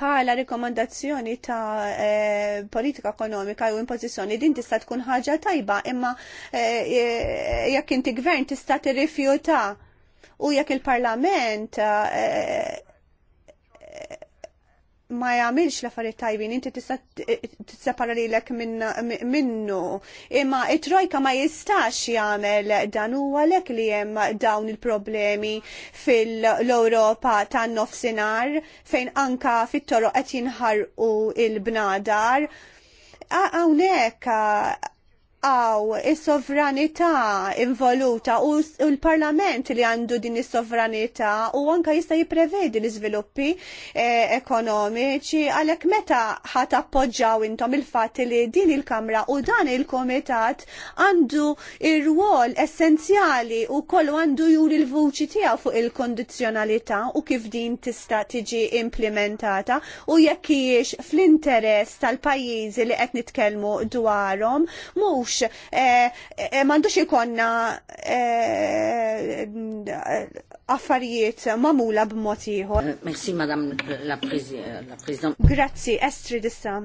Speaker 3: bħala rikomandazzjoni ta' eh, politika ekonomika u impożizzjoni din tista' tkun ħaġa tajba imma eh, jekk inti gvern tista' tirrifjuta u jekk il-parlament eh, ma jagħmilx l-affarijiet tajbin, inti tista' tissepara lilek minnu. Imma it-trojka ma jistax jagħmel dan u għalhekk li hemm dawn il-problemi fil-Ewropa tan-nofsinhar fejn anka fit-toroq qed jinħarqu il-bnadar. Hawnhekk għaw is-sovranità involuta u l-parlament li għandu din is-sovranità u anka jista' jipprevedi l-iżviluppi eh, ekonomiċi għalhekk meta ħat appoġġaw intom il fat li din il-Kamra u dan il-Komitat għandu il rwol essenzjali u kollu għandu juri l-vuċi tiegħu fuq il-kondizzjonalità u kif din tista' tiġi implementata u jekk fl-interess tal-pajjiżi li qed nitkellmu dwarhom mhux mandux eh, eh, mandux ikonna eh, affarijiet mamula b'mod ieħor. Merci Madam
Speaker 1: la President.
Speaker 3: Grazzi Estri Dissa,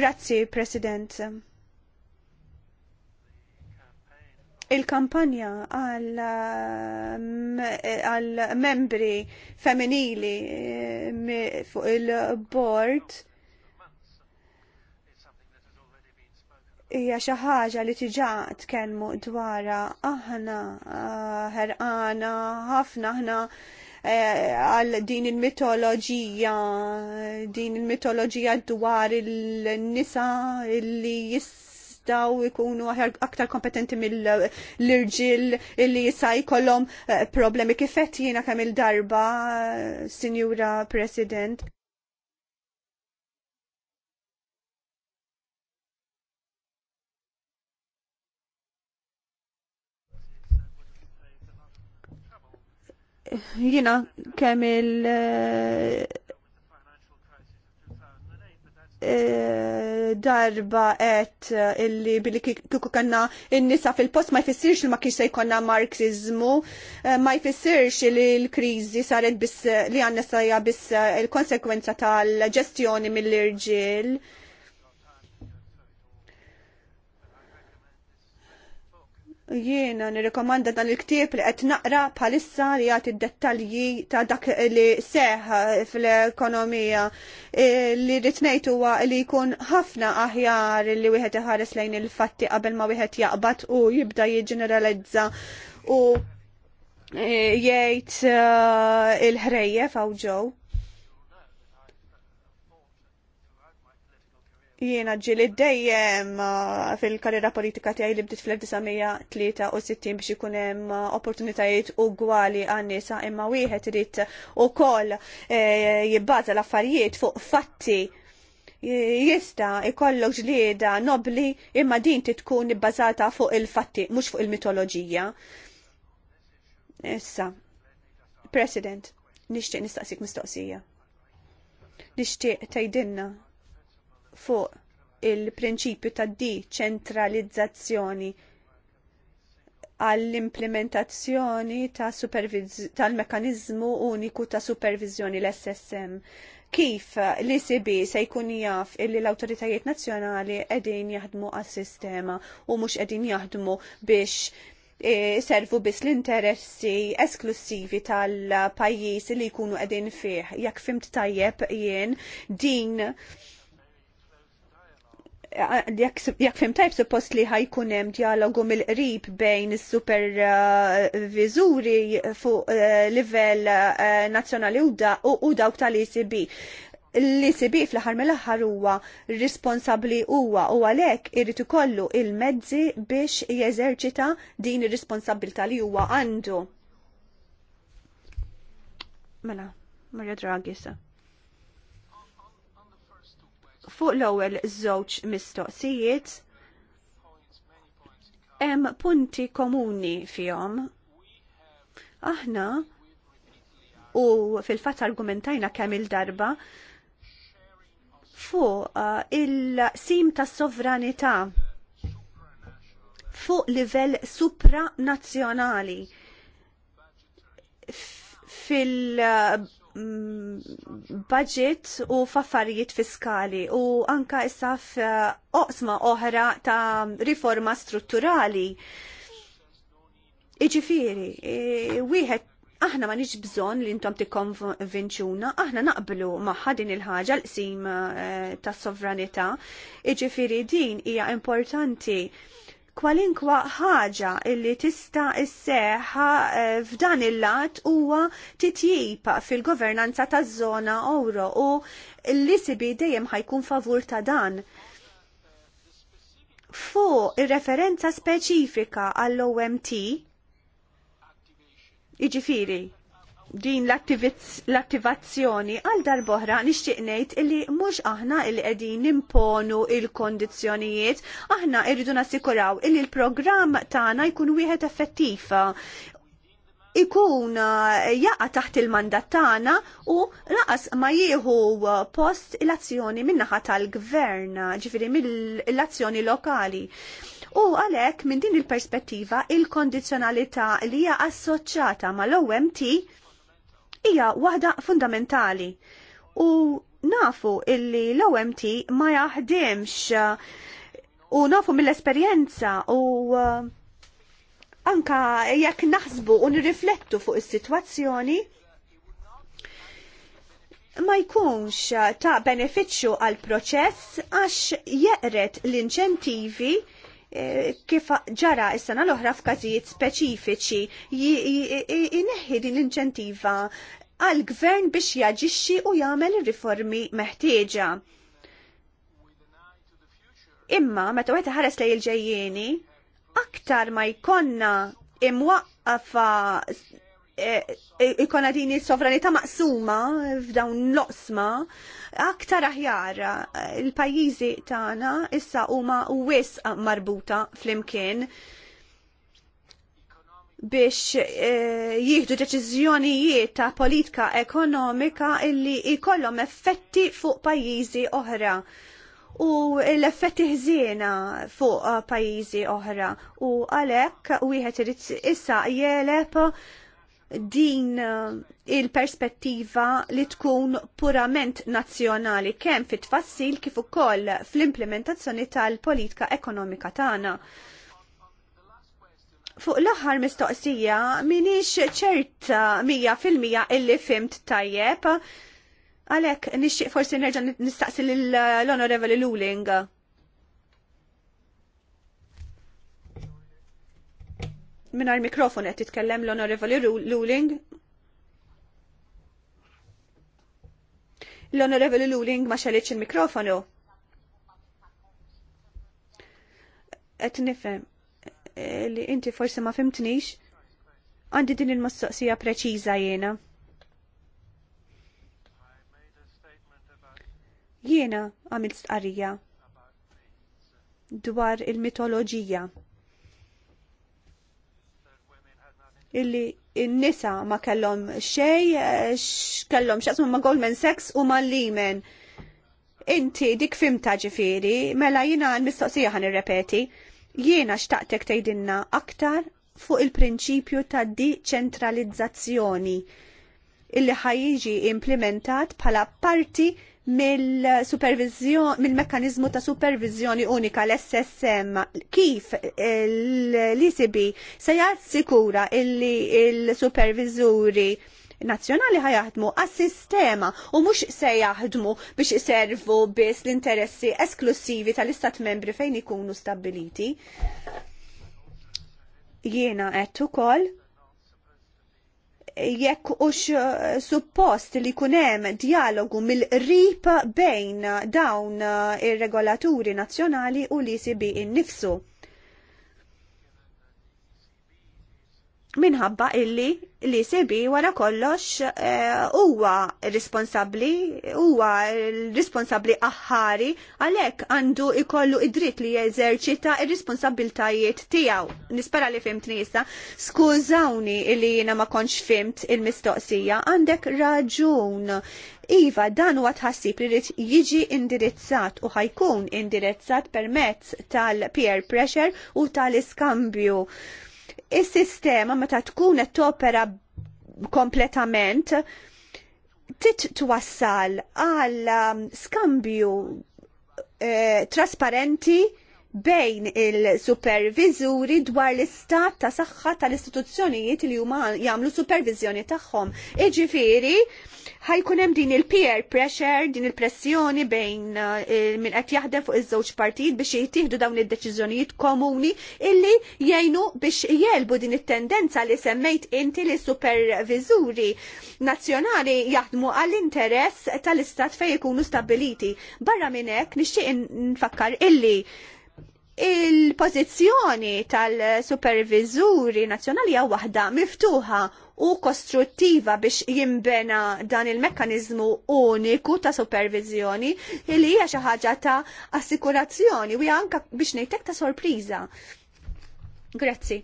Speaker 3: Grazzi President. Il-kampanja għal membri femminili fuq il-board hija xi ħaġa li diġà tkellmu dwarha aħna ah, ħerqana ħafna aħna eh, għal din il-mitoloġija, din il-mitoloġija dwar il-nisa illi jistaw ikunu aktar kompetenti mill-irġil illi jista' jkollhom eh, problemi kifet jiena kemm il-darba, eh, Sinjura President. jina kemm il- eh, eh, darba et eh, illi billi kiku kanna n-nisa fil-post ma jfissirx li ma kienx se jkonna marxizmu, ma jfissirx li l-krizi saret bis li għanna sajja bis il-konsekwenza tal-ġestjoni mill-irġil. Jiena nirrekomanda dan il-ktieb li qed naqra bħalissa li jagħti dettalji ta' dak li seħ fl-ekonomija e, li rrid ngħid huwa li jkun ħafna aħjar li wieħed iħares lejn il-fatti qabel ma wieħed jaqbad u jibda jiġġeneralizza u e, jgħid e, il-ħrejjef għaw ġew. Jiena ġili dejjem uh, fil-karriera politika tiegħi li bdiet fl-1963 biex ikun hemm uh, opportunitajiet ugwali għan-nisa imma wieħed irid ukoll eh, jibbaża l-affarijiet fuq fatti jista ikollok ġlieda nobli imma din titkun ibbażata fuq il-fatti mhux fuq il-mitoloġija. Issa, President, nixtieq nistaqsik mistoqsija. Nixtieq tgħidilna fuq il-prinċipju ta' deċentralizzazzjoni għall-implementazzjoni ta' tal-mekanizmu uniku ta' supervizjoni l-SSM. Kif l-ICB se jkun jaf illi l-autoritajiet nazzjonali edin jaħdmu għas-sistema u mux edin jaħdmu biex E, servu biss l-interessi esklusivi tal-pajjiż li jkunu qegħdin fih. Jekk fimt tajjeb jien din jekk fim tajb suppost li ħajkun hemm dialogu mill-qrib bejn is-supervizuri fuq eh, livell eh, nazzjonali u dawk tal-ECB l ecb fl aħħar mill aħħar huwa responsabbli huwa u għalhekk irid ikollu il-mezzi biex jeżerċita din ir-responsabilità li huwa għandu. Mela, Maria Draghi sa fuq l-ewwel żewġ mistoqsijiet hemm punti komuni fihom. Aħna u fil-fatt argumentajna kemm il-darba fuq uh, il-sim ta' sovranità fuq livell supranazzjonali fil Mm, budget u faffarijiet fiskali u anka issa f'oqsma oħra ta' riforma strutturali. Iġifiri, e, wieħed aħna ma nix bżon li intom tikkonvinċuna, aħna naqblu maħħa din il-ħaġa l-qsim e, ta' sovranità, iġifiri din hija importanti kwalinkwa ħaġa illi tista isseħħa eh, f'dan il-lat huwa titjib fil-governanza taż-żona Oro u l-lisibi dejjem ħajkun favur ta' dan. Fu ir-referenza speċifika għall-OMT, iġifiri, din l-attivazzjoni għal darboħra nixtieq ngħid illi mhux aħna li qegħdin nimponu il-kondizzjonijiet, aħna rridu nassikuraw illi l-programm tagħna jkun wieħed effettiv ikun eh, jaqa taħt il-mandat tagħna u laqas ma jieħu eh, post l-azzjoni min-naħa tal-gvern, ġifieri mill-azzjoni lokali. U għalhekk minn din il-perspettiva il-kondizzjonalità li hija assoċjata mal-OMT hija waħda fundamentali. U nafu illi l-OMT ma jaħdimx uh, u nafu mill-esperjenza u uh, anka jekk naħsbu u nirriflettu fuq is-sitwazzjoni ma jkunx uh, ta' beneficju għal proċess għax jeqret l-inċentivi kif ġara s-sena l-oħra f'każijiet speċifiċi jneħħi din l-inċentiva għal-gvern biex jaġixxi u jagħmel ir-riformi meħtieġa. Imma meta wieħed ħares lejl ġejjieni aktar ma jkonna imwaqqafa Eh, eh, ikona din is-sovranità maqsuma f'dawn l-oqsma aktar aħjar eh, il-pajjiżi tagħna issa huma wis marbuta flimkien biex jieħdu deċiżjonijiet ta' politika ekonomika illi jkollhom effetti fuq pajjiżi oħra u l-effetti ħżiena fuq pajjiżi oħra u għalhekk wieħed irid issa jeleb din eh, il-perspettiva li tkun purament nazzjonali kemm fit-tfassil kif ukoll fl-implementazzjoni tal-politika ekonomika tagħna. Fuq l-aħħar mistoqsija minix ċerta eh, mija fil-mija illi fimt tajjeb għalhekk nixtieq forsi nerġa' nistaqsi l-Honorable Luling. minar mikrofon qed titkellem l-Onorevoli Luling. L-Onorevoli Luling ma xalitx il-mikrofonu. Qed nifhem eh, li inti forsi ma fimtnix għandi din il-mistoqsija preċiża jiena. Jiena għamilt stqarrija dwar il-mitoloġija illi n-nisa ma kellhom xej, eh, kellhom xaqsmu ma Goldman Sachs u ma Lehman. Inti dik fimta ġifiri, mela jina l-mistoqsija ħan irrepeti, jiena xtaqtek tgħidilna aktar fuq il-prinċipju ta' deċentralizzazzjoni illi ħajjiġi implementat bħala parti mill-mekkanizmu ta' supervizjoni unika l-SSM kif l-ICB se jassikura illi il-supervizuri nazzjonali ħajaħdmu għas-sistema u mhux se jaħdmu biex iservu biss l-interessi esklusivi tal-istat membri fejn ikunu stabiliti. Jiena għettu ukoll jekk ux eh, suppost li kunem dialogu mill-rip bejn dawn eh, ir-regolaturi nazzjonali u li sibi innifsu. minħabba illi li sebi wara kollox eh, huwa uh, responsabli, huwa responsabbli aħħari għalhekk għandu ikollu id-dritt li jeżerċita r responsabiltajiet tiegħu. Nispera li fimt nisa, skużawni li jiena ma kontx fimt il-mistoqsija, għandek raġun. Iva, dan huwa tħassib li rrid jiġi indirizzat u ħajkun indirizzat permezz tal-peer pressure u tal-iskambju Is-sistema meta tkun qed topera kompletament tit twassal għal um, skambju eh, trasparenti bejn il-supervizuri dwar l-istat ta' saħħa tal-istituzzjonijiet li huma jagħmlu supervizjoni tagħhom. Iġifieri, ħajkun hemm din il-peer pressure, din il-pressjoni bejn eh, min qed jaħdem fuq iż-żewġ partijiet biex jittieħdu dawn id-deċiżjonijiet komuni illi jgħinu biex jelbu din it-tendenza li semmejt inti li supervizuri nazzjonali jaħdmu għall-interess tal-istat fejn ikunu stabiliti. Barra minn hekk nixtieq nfakkar illi il-pozizjoni tal-supervizuri nazzjonali hija waħda miftuħa u kostruttiva biex jimbena dan il-mekkanizmu uniku ta' supervizjoni li hija xi ħaġa ta' assikurazzjoni u anke biex ngħidlek ta' sorpriża. Grazzi.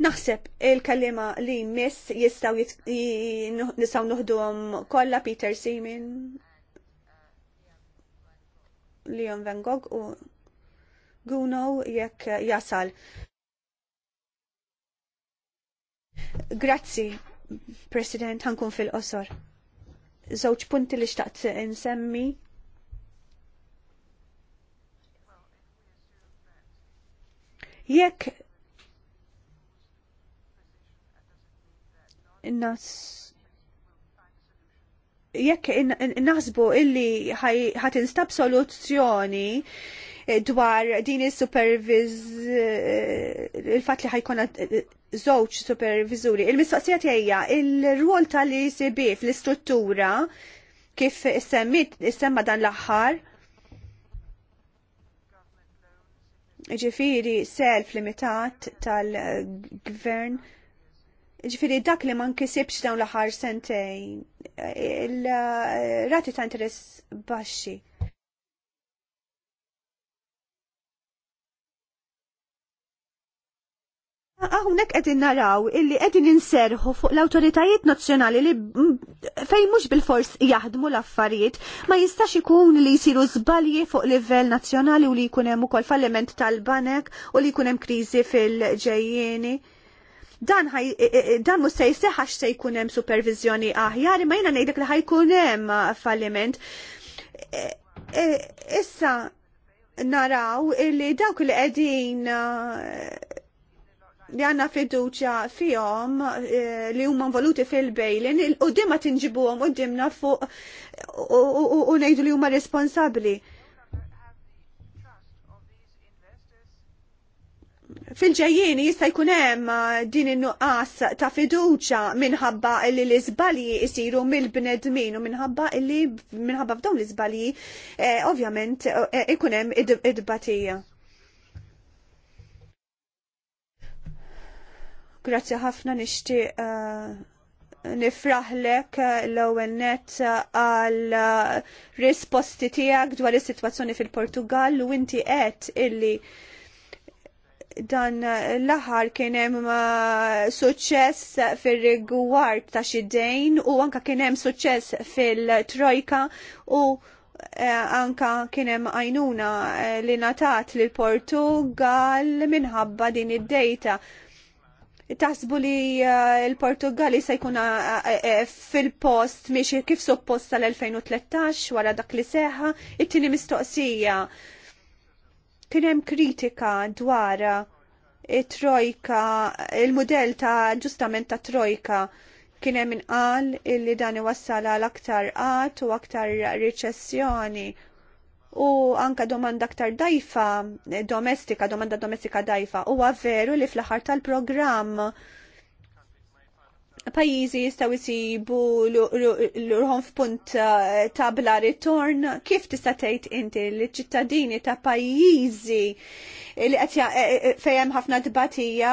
Speaker 3: Naħseb il-kalima li miss jistaw jistaw nuħduhom kollha Peter Seaman Leon Van Gogh u Guno jekk jasal. Grazzi, President, ħankun fil-qosor. Żewġ punti li xtaqt insemmi jekk nas jekk naħsbu illi ħat instab soluzzjoni eh, dwar din il-superviz eh, il-fat li ħajkun żewġ eh, supervizuri. Il-mistoqsija tiegħi il-rwol tal-ECB fl-istruttura kif semmit semma dan l-aħħar ġifiri self limitat tal-gvern Ġifiri dak li ma nkisibx dawn l-aħħar sentejn, il-rati ta' interess baxxi. Għawnek ah, għedin naraw illi għedin inserħu fuq l-autoritajiet nazzjonali li fej mux bil-fors jaħdmu l-affarijiet ma jistax ikun li jisiru zbalji fuq livell nazzjonali u li jkunem u kol falliment tal-banek u li jkunem krizi fil-ġejjeni dan e- e- e- dan mhux se se jkun hemm supervizjoni aħjar imma jiena ngħidlek li ħajkun hemm uh, falliment. Issa naraw illi dawk li qegħdin uh, li għanna fiduċa fihom uh, li huma voluti fil-bejlin, u dimma tinġibuhom u dimna fuq u ngħidu li huma responsabbli. fil ġejjini jista' jkun hemm uh, din in-nuqqas ta' fiduċja minħabba li l-iżbalji jsiru mill-bnedmin u minħabba li minħabba f'dawn l-iżbalji eh, ovvjament eh, ikun hemm id dbatija Grazzi ħafna nixtieq eh, nifraħlek l-ewwel net għal risposti tiegħek dwar is-sitwazzjoni fil-Portugal u inti qed illi dan l-aħar kien hemm uh, suċċess fir-rigward ta' xi dejn u anka kien hemm suċċess fil-trojka u eh, anka kien hemm għajnuna eh, li natat lil Portugal minħabba din id-dejta. Taħsbu li eh, l-Portugali se jkun fil-post miex kif suppost tal-2013 wara dak li seħħa, it-tieni mistoqsija Kien hemm kritika dwar it-trojka, il-modell ta' ġustament ta' trojka kien hemm inqal illi dan iwassal għal aktar qatt u aktar riċessjoni u anka domanda aktar dajfa domestika, domanda domestika dajfa. Huwa veru li fl-aħħar tal-programm pajizi jistaw jisibu l f'punt eh, ta' bla ritorn, kif tista' tgħid inti li ċittadini ta' pajjiżi li qed eh, eh, fejjem ħafna dbatija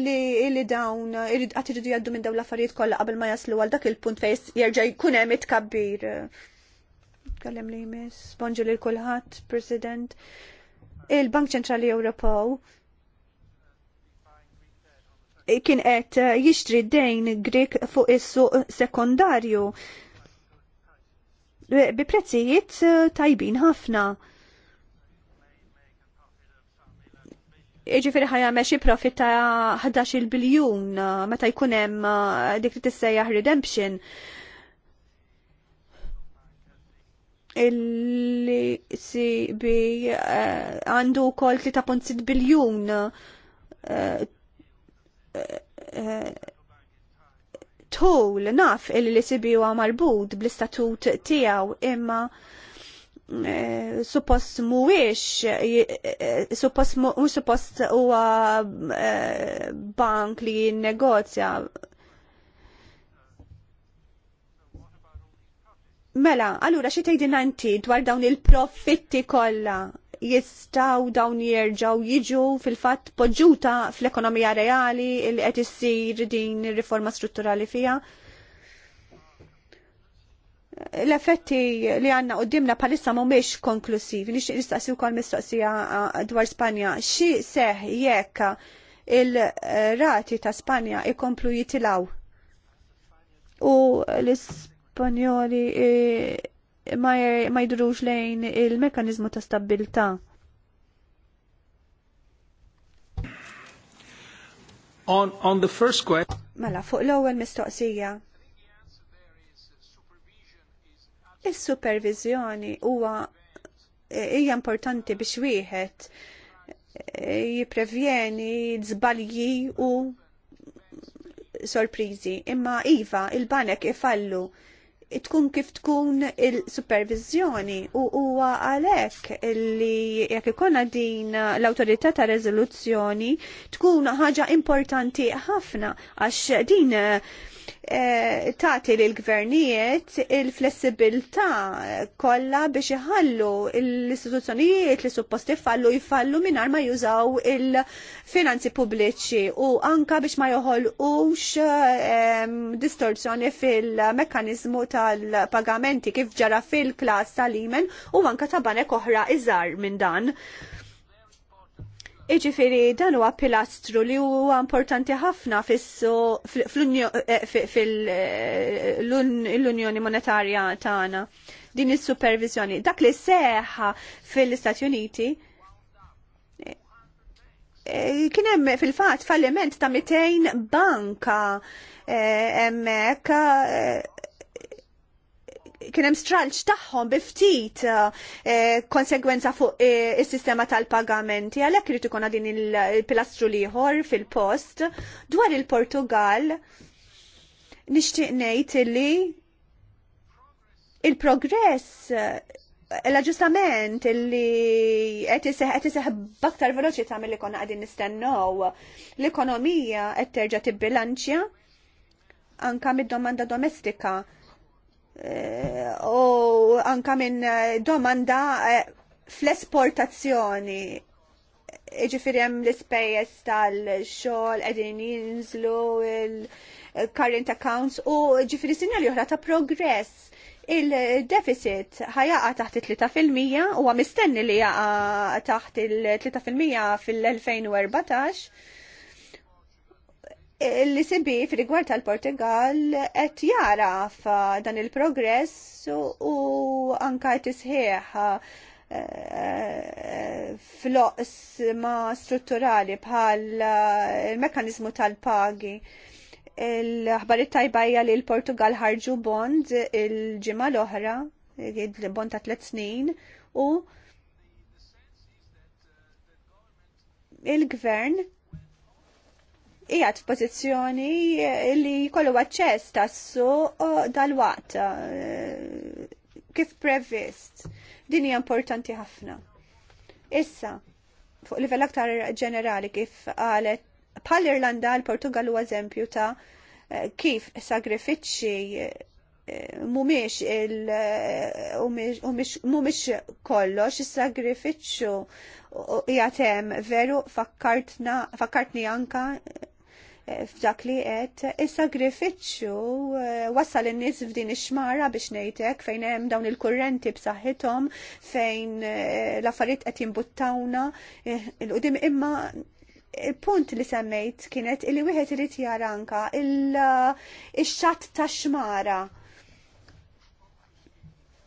Speaker 3: li dawn qed iridu jgħaddu minn dawn l-affarijiet kollha qabel ma jaslu għal dak il-punt fejn jerġa' jkun hemm itkabbir. Tkellem li jmiss, bonġu lil kulħadd, President. Il-Bank Ċentrali Ewropew kien qed eh, jixtri dejn Grek fuq is-suq sekondarju bi prezzijiet eh, tajbin ħafna. Iġifiri ħajja xi profit ta' 11 biljun eh, meta jkun hemm dik li tissejjaħ redemption. Illi si bi għandu kol 3.6 biljun tool naf illi li sibiju marbut bl-istatut tijaw imma eh, suppost muwix eh, suppost mu suppost huwa eh, bank li negozja. Mela, allura xi tgħidilna inti dwar dawn il-profitti kollha jistaw dawn jirġaw jiġu fil-fatt poġġuta fl-ekonomija reali il qed issir din riforma strutturali fija. L-effetti li għanna qoddimna palissa mhumiex konklusivi, nixtieq nistaqsi wkoll mistoqsija dwar Spanja. Xi seħ jekk il-rati ta' Spanja ikomplu jitilaw u l-Ispanjoli eh, ma jidrux lejn il-mekanizmu ta' stabilta.
Speaker 2: On, on the first question.
Speaker 3: Mela, fuq l-ewwel mistoqsija. Il-supervizjoni huwa hija importanti biex wieħed eh, jipprevjeni żbalji u sorprizi. Imma iva, il-banek ifallu tkun kif tkun il-supervizjoni u huwa għalhekk li jekk ikonna din l-awtorità ta' reżoluzzjoni tkun ħaġa importanti ħafna għax din Eh, tagħti l gvernijiet il-flessibilità kollha biex iħallu l-istituzzjonijiet li suppost ifallu jfallu mingħajr ma jużaw il-finanzi pubbliċi u anka biex ma joħolqux ehm, distorsjoni fil mekanizmu tal-pagamenti kif ġara fil klas tal-imen u anka ta' banek oħra iżgħar minn dan. Iġifiri dan huwa pilastru li huwa importanti ħafna fil-Unjoni eh, Monetarja tagħna din is-supervizjoni. Dak li seħħa fil-Istati Uniti eh, kien hemm fil-fatt falliment ta' 200 banka eh, hemmhekk kien hemm stralċ tagħhom bi ftit eh, eh, konsegwenza fuq eh, is-sistema tal-pagamenti għalhekk irid ikun din il-pilastru ieħor fil-post dwar il-Portugal nixtieq ngħid li il-progress l-aġustament li qed iseħ b'aktar veloċità milli konna qegħdin nistennew l-ekonomija qed terġa' tibbilanċja anka mid-domanda domestika Eh, u anka minn eh, domanda eh, fl-esportazzjoni ġifiri hemm l-ispejjeż tal-xogħol qegħdin jinżlu il-current accounts u ġifiri sinjali oħra ta' progress il-deficit ħajaqa taħt il-3% huwa mistenni li jaqa taħt il-3% fil-2014 li sibi fil-gwar tal-Portugal qed jaraf uh, dan il-progress u anka tisħiħ uh, uh, floqs ma' strutturali bħal il-mekanizmu tal-pagi il-ħbarit tajbajja li l-Portugal ħarġu bond il-ġimma l-oħra, bond ta' tlet snin, u il-gvern qiegħed f'pożizzjoni li jkollu aċċess tassu uh, dal-waqt uh, kif previst. Din hija importanti ħafna. Issa, fuq livell aktar ġenerali kif għalet bħal Irlanda l-Portugal u eżempju ta' kif sagrifiċċi eh, mumiex il eh, mumiex kollox is-sagrifiċċju eh, jatem veru fakkartna fakkartni anka f'dak li qed is-sagrifiċċju eh, wassal in-nies f'din ix-xmara biex ngħidlek fejn hemm dawn il-kurrenti b'saħħithom fejn eh, l-affarijiet qed jinbuttawna eh, il-qudiem imma il-punt li semmejt kienet li wieħed irid jara anka il-xatt ta' xmara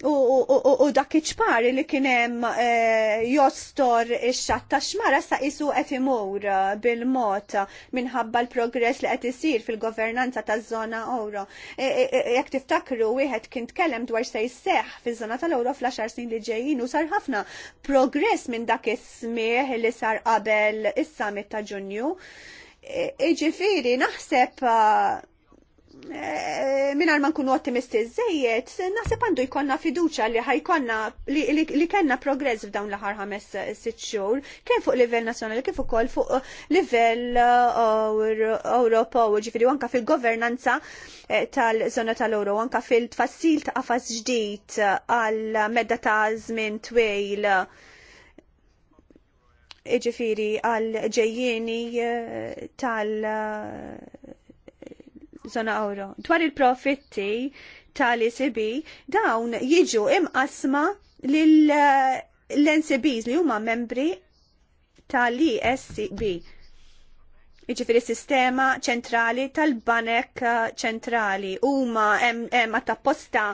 Speaker 3: u dak iċpar li kienem eh, jostor ix-xatta xmara sa' isu qed imur eh, bil-mod minħabba l-progress li qed isir fil-governanza taż-żona euro. E, e, e, jekk tiftakru wieħed kien tkellem dwar se jisseħ fil-zona tal-euro fl-10 snin li ġejjin u sar ħafna progress minn dak is-smieħ li sar qabel is-summit ta' Ġunju. Iġifieri naħseb eh, Eh, minar man nkunu ottimisti zzejiet, nasib għandu jkonna fiduċa li ħajkonna li, li, li kena progress f'dawn l-ħar ħames eh, sitt xhur, kien fuq livell nazzjonali kif ukoll fuq eh, livell u ġifiri anka fil-governanza tal zona tal-Euro, anka fil-tfassil ta' qafas ġdid għal medda ta' żmien twejl ġifiri għal ġejjieni tal- zona euro. Dwar il-profitti tal-ECB dawn jiġu imqasma lill eh, l-NCBs li huma membri tal-ESCB. Jiġifieri sistema ċentrali tal-banek eh, ċentrali huma hemm ta' posta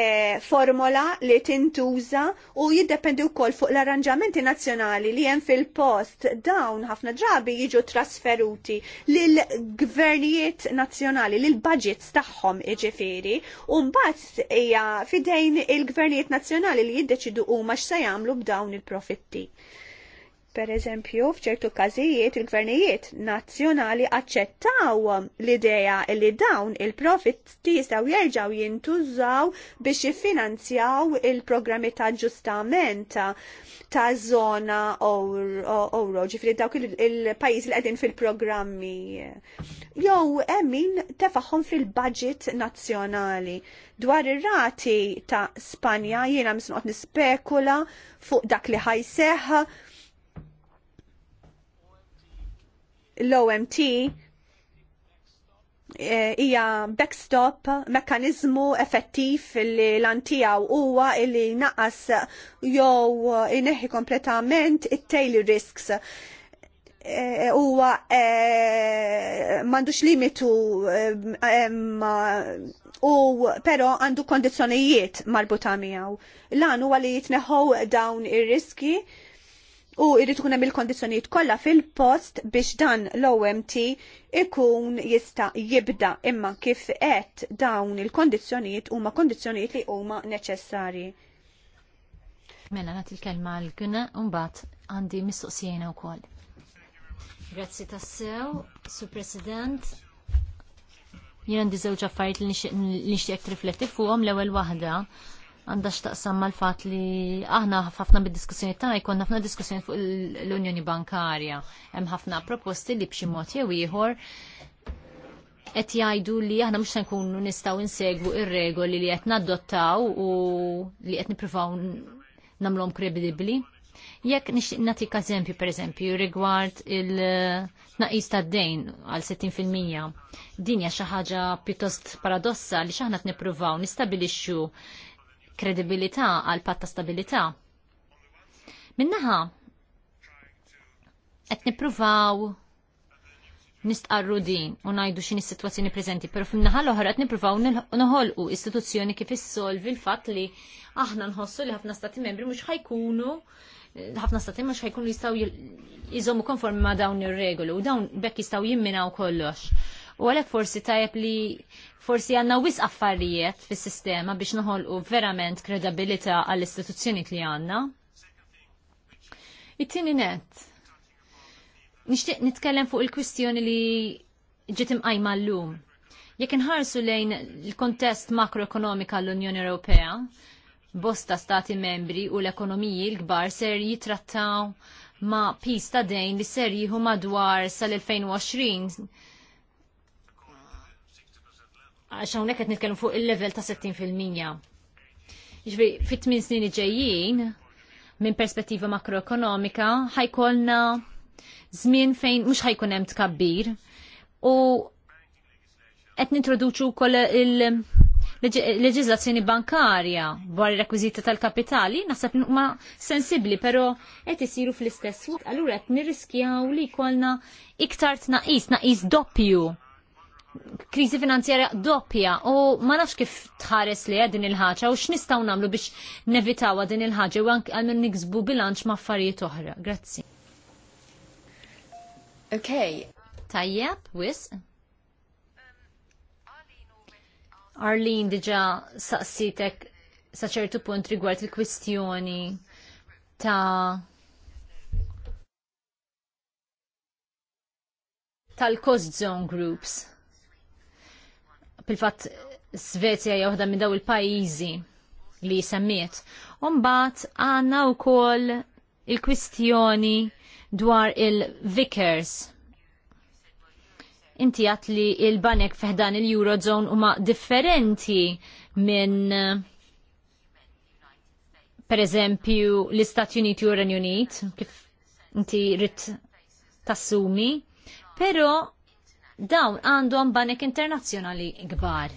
Speaker 3: eh, formola li tintuża u jiddependi wkoll fuq l-arranġamenti nazzjonali li hemm fil-post dawn ħafna drabi jiġu trasferuti lil gvernijiet nazzjonali lil budgets tagħhom jiġifieri u mbagħad hija fidejn il-gvernijiet nazzjonali li jiddeċidu huma x'se jagħmlu b'dawn il-profitti. Per eżempju, f'ċertu kazijiet il-gvernijiet nazzjonali aċċettaw l-idea li dawn il-profit jistgħu jerġgħu jintużaw biex jiffinanzjaw il-programmi ta' ġustament ta' żona roġi fil dawk il-pajjiż li qegħdin fil-programmi. Jew emmin tefaħħom fil-budget nazzjonali. Dwar ir-rati ta' Spanja jiena misnqot nispekula fuq dak li ħajseħ l-OMT eh, hija backstop, mekkanizmu effettiv li l-antijaw huwa li naqas jew inneħi kompletament it-tail risks eh, huwa eh, m'għandux limitu u però għandu kondizzjonijiet marbuta miegħu. Lan huwa li jitneħħu dawn ir-riski u irrid ikun hemm il-kondizzjonijiet kollha fil-post biex dan l-OMT ikun jista' jibda imma kif qed dawn il-kondizzjonijiet huma kondizzjonijiet li huma neċessarji.
Speaker 1: Mela nagħti l-kelma l għuna u mbagħad għandi mistoqsijena wkoll. Grazzi tassew, Sur President. Jien għandi żewġ affarijiet li nixtieq trifletti fuqhom l-ewwel waħda għandha x'taqsam mal-fatt li aħna ħafna bid-diskussjoni ta' jkun ħafna diskussjoni fuq l-Unjoni Bankarja. Hemm ħafna proposti li b'xi mod jew ieħor qed jgħidu li aħna mhux se nkunu nistgħu insegwu ir-regoli li qed nadottaw u li qed nippruvaw nagħmluhom kredibbli. Jekk nixtieq nagħtik eżempju pereżempju rigward il-tnaqqis tad-dejn għal 60%. Din hija xi ħaġa pjuttost paradossa li x'aħna qed nippruvaw nistabilixxu kredibilità għal patta stabilità. Minnaħa, qed nippruvaw nistqarru din u najdu xini situazzjoni sitwazzjoni preżenti, però f'imnaħa l-oħra qed nippruvaw noħolqu istituzzjoni kif issolvi l-fatt li aħna nħossu li ħafna stati membri mhux ħajkunu ħafna stati mhux ħajkunu jistgħu jiżommu konformi ma' dawn ir-regoli u dawn bekk jistgħu jimminaw kollox. U għalhekk forsi tajjeb li forsi għandna wis affarijiet fis-sistema biex noħolqu verament kredabilita għall-istituzzjoni li għandna. It-tieni net. Nixtieq nitkellem fuq il-kwistjoni li ġiet imqajma llum. Jekk inħarsu lejn il-kontest makroekonomika l-Unjoni Ewropea, bosta stati membri u l-ekonomiji l-kbar ser jitrattaw ma pista dejn li ser jieħu madwar sal-2020 għax hawnhekk qed nitkellmu fuq il-level ta' 60%. Jiġri fit-8 snin ġejjin minn perspettiva makroekonomika ħajkolna żmien fejn mhux ħajkun hemm tkabbir u qed nintroduċu wkoll il- leġizlazzjoni bankarja dwar ir-rekwiżiti tal-kapitali naħseb huma sensibbli però qed isiru fl-istess waqt allura qed nirriskjaw li jkollna iktar tnaqis, naqis doppju kriżi finanzjarja doppja u ma nafx kif tħares li din il-ħaġa u x'nistgħu nagħmlu biex nevitaw din il-ħaġa u għank għal niksbu bilanċ ma' affarijiet oħra. Grazzi. Ok. Tajjeb, wis. Arlin diġa saqsitek saċertu punt rigward il-kwistjoni ta' tal-cost zone groups fil-fatt Svezja hija waħda minn daw il-pajjiżi li semmiet. Umbagħad għandna wkoll il-kwistjoni dwar il-Vickers. Inti għat li il-banek feħdan il-Eurozone huma differenti minn per eżempju l-Istati Uniti u Renju Unit, kif inti rrit tassumi, pero dawn għandhom banek internazzjonali kbar.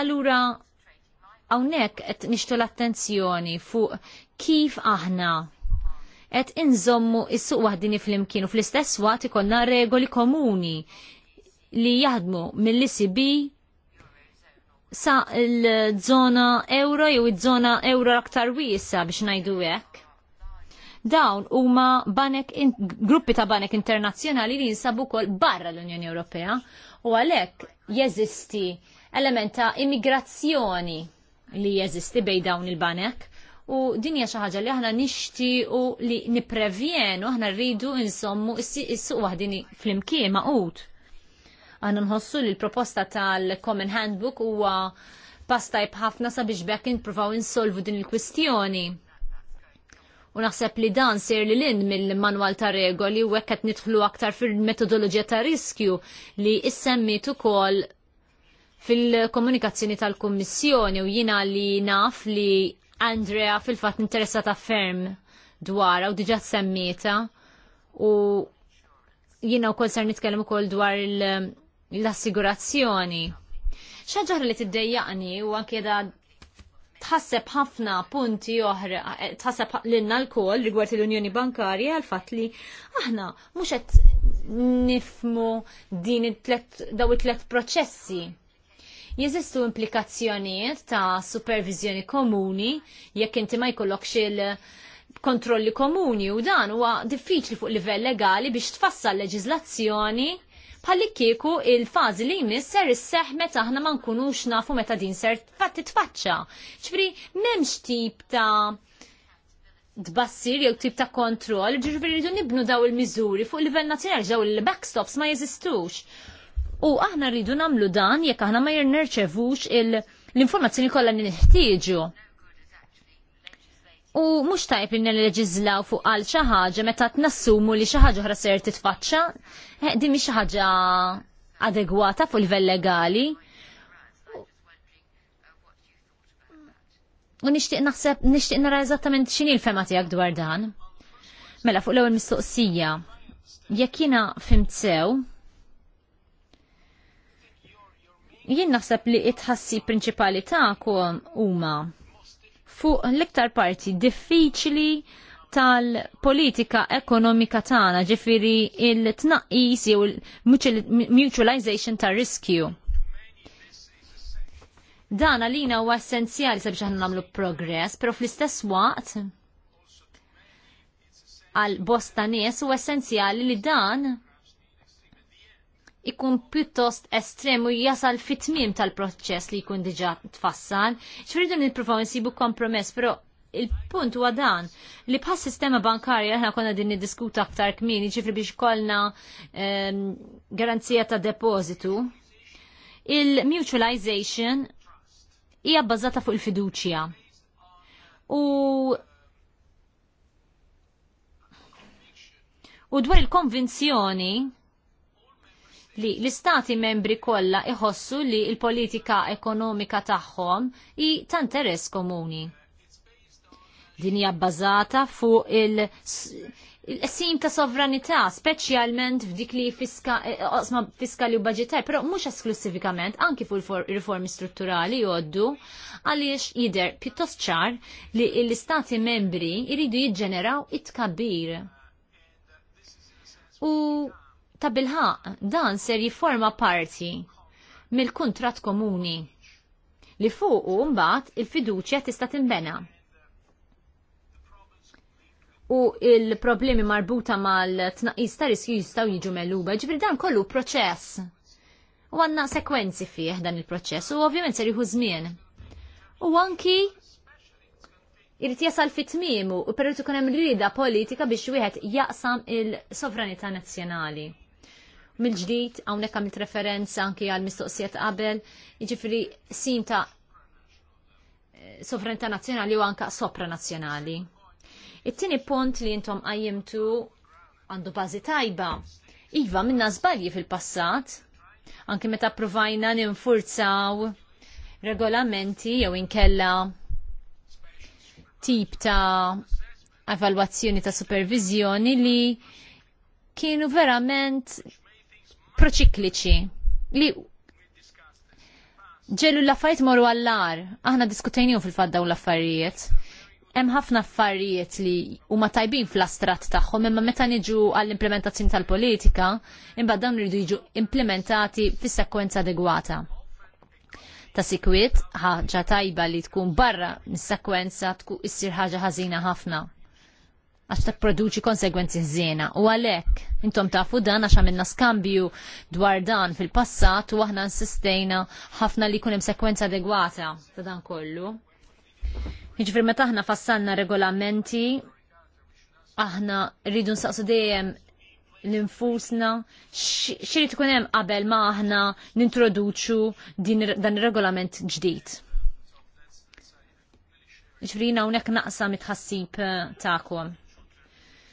Speaker 1: Allura, hawnhekk qed nixtu l-attenzjoni fuq kif aħna qed inżommu is-suq waħdini fl-imkien u fl-istess waqt ikollna regoli komuni li jaħdmu mill-ICB sa l-żona euro jew il żona euro aktar wiesa biex ngħidu hekk. Dawn huma banek in, gruppi ta' banek internazzjonali li jinsabu kol barra l-Unjoni Ewropea u għalhekk jeżisti element ta' immigrazzjoni li jeżisti bej dawn il-banek u din hija xi ħaġa li aħna nixtiequ li nipprevjenu aħna rridu insommu is-suq waħdini fl-imkien maqut. Aħna nħossu li l-proposta tal-Common Handbook huwa pastajb ħafna sabiex bekk nippruvaw insolvu din il-kwistjoni. U naħseb li dan ser li lin mill-manwal ta' regoli u għekket nidħlu aktar fil-metodologija ta' riskju li issemmit ukoll fil-komunikazzjoni tal-Kommissjoni u jina li naf li Andrea fil-fat interessata ferm dwar u diġa semmita u jina u kol ser nitkellem u kol dwar l-assigurazzjoni. ċaġar li t-dejjaqni u anke tħasseb ħafna punti oħra, eh, tħasseb l-inna l-kol rigward l-Unjoni Bankarja għal-fat li aħna mhux qed nifmu din daw it-tlet proċessi. Jeżistu implikazzjonijiet ta' supervizjoni komuni jekk inti ma jkollokx il kontrolli komuni u dan huwa diffiċli fuq livell legali biex tfassal leġiżlazzjoni bħalli kieku il-fazi li jmiss ser isseħ meta aħna ma nkunux nafu meta din ser titfaċċa. Ċifri, memx tip ta' dbassir jew tip ta' kontrol, ġifri rridu nibnu daw il-miżuri fuq livell nazzjonali daw il-backstops ma jeżistux. U aħna rridu namlu dan jekk aħna ma jirnerċevux l-informazzjoni kollha li nħtieġu. U mhux tajb li neleġizlaw fuq għal xi ħaġa meta tnassumu li xi ħaġa oħra t titfaċċa, eh, din mi ħaġa adegwata fuq livell legali. U nixtieq naħseb nixtieq nara eżattament x'inhi l-fema tiegħek dwar dan. Mela fuq l-ewwel mistoqsija. Jekk jiena fimtsew. jien naħseb li it-ħassi prinċipali tagħkom huma fuq l-iktar parti diffiċli tal-politika ekonomika tagħna, ġifiri il-tnaqqis jew il-mutualization tar riskju. Dan għalina huwa essenzjali sabiex aħna nagħmlu progress, però fl-istess waqt għal bosta nies u essenzjali li dan ikun pjuttost estremu jasal fit tal-proċess li jkun diġa tfassal. ċfridu niprufaw nsibu kompromess, pero il-punt huwa dan li bħas sistema bankarja aħna konna din diskuta aktar kmini, ċifri biex kolna um, ehm, garanzija ta' depositu. Il-mutualization hija bbażata fuq il-fiduċja. U U dwar il-konvinzjoni, li l-istati membri kollha iħossu li l-politika ekonomika tagħhom hi ta' interess komuni. Din hija bbażata fuq il- il-qsim ta' sovranità, speċjalment f'dik li fiska, e, fiskali u budgetar, pero mhux esklusivikament, anki fuq riformi strutturali joddu, għaliex jider pjuttost ċar li l-istati membri jridu jiġġeneraw it-kabir. U ta' bilħaq dan ser jiforma parti mill-kuntrat komuni li fuqu mbagħad il-fiduċja tista' tinbena. U il-problemi marbuta mal-tnaqqis ta' riskju jistgħu jiġu meluba, ġifri dan kollu proċess. U għanna sekwenzi fih dan il-proċess u ovvjament ser jieħu żmien. U anki irrit jasal fit-tmiemu u perritu hemm rida politika biex wieħed jaqsam il-sovranità nazzjonali mill-ġdid, hawnhekk għamilt referenza anki għal mistoqsijiet qabel, jiġifieri sim ta' sovranità nazzjonali u anka sopranazzjonali. It-tieni punt li intom qajjimtu għandu bażi tajba. Iva minna żbalji fil-passat, anki meta provajna ninfurzaw regolamenti jew inkella tip ta' evalwazzjoni ta' supervizjoni li kienu verament proċikliċi li ġelu l-affarijiet morru għallar. Aħna diskutejniju fil fadda dawn l-affarijiet. Hemm ħafna affarijiet li huma tajbin fl-astrat tagħhom imma meta niġu għall-implementazzjoni tal-politika, imbagħad dawn iridu jiġu implementati fis-sekwenza adegwata ta' sikwiet ħaġa tajba li tkun barra mis-sekwenza tkun issir ħaġa ħażina ħafna għax ta' produċi konsegwenzi żiena. U għalhekk intom tafu dan għax għamilna skambju dwar dan fil-passat u aħna nsistejna ħafna li jkun hemm sekwenza adegwata ta' dan kollu. Jiġifieri meta aħna fassalna regolamenti, aħna rridu nsaqsu dejjem l-infusna, xiri tkun hemm qabel ma aħna nintroduċu dan ir-regolament ġdid. Ġifrina hawnhekk naqsa mitħassib eh, tagħkom.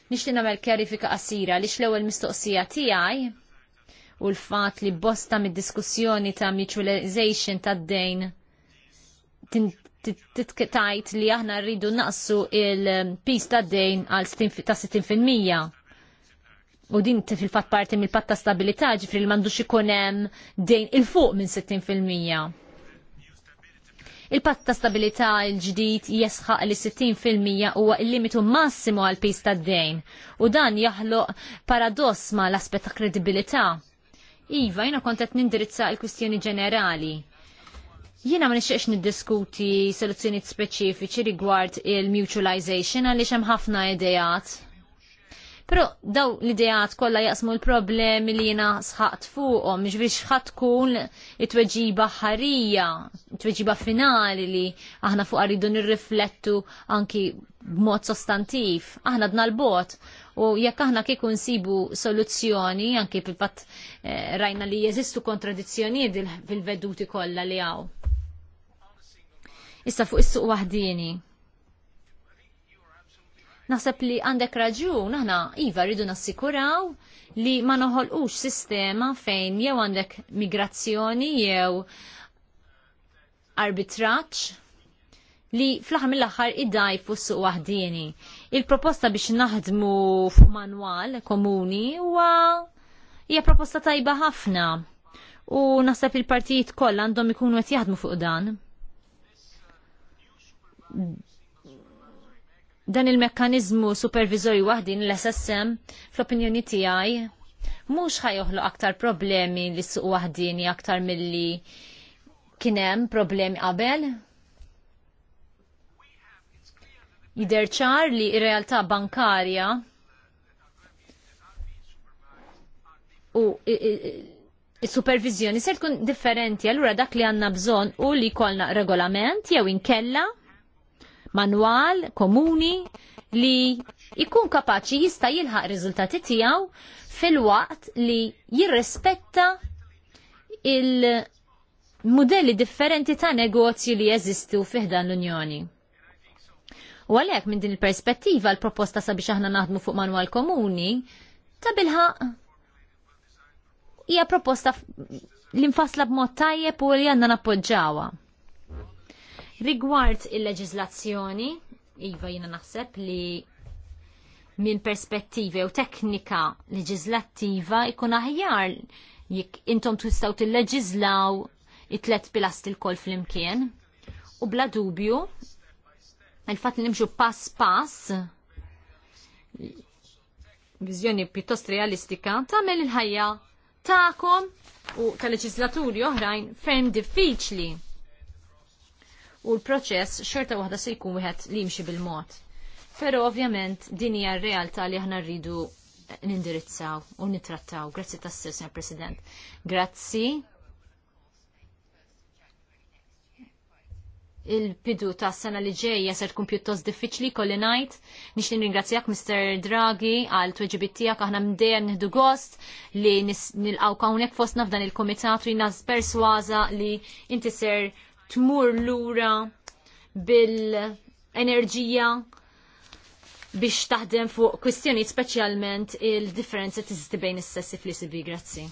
Speaker 1: Nixti nagħmel kjarifika qasira li l-ewwel mistoqsija tiegħi u l-fatt li bosta mid-diskussjoni ta' mutualization tad dejn titkitajt li aħna rridu naqsu il-pis tad dejn għal ta' 60%. U din fil-fatt parti mill-patta stabilità ġifri li m'għandux ikun hemm dejn il-fuq minn 60%. Il-patt ta' stabilità l-ġdid jesħaq li 60% huwa il-limitu massimu għal pista tad dejn u dan jaħloq paradoss ma' l-aspett ta' kredibilità. Iva, jina kontet nindirizza il-kwistjoni ġenerali. Jiena ma nixxiex niddiskuti soluzzjonijiet speċifiċi rigward il-mutualization għaliex hemm ħafna idejat Pero daw l-idejat kolla jaqsmu l-problemi li jena sħaqt fuqom, biex xħat kun it-tweġiba ħarija, it-tweġiba finali li aħna fuq rridu nirriflettu anki b'mod sostantiv. Aħna dna l-bot u jekk aħna kieku nsibu soluzzjoni, anki pipat eh, rajna li jeżistu kontradizzjoni fil-veduti kolla li għaw. Issa fuq is-suq waħdini Naħseb li għandek raġun, aħna iva rridu nassikuraw li ma noħolqux sistema fejn jew għandek migrazzjoni jew arbitraċ li fl-aħħar mill-aħħar id-dajfu suq Il-proposta biex naħdmu fuq manwal komuni huwa hija proposta tajba ħafna u naħseb il-partijiet kollha għandhom ikunu qed jaħdmu fuq dan Dan il-mekkanizmu supervizorju waħdin l-SSM fl-opinjoni tiegħi mhux ħajoħloq aktar problemi li suq waħdini aktar milli kien hemm problemi qabel. Jiderċar ċar li r-realtà bankarja u il-supervizjoni ser tkun differenti, allura dak li għanna bżon u li kolna regolament jew inkella manwal komuni li jkun kapaċi jista' jilħaq riżultati tiegħu fil-waqt li jirrispetta il-modelli differenti ta' negozju li jeżistu fiħdan l-Unjoni. U għalhekk minn din il-perspettiva l-proposta sabiex aħna naħdmu fuq manwal komuni ta' bilħaq hija proposta l-infasla b'mod tajjeb u li għandna nappoġġawha. Rigward il-leġizlazzjoni, Iva jina naħseb li minn perspettiva u teknika leġizlattiva ikun aħjar jekk intom tistgħu tilleġizlaw it-tlet pilast il-kol U bla dubju, il fatt li nimxu pass pass, viżjoni pjuttost realistika, tagħmel il-ħajja tagħkom u tal-leġislaturi oħrajn ferm diffiċli u l-proċess xorta waħda se jkun wieħed li jimxi bil-mod. Però ovvjament din hija r-realtà li aħna rridu nindirizzaw u nittrattaw. Grazzi tas-sir, Sir President. Grazzi. il-bidu ta' sena li ġejja ser tkun pjuttost diffiċli kolli ngħid. Nixtieq ringrazzjak Mr. Draghi għal tweġibit tiegħek aħna mdejem nieħdu gost li nilqaw kawnek fostna f'dan il-kumitat u jina perswaza li inti ser tmur lura bil-enerġija biex taħdem fuq kwistjoni speċjalment il-differenza tiżisti bejn is-sessi fl-isibi. Grazzi.